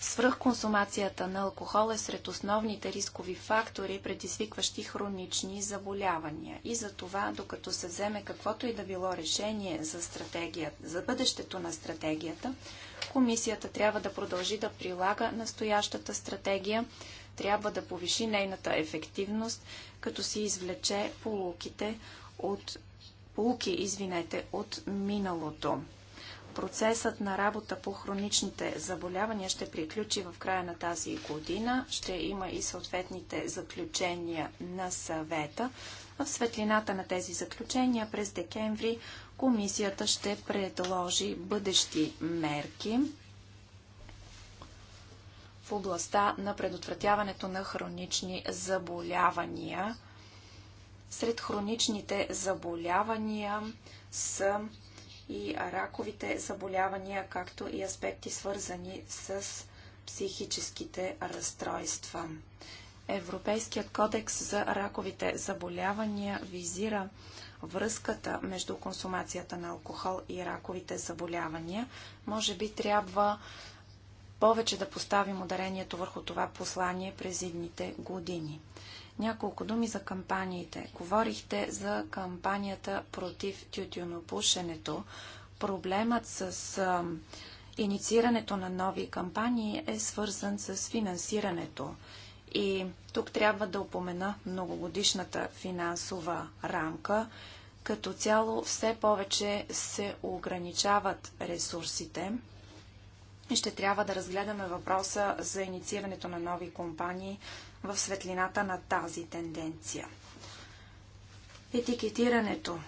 Свръхконсумацията на алкохол е сред основните рискови фактори, предизвикващи хронични заболявания. И за това, докато се вземе каквото и да било решение за, стратегията, за бъдещето на стратегията, комисията трябва да продължи да прилага настоящата стратегия, трябва да повиши нейната ефективност, като си извлече полуките от полуки, извинете, от миналото. Процесът на работа по хроничните заболявания ще приключи в края на тази година. Ще има и съответните заключения на съвета. В светлината на тези заключения през декември комисията ще предложи бъдещи мерки в областта на предотвратяването на хронични заболявания. Сред хроничните заболявания са и раковите заболявания, както и аспекти свързани с психическите разстройства. Европейският кодекс за раковите заболявания визира връзката между консумацията на алкохол и раковите заболявания. Може би трябва повече да поставим ударението върху това послание през идните години. Няколко думи за кампаниите. Говорихте за кампанията против тютюнопушенето. Проблемът с а, инициирането на нови кампании е свързан с финансирането. И тук трябва да упомена многогодишната финансова рамка. Като цяло все повече се ограничават ресурсите. Ще трябва да разгледаме въпроса за инициирането на нови компании в светлината на тази тенденция. Етикетирането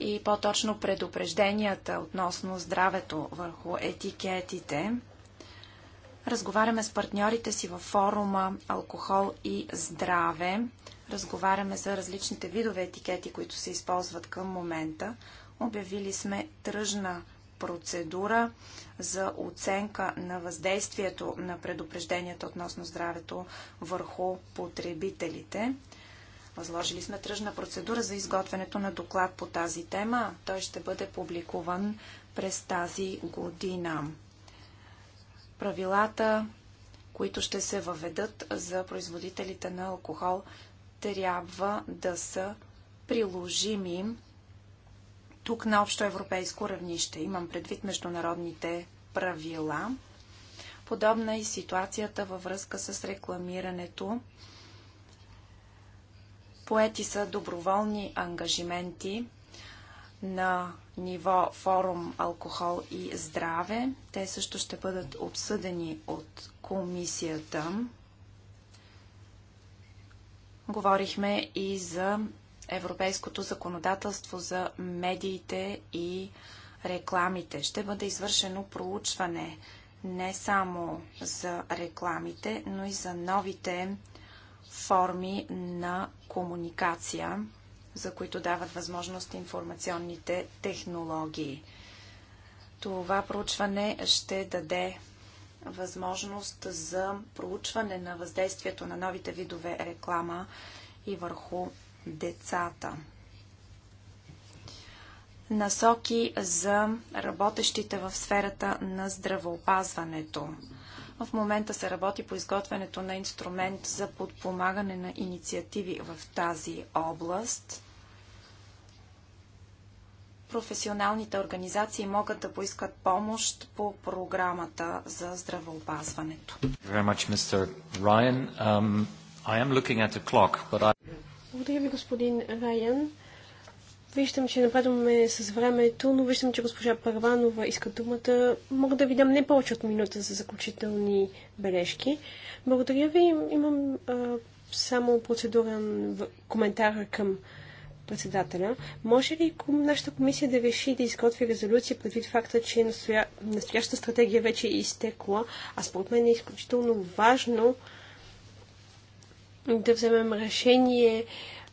и по-точно предупрежденията относно здравето върху етикетите. Разговаряме с партньорите си във форума Алкохол и здраве. Разговаряме за различните видове етикети, които се използват към момента. Обявили сме тръжна процедура за оценка на въздействието на предупрежденията относно здравето върху потребителите. Възложили сме тръжна процедура за изготвянето на доклад по тази тема. Той ще бъде публикуван през тази година. Правилата, които ще се въведат за производителите на алкохол, трябва да са приложими тук на общо европейско равнище. Имам предвид международните правила. Подобна е и ситуацията във връзка с рекламирането. Поети са доброволни ангажименти на ниво форум алкохол и здраве. Те също ще бъдат обсъдени от комисията. Говорихме и за европейското законодателство за медиите и рекламите. Ще бъде извършено проучване не само за рекламите, но и за новите форми на комуникация, за които дават възможност информационните технологии. Това проучване ще даде възможност за проучване на въздействието на новите видове реклама и върху децата. Насоки за работещите в сферата на здравеопазването. В момента се работи по изготвянето на инструмент за подпомагане на инициативи в тази област. Професионалните организации могат да поискат помощ по програмата
за здравеопазването. Благодаря ви, господин Райан. Виждам, че нападаме с времето, но виждам, че госпожа Парванова иска думата. Мога да ви дам не повече от минута за заключителни бележки. Благодаря ви. Имам а, само процедурен коментар към председателя. Може ли нашата комисия да реши да изготви резолюция предвид факта, че настоя... настоящата стратегия вече е изтекла? А според мен е изключително важно да вземем решение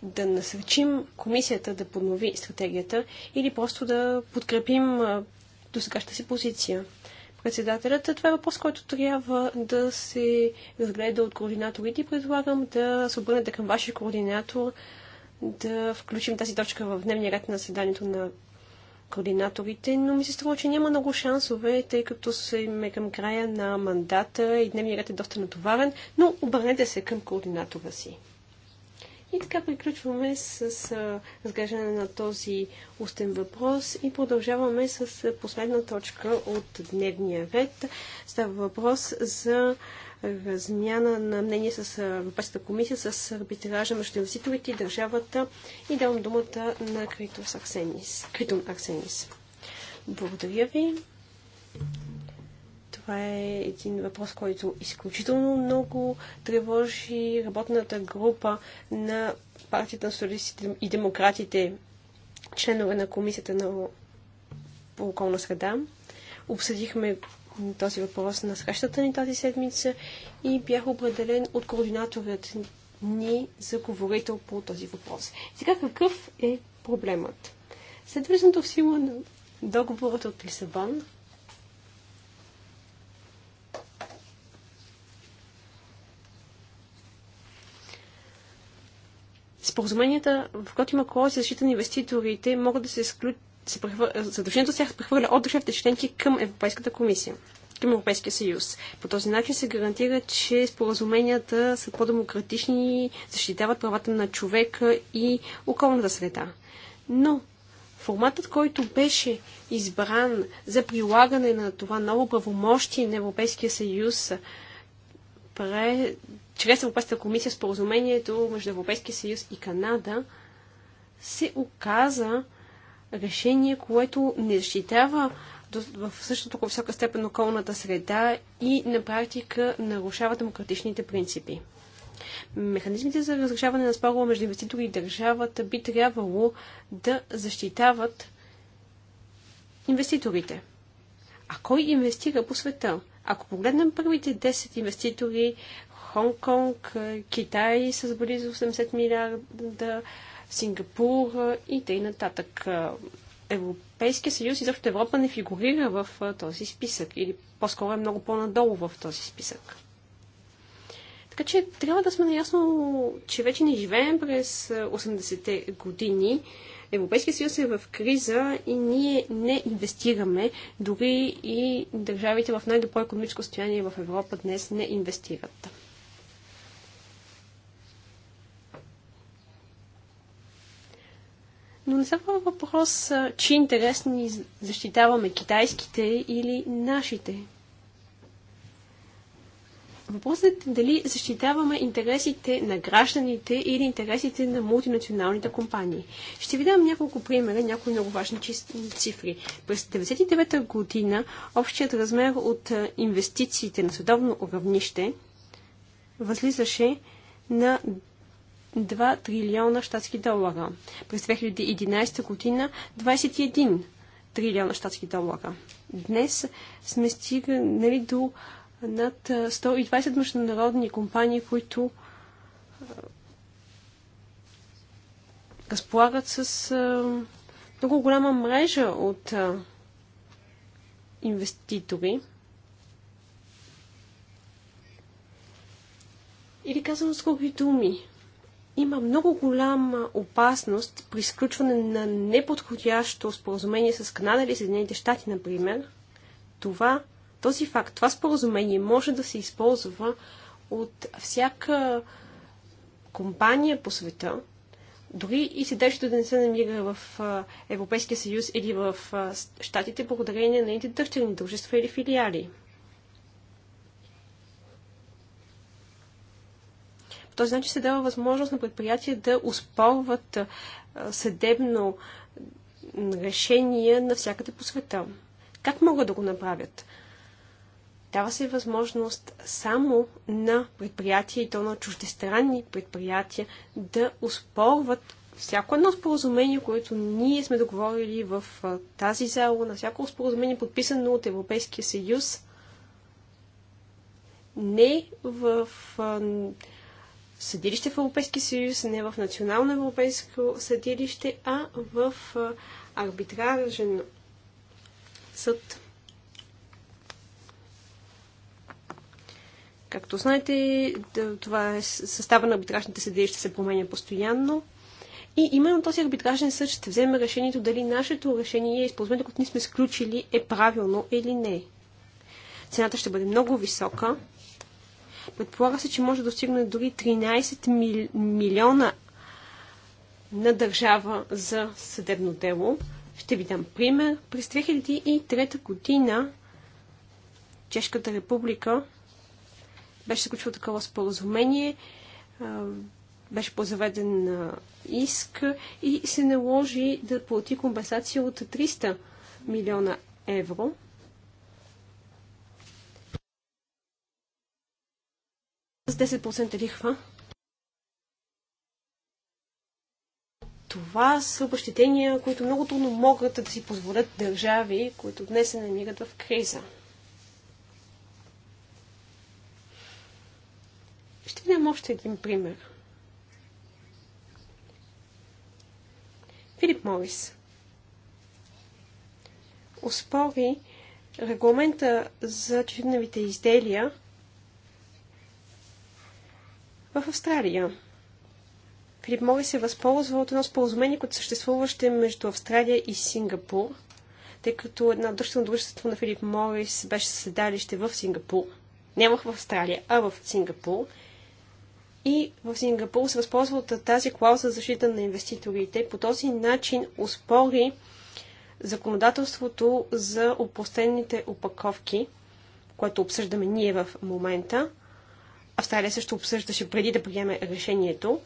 да насъчим комисията да поднови стратегията или просто да подкрепим до сегащата си позиция. Председателят, това е въпрос, който трябва да се разгледа от координаторите и предлагам да се обърнете към вашия координатор да включим тази точка в дневния ред на заседанието на координаторите, но ми се струва, че няма много шансове, тъй като сме към края на мандата и дневният ред е доста натоварен, но обърнете се към координатора си. И така приключваме с разглеждане на този устен въпрос и продължаваме с последна точка от дневния ред. Става въпрос за размяна на мнение с Европейската комисия, с арбитража между инвеститорите и държавата. И давам думата на Критос Аксенис. Критон Аксенис. Благодаря ви. Това е един въпрос, който изключително много тревожи работната група на партията на социалистите и демократите, членове на комисията на по околна среда. Обсъдихме този въпрос на срещата ни тази седмица и бях определен от координаторът ни за говорител по този въпрос. Сега какъв е проблемът? След влизането в сила на договорът от Лисабон, споразуменията, в които има клаузи за защита на инвеститорите, могат да се изключат се прехвърля, е, задължението се прехвърля от държавите членки към Европейската комисия, към Европейския съюз. По този начин се гарантира, че споразуменията са по-демократични, защитават правата на човека и околната среда. Но форматът, който беше избран за прилагане на това ново правомощие на Европейския съюз пре, чрез Европейската комисия споразумението между Европейския съюз и Канада, се оказа решение, което не защитава в същото висока степен околната среда и на практика нарушава демократичните принципи. Механизмите за разрешаване на спорове между инвеститори и държавата би трябвало да защитават инвеститорите. А кой инвестира по света? Ако погледнем първите 10 инвеститори, Хонг-Конг, Китай с близо 80 милиарда Сингапур и тъй нататък. Европейския съюз и защото Европа не фигурира в този списък или по-скоро е много по-надолу в този списък. Така че трябва да сме наясно, че вече не живеем през 80-те години. Европейския съюз е в криза и ние не инвестираме. Дори и държавите в най-добро економическо състояние в Европа днес не инвестират. Но не става въпрос, чи е интерес ни защитаваме китайските или нашите. Въпросът е дали защитаваме интересите на гражданите или интересите на мултинационалните компании. Ще ви дам няколко примера, някои много важни цифри. През 1999 година общият размер от инвестициите на световно равнище възлизаше на 2 трилиона щатски долара. През 2011 година 21 трилиона щатски долара. Днес сме стигнали до над 120 международни компании, които разполагат с много голяма мрежа от инвеститори. Или казвам с други думи, има много голяма опасност при сключване на неподходящо споразумение с Канада или Съединените щати, например, това, този факт, това споразумение може да се използва от всяка компания по света, дори и седещо да не се намира в Европейския съюз или в Штатите, благодарение на нейните дъщерни дружества или филиали. този начин се дава възможност на предприятия да успорват съдебно решения навсякъде по света. Как могат да го направят? Дава се възможност само на предприятия и то на чуждестранни предприятия да успорват всяко едно споразумение, което ние сме договорили в тази зала, на всяко споразумение, подписано от Европейския съюз, не в съдилище в Европейския съюз, не в национално европейско съдилище, а в арбитражен съд. Както знаете, това е състава на арбитражните съдилища се променя постоянно. И именно този арбитражен съд ще вземе решението дали нашето решение и използването, което ние сме сключили, е правилно или не. Цената ще бъде много висока, Предполага се, че може да достигне дори 13 мили, милиона на държава за съдебно дело. Ще ви дам пример. През 2003 година Чешката република беше сключила такова споразумение, беше позаведен иск и се наложи да плати компенсация от 300 милиона евро. 10% лихва. Това са обещетения, които много трудно могат да си позволят държави, които днес се намират в криза. Ще дам още един пример. Филип Морис оспори регламента за чудновите изделия, в Австралия. Филип Морис се възползва от едно споразумение, което съществуваше между Австралия и Сингапур, тъй като една дъщерно дружество на Филип Морис беше седалище в Сингапур. Нямах в Австралия, а в Сингапур. И в Сингапур се възползва от тази клауза за защита на инвеститорите. По този начин успори законодателството за опростените опаковки, което обсъждаме ние в момента – Австралия също обсъждаше преди да приеме решението.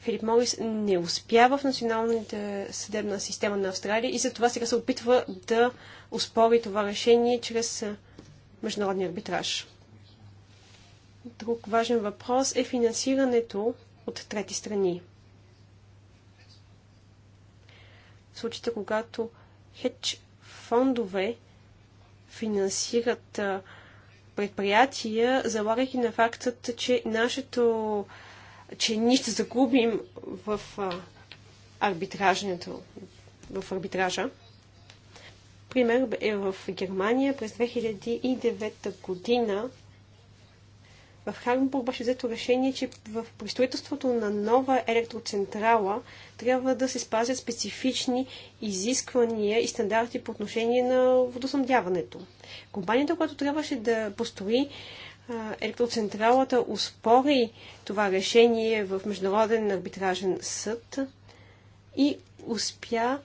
Филип Морис не успява в националната съдебна система на Австралия и затова сега се опитва да успори това решение чрез международния арбитраж. Друг важен въпрос е финансирането от трети страни. В случаите, когато хедж фондове финансират предприятия, залагайки на фактът, че нашето че ние ще загубим в арбитражното, в арбитража. Пример е в Германия през 2009 година в Харнбург беше взето решение, че в пристроителството на нова електроцентрала трябва да се спазят специфични изисквания и стандарти по отношение на водосъмдяването. Компанията, която трябваше да построи електроцентралата, успори това решение в Международен арбитражен съд и успя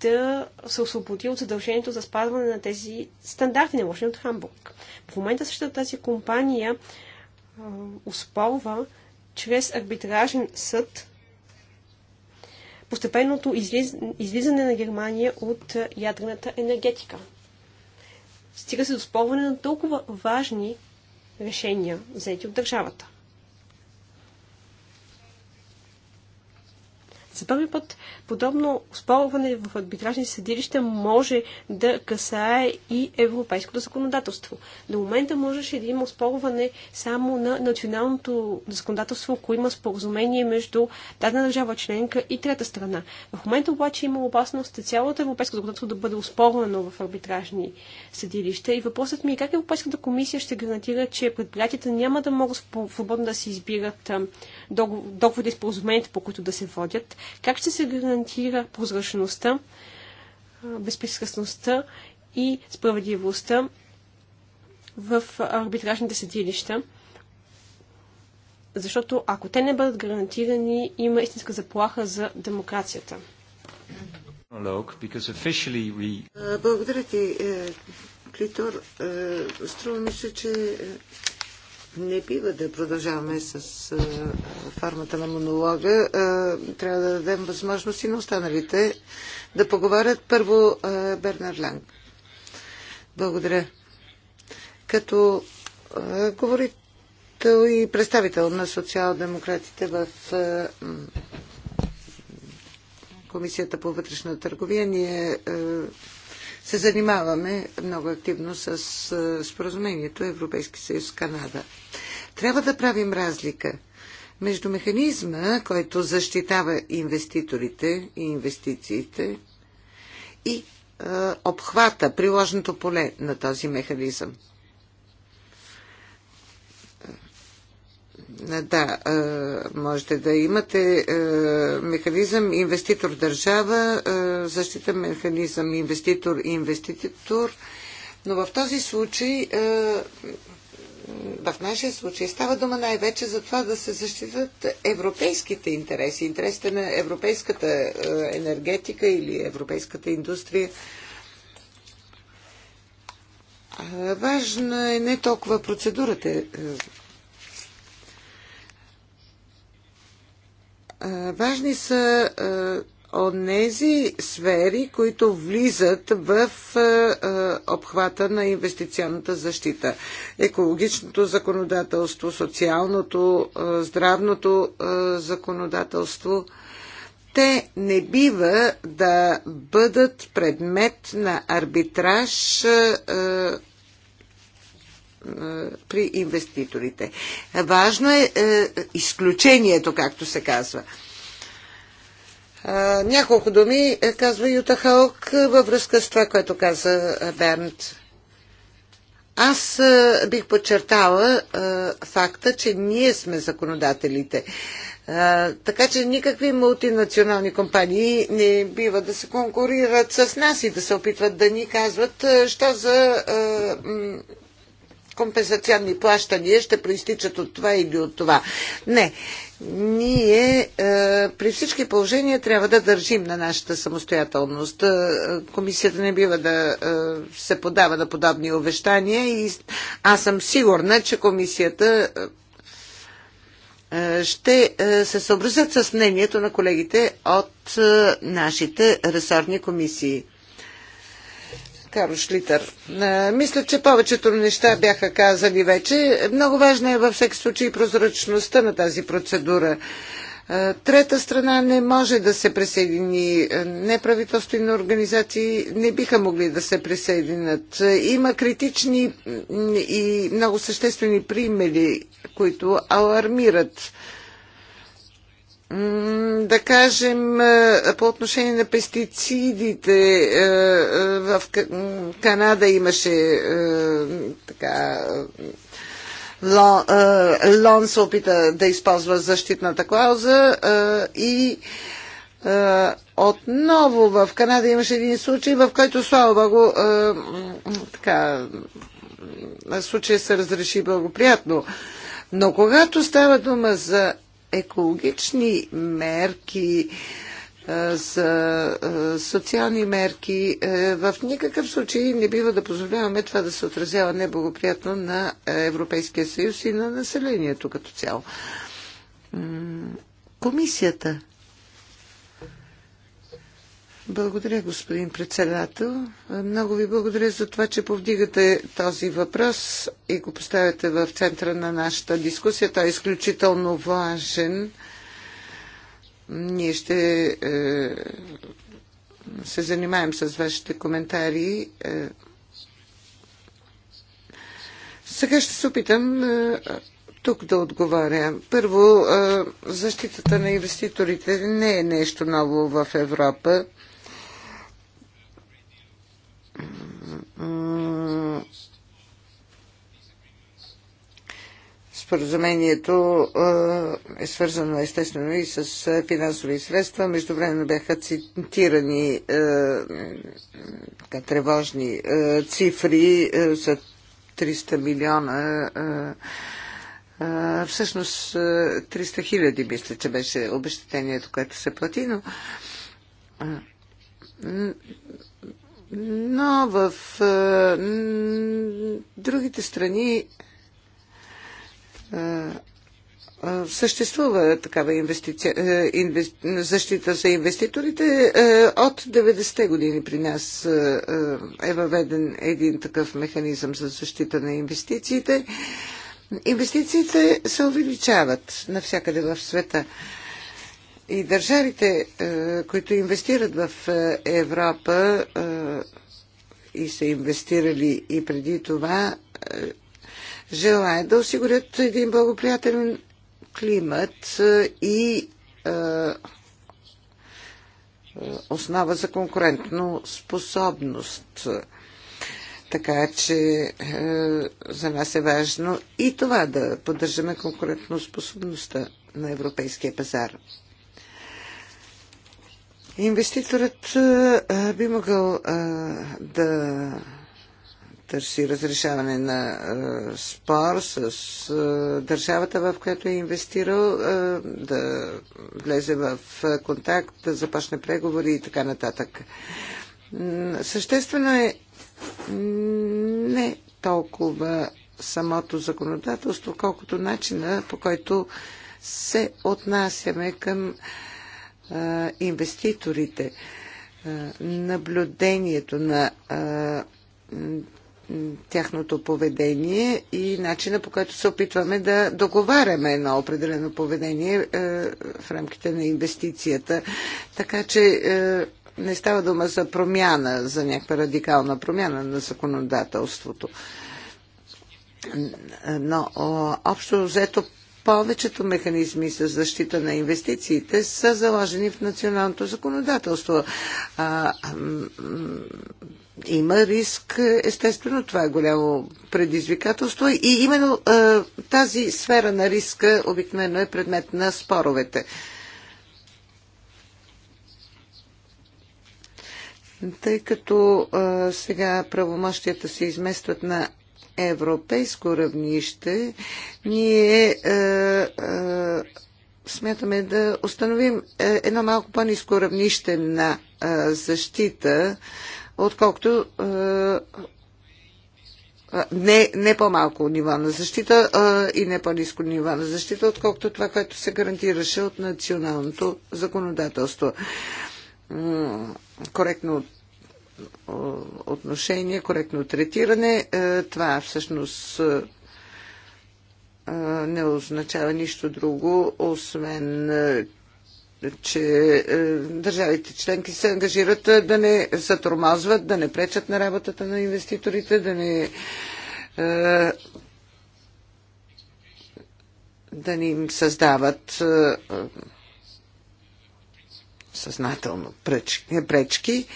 да се освободи от задължението за спазване на тези стандарти, наложени от Хамбург. В момента същата тази компания оспорва чрез арбитражен съд постепенното излиз... излизане на Германия от ядрената енергетика. Стига се до спорване на толкова важни решения, взети от държавата. За първи път подобно спорване в арбитражни съдилища може да касае и европейското законодателство. До момента можеше да има спорване само на националното законодателство, ако има споразумение между дадена държава членка и трета страна. В момента обаче има опасност цялото европейско законодателство да бъде оспорвано в арбитражни съдилища и въпросът ми е как Европейската комисия ще гарантира, че предприятията няма да могат свободно да си избират договори и споразуменията, по които да се водят. Как ще се гарантира гарантира прозрачността, безпристрастността и справедливостта в арбитражните съдилища. Защото ако те не бъдат гарантирани, има истинска заплаха за демокрацията.
Благодаря ти, е, Клитор. Е, струва ми се, че е, не бива да продължаваме с а, формата на монолога. А, трябва да дадем възможност и на останалите да поговарят първо а, Бернар Ланг. Благодаря. Като а, говорител и представител на социал-демократите в а, Комисията по вътрешна търговия, ние а, се занимаваме много активно с споразумението Европейски съюз Канада. Трябва да правим разлика между механизма, който защитава инвеститорите и инвестициите и е, обхвата, приложното поле на този механизъм. Да, можете да имате механизъм инвеститор-държава, защита механизъм инвеститор-инвеститор, но в този случай, в нашия случай, става дума най-вече за това да се защитат европейските интереси, интересите на европейската енергетика или европейската индустрия. Важна е не толкова процедурата, Важни са онези сфери, които влизат в обхвата на инвестиционната защита. Екологичното законодателство, социалното, здравното законодателство. Те не бива да бъдат предмет на арбитраж е, при инвеститорите. Важно е, е изключението, както се казва. Е, няколко думи казва Юта Халк във връзка с това, което каза Бернт. Аз бих подчертала факта, че ние сме законодателите. Така че никакви мултинационални компании не бива да се конкурират с нас и да се опитват да ни казват, що за компенсационни плащания ще проистичат от това или от това. Не. Ние е, при всички положения трябва да държим на нашата самостоятелност. Е, комисията не бива да е, се подава на подобни обещания, и аз съм сигурна, че комисията е, е, ще се съобразят с мнението на колегите от нашите ресорни комисии. Карл Шлитър. Мисля, че повечето неща бяха казани вече. Много важна е във всеки случай прозрачността на тази процедура. Трета страна не може да се присъедини. Неправителствени организации не биха могли да се присъединят. Има критични и много съществени примери, които алармират да кажем, по отношение на пестицидите в Канада имаше така Лон се опита да използва защитната клауза и отново в Канада имаше един случай, в който слава богу така случай се разреши благоприятно. Но когато става дума за екологични мерки, е, за е, социални мерки. Е, в никакъв случай не бива да позволяваме това да се отразява неблагоприятно на Европейския съюз и на населението като цяло. Комисията благодаря, господин председател. Много ви благодаря за това, че повдигате този въпрос и го поставяте в центъра на нашата дискусия. Той е изключително важен. Ние ще е, се занимаем с вашите коментари. Е, сега ще се опитам е, тук да отговаря. Първо, е, защитата на инвеститорите не е нещо ново в Европа. Споразумението е, е свързано естествено и с е, финансови средства. Между време бяха цитирани е, така, тревожни е, цифри е, за 300 милиона. Е, всъщност 300 хиляди, мисля, че беше обещатението, което се плати, но но в е, другите страни е, е, съществува такава инвестиция, защита за инвеститорите. От 90-те години при нас е въведен един такъв механизъм за защита на инвестициите. Инвестициите се увеличават навсякъде в света. И държавите, е, които инвестират в е, Европа е, и са инвестирали и преди това, желаят да осигурят един благоприятен климат и основа за конкурентно способност. Така че е, за нас е важно и това да поддържаме конкурентно способността на европейския пазар. Инвеститорът би могъл да търси разрешаване на спор с държавата, в която е инвестирал, да влезе в контакт, да започне преговори и така нататък. Съществено е не толкова самото законодателство, колкото начина по който се отнасяме към инвеститорите, наблюдението на тяхното поведение и начина по който се опитваме да договаряме едно определено поведение в рамките на инвестицията. Така че не става дума за промяна, за някаква радикална промяна на законодателството. Но общо взето повечето механизми за защита на инвестициите са заложени в националното законодателство. А, има риск, естествено, това е голямо предизвикателство и именно а, тази сфера на риска обикновено е предмет на споровете. Тъй като а, сега правомощията се изместват на европейско равнище ние е, е, смятаме да установим е, едно малко по-низко равнище на е, защита, отколкото е, не, не по-малко ниво на защита е, и не по-низко ниво на защита, отколкото това, което се гарантираше от националното законодателство. Коректно отношение, коректно третиране. Е, това всъщност е, е, не означава нищо друго, освен че държавите членки се ангажират да не затормазват, да не пречат на работата на инвеститорите, да не да не им създават съзнателно пречки.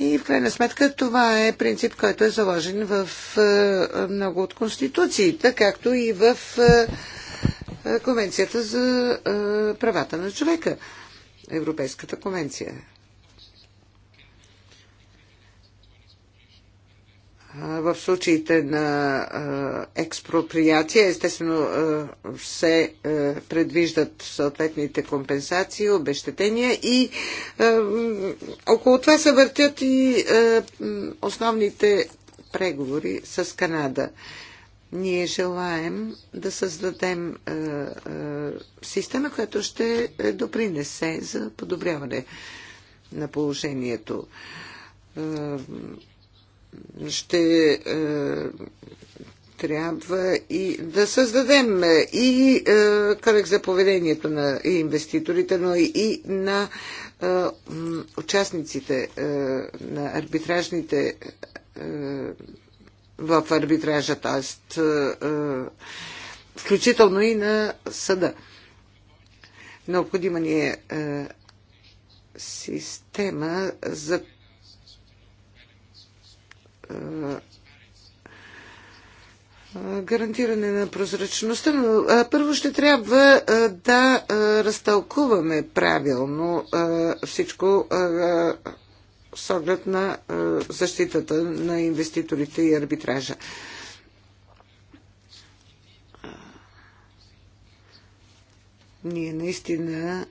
И в крайна сметка това е принцип, който е заложен в е, много от конституциите, както и в е, е, Конвенцията за правата на човека, Европейската конвенция в случаите на експроприяция, естествено се предвиждат съответните компенсации, обещетения и около това се въртят и основните преговори с Канада. Ние желаем да създадем система, която ще допринесе за подобряване на положението ще е, трябва и да създадем и е, кодекс за поведението на инвеститорите, но и на е, участниците е, на арбитражните е, в арбитража, т.е. Е, включително и на съда. Необходима ни е, е система за гарантиране на прозрачността, но първо ще трябва да разтълкуваме правилно всичко с оглед на защитата на инвеститорите и арбитража. Ние наистина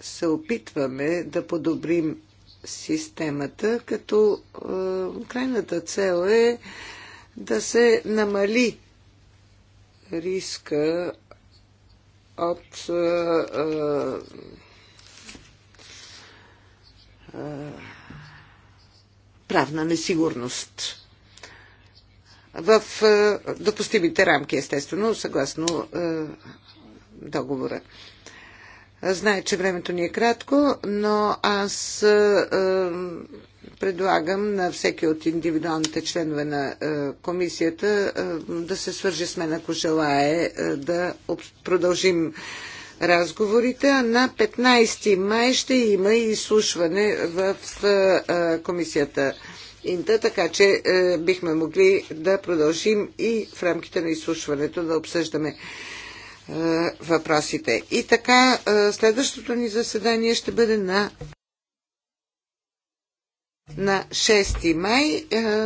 се опитваме да подобрим системата, като крайната цел е да се намали риска от правна несигурност. В допустимите рамки, естествено, съгласно договора. Знае, че времето ни е кратко, но аз е, предлагам на всеки от индивидуалните членове на е, комисията е, да се свържи с мен, ако желае да продължим разговорите. На 15 май ще има и изслушване в комисията Инта, така че бихме могли да продължим и в рамките на изслушването да обсъждаме е, въпросите. И така, е, следващото ни заседание ще бъде на на 6 май. Е,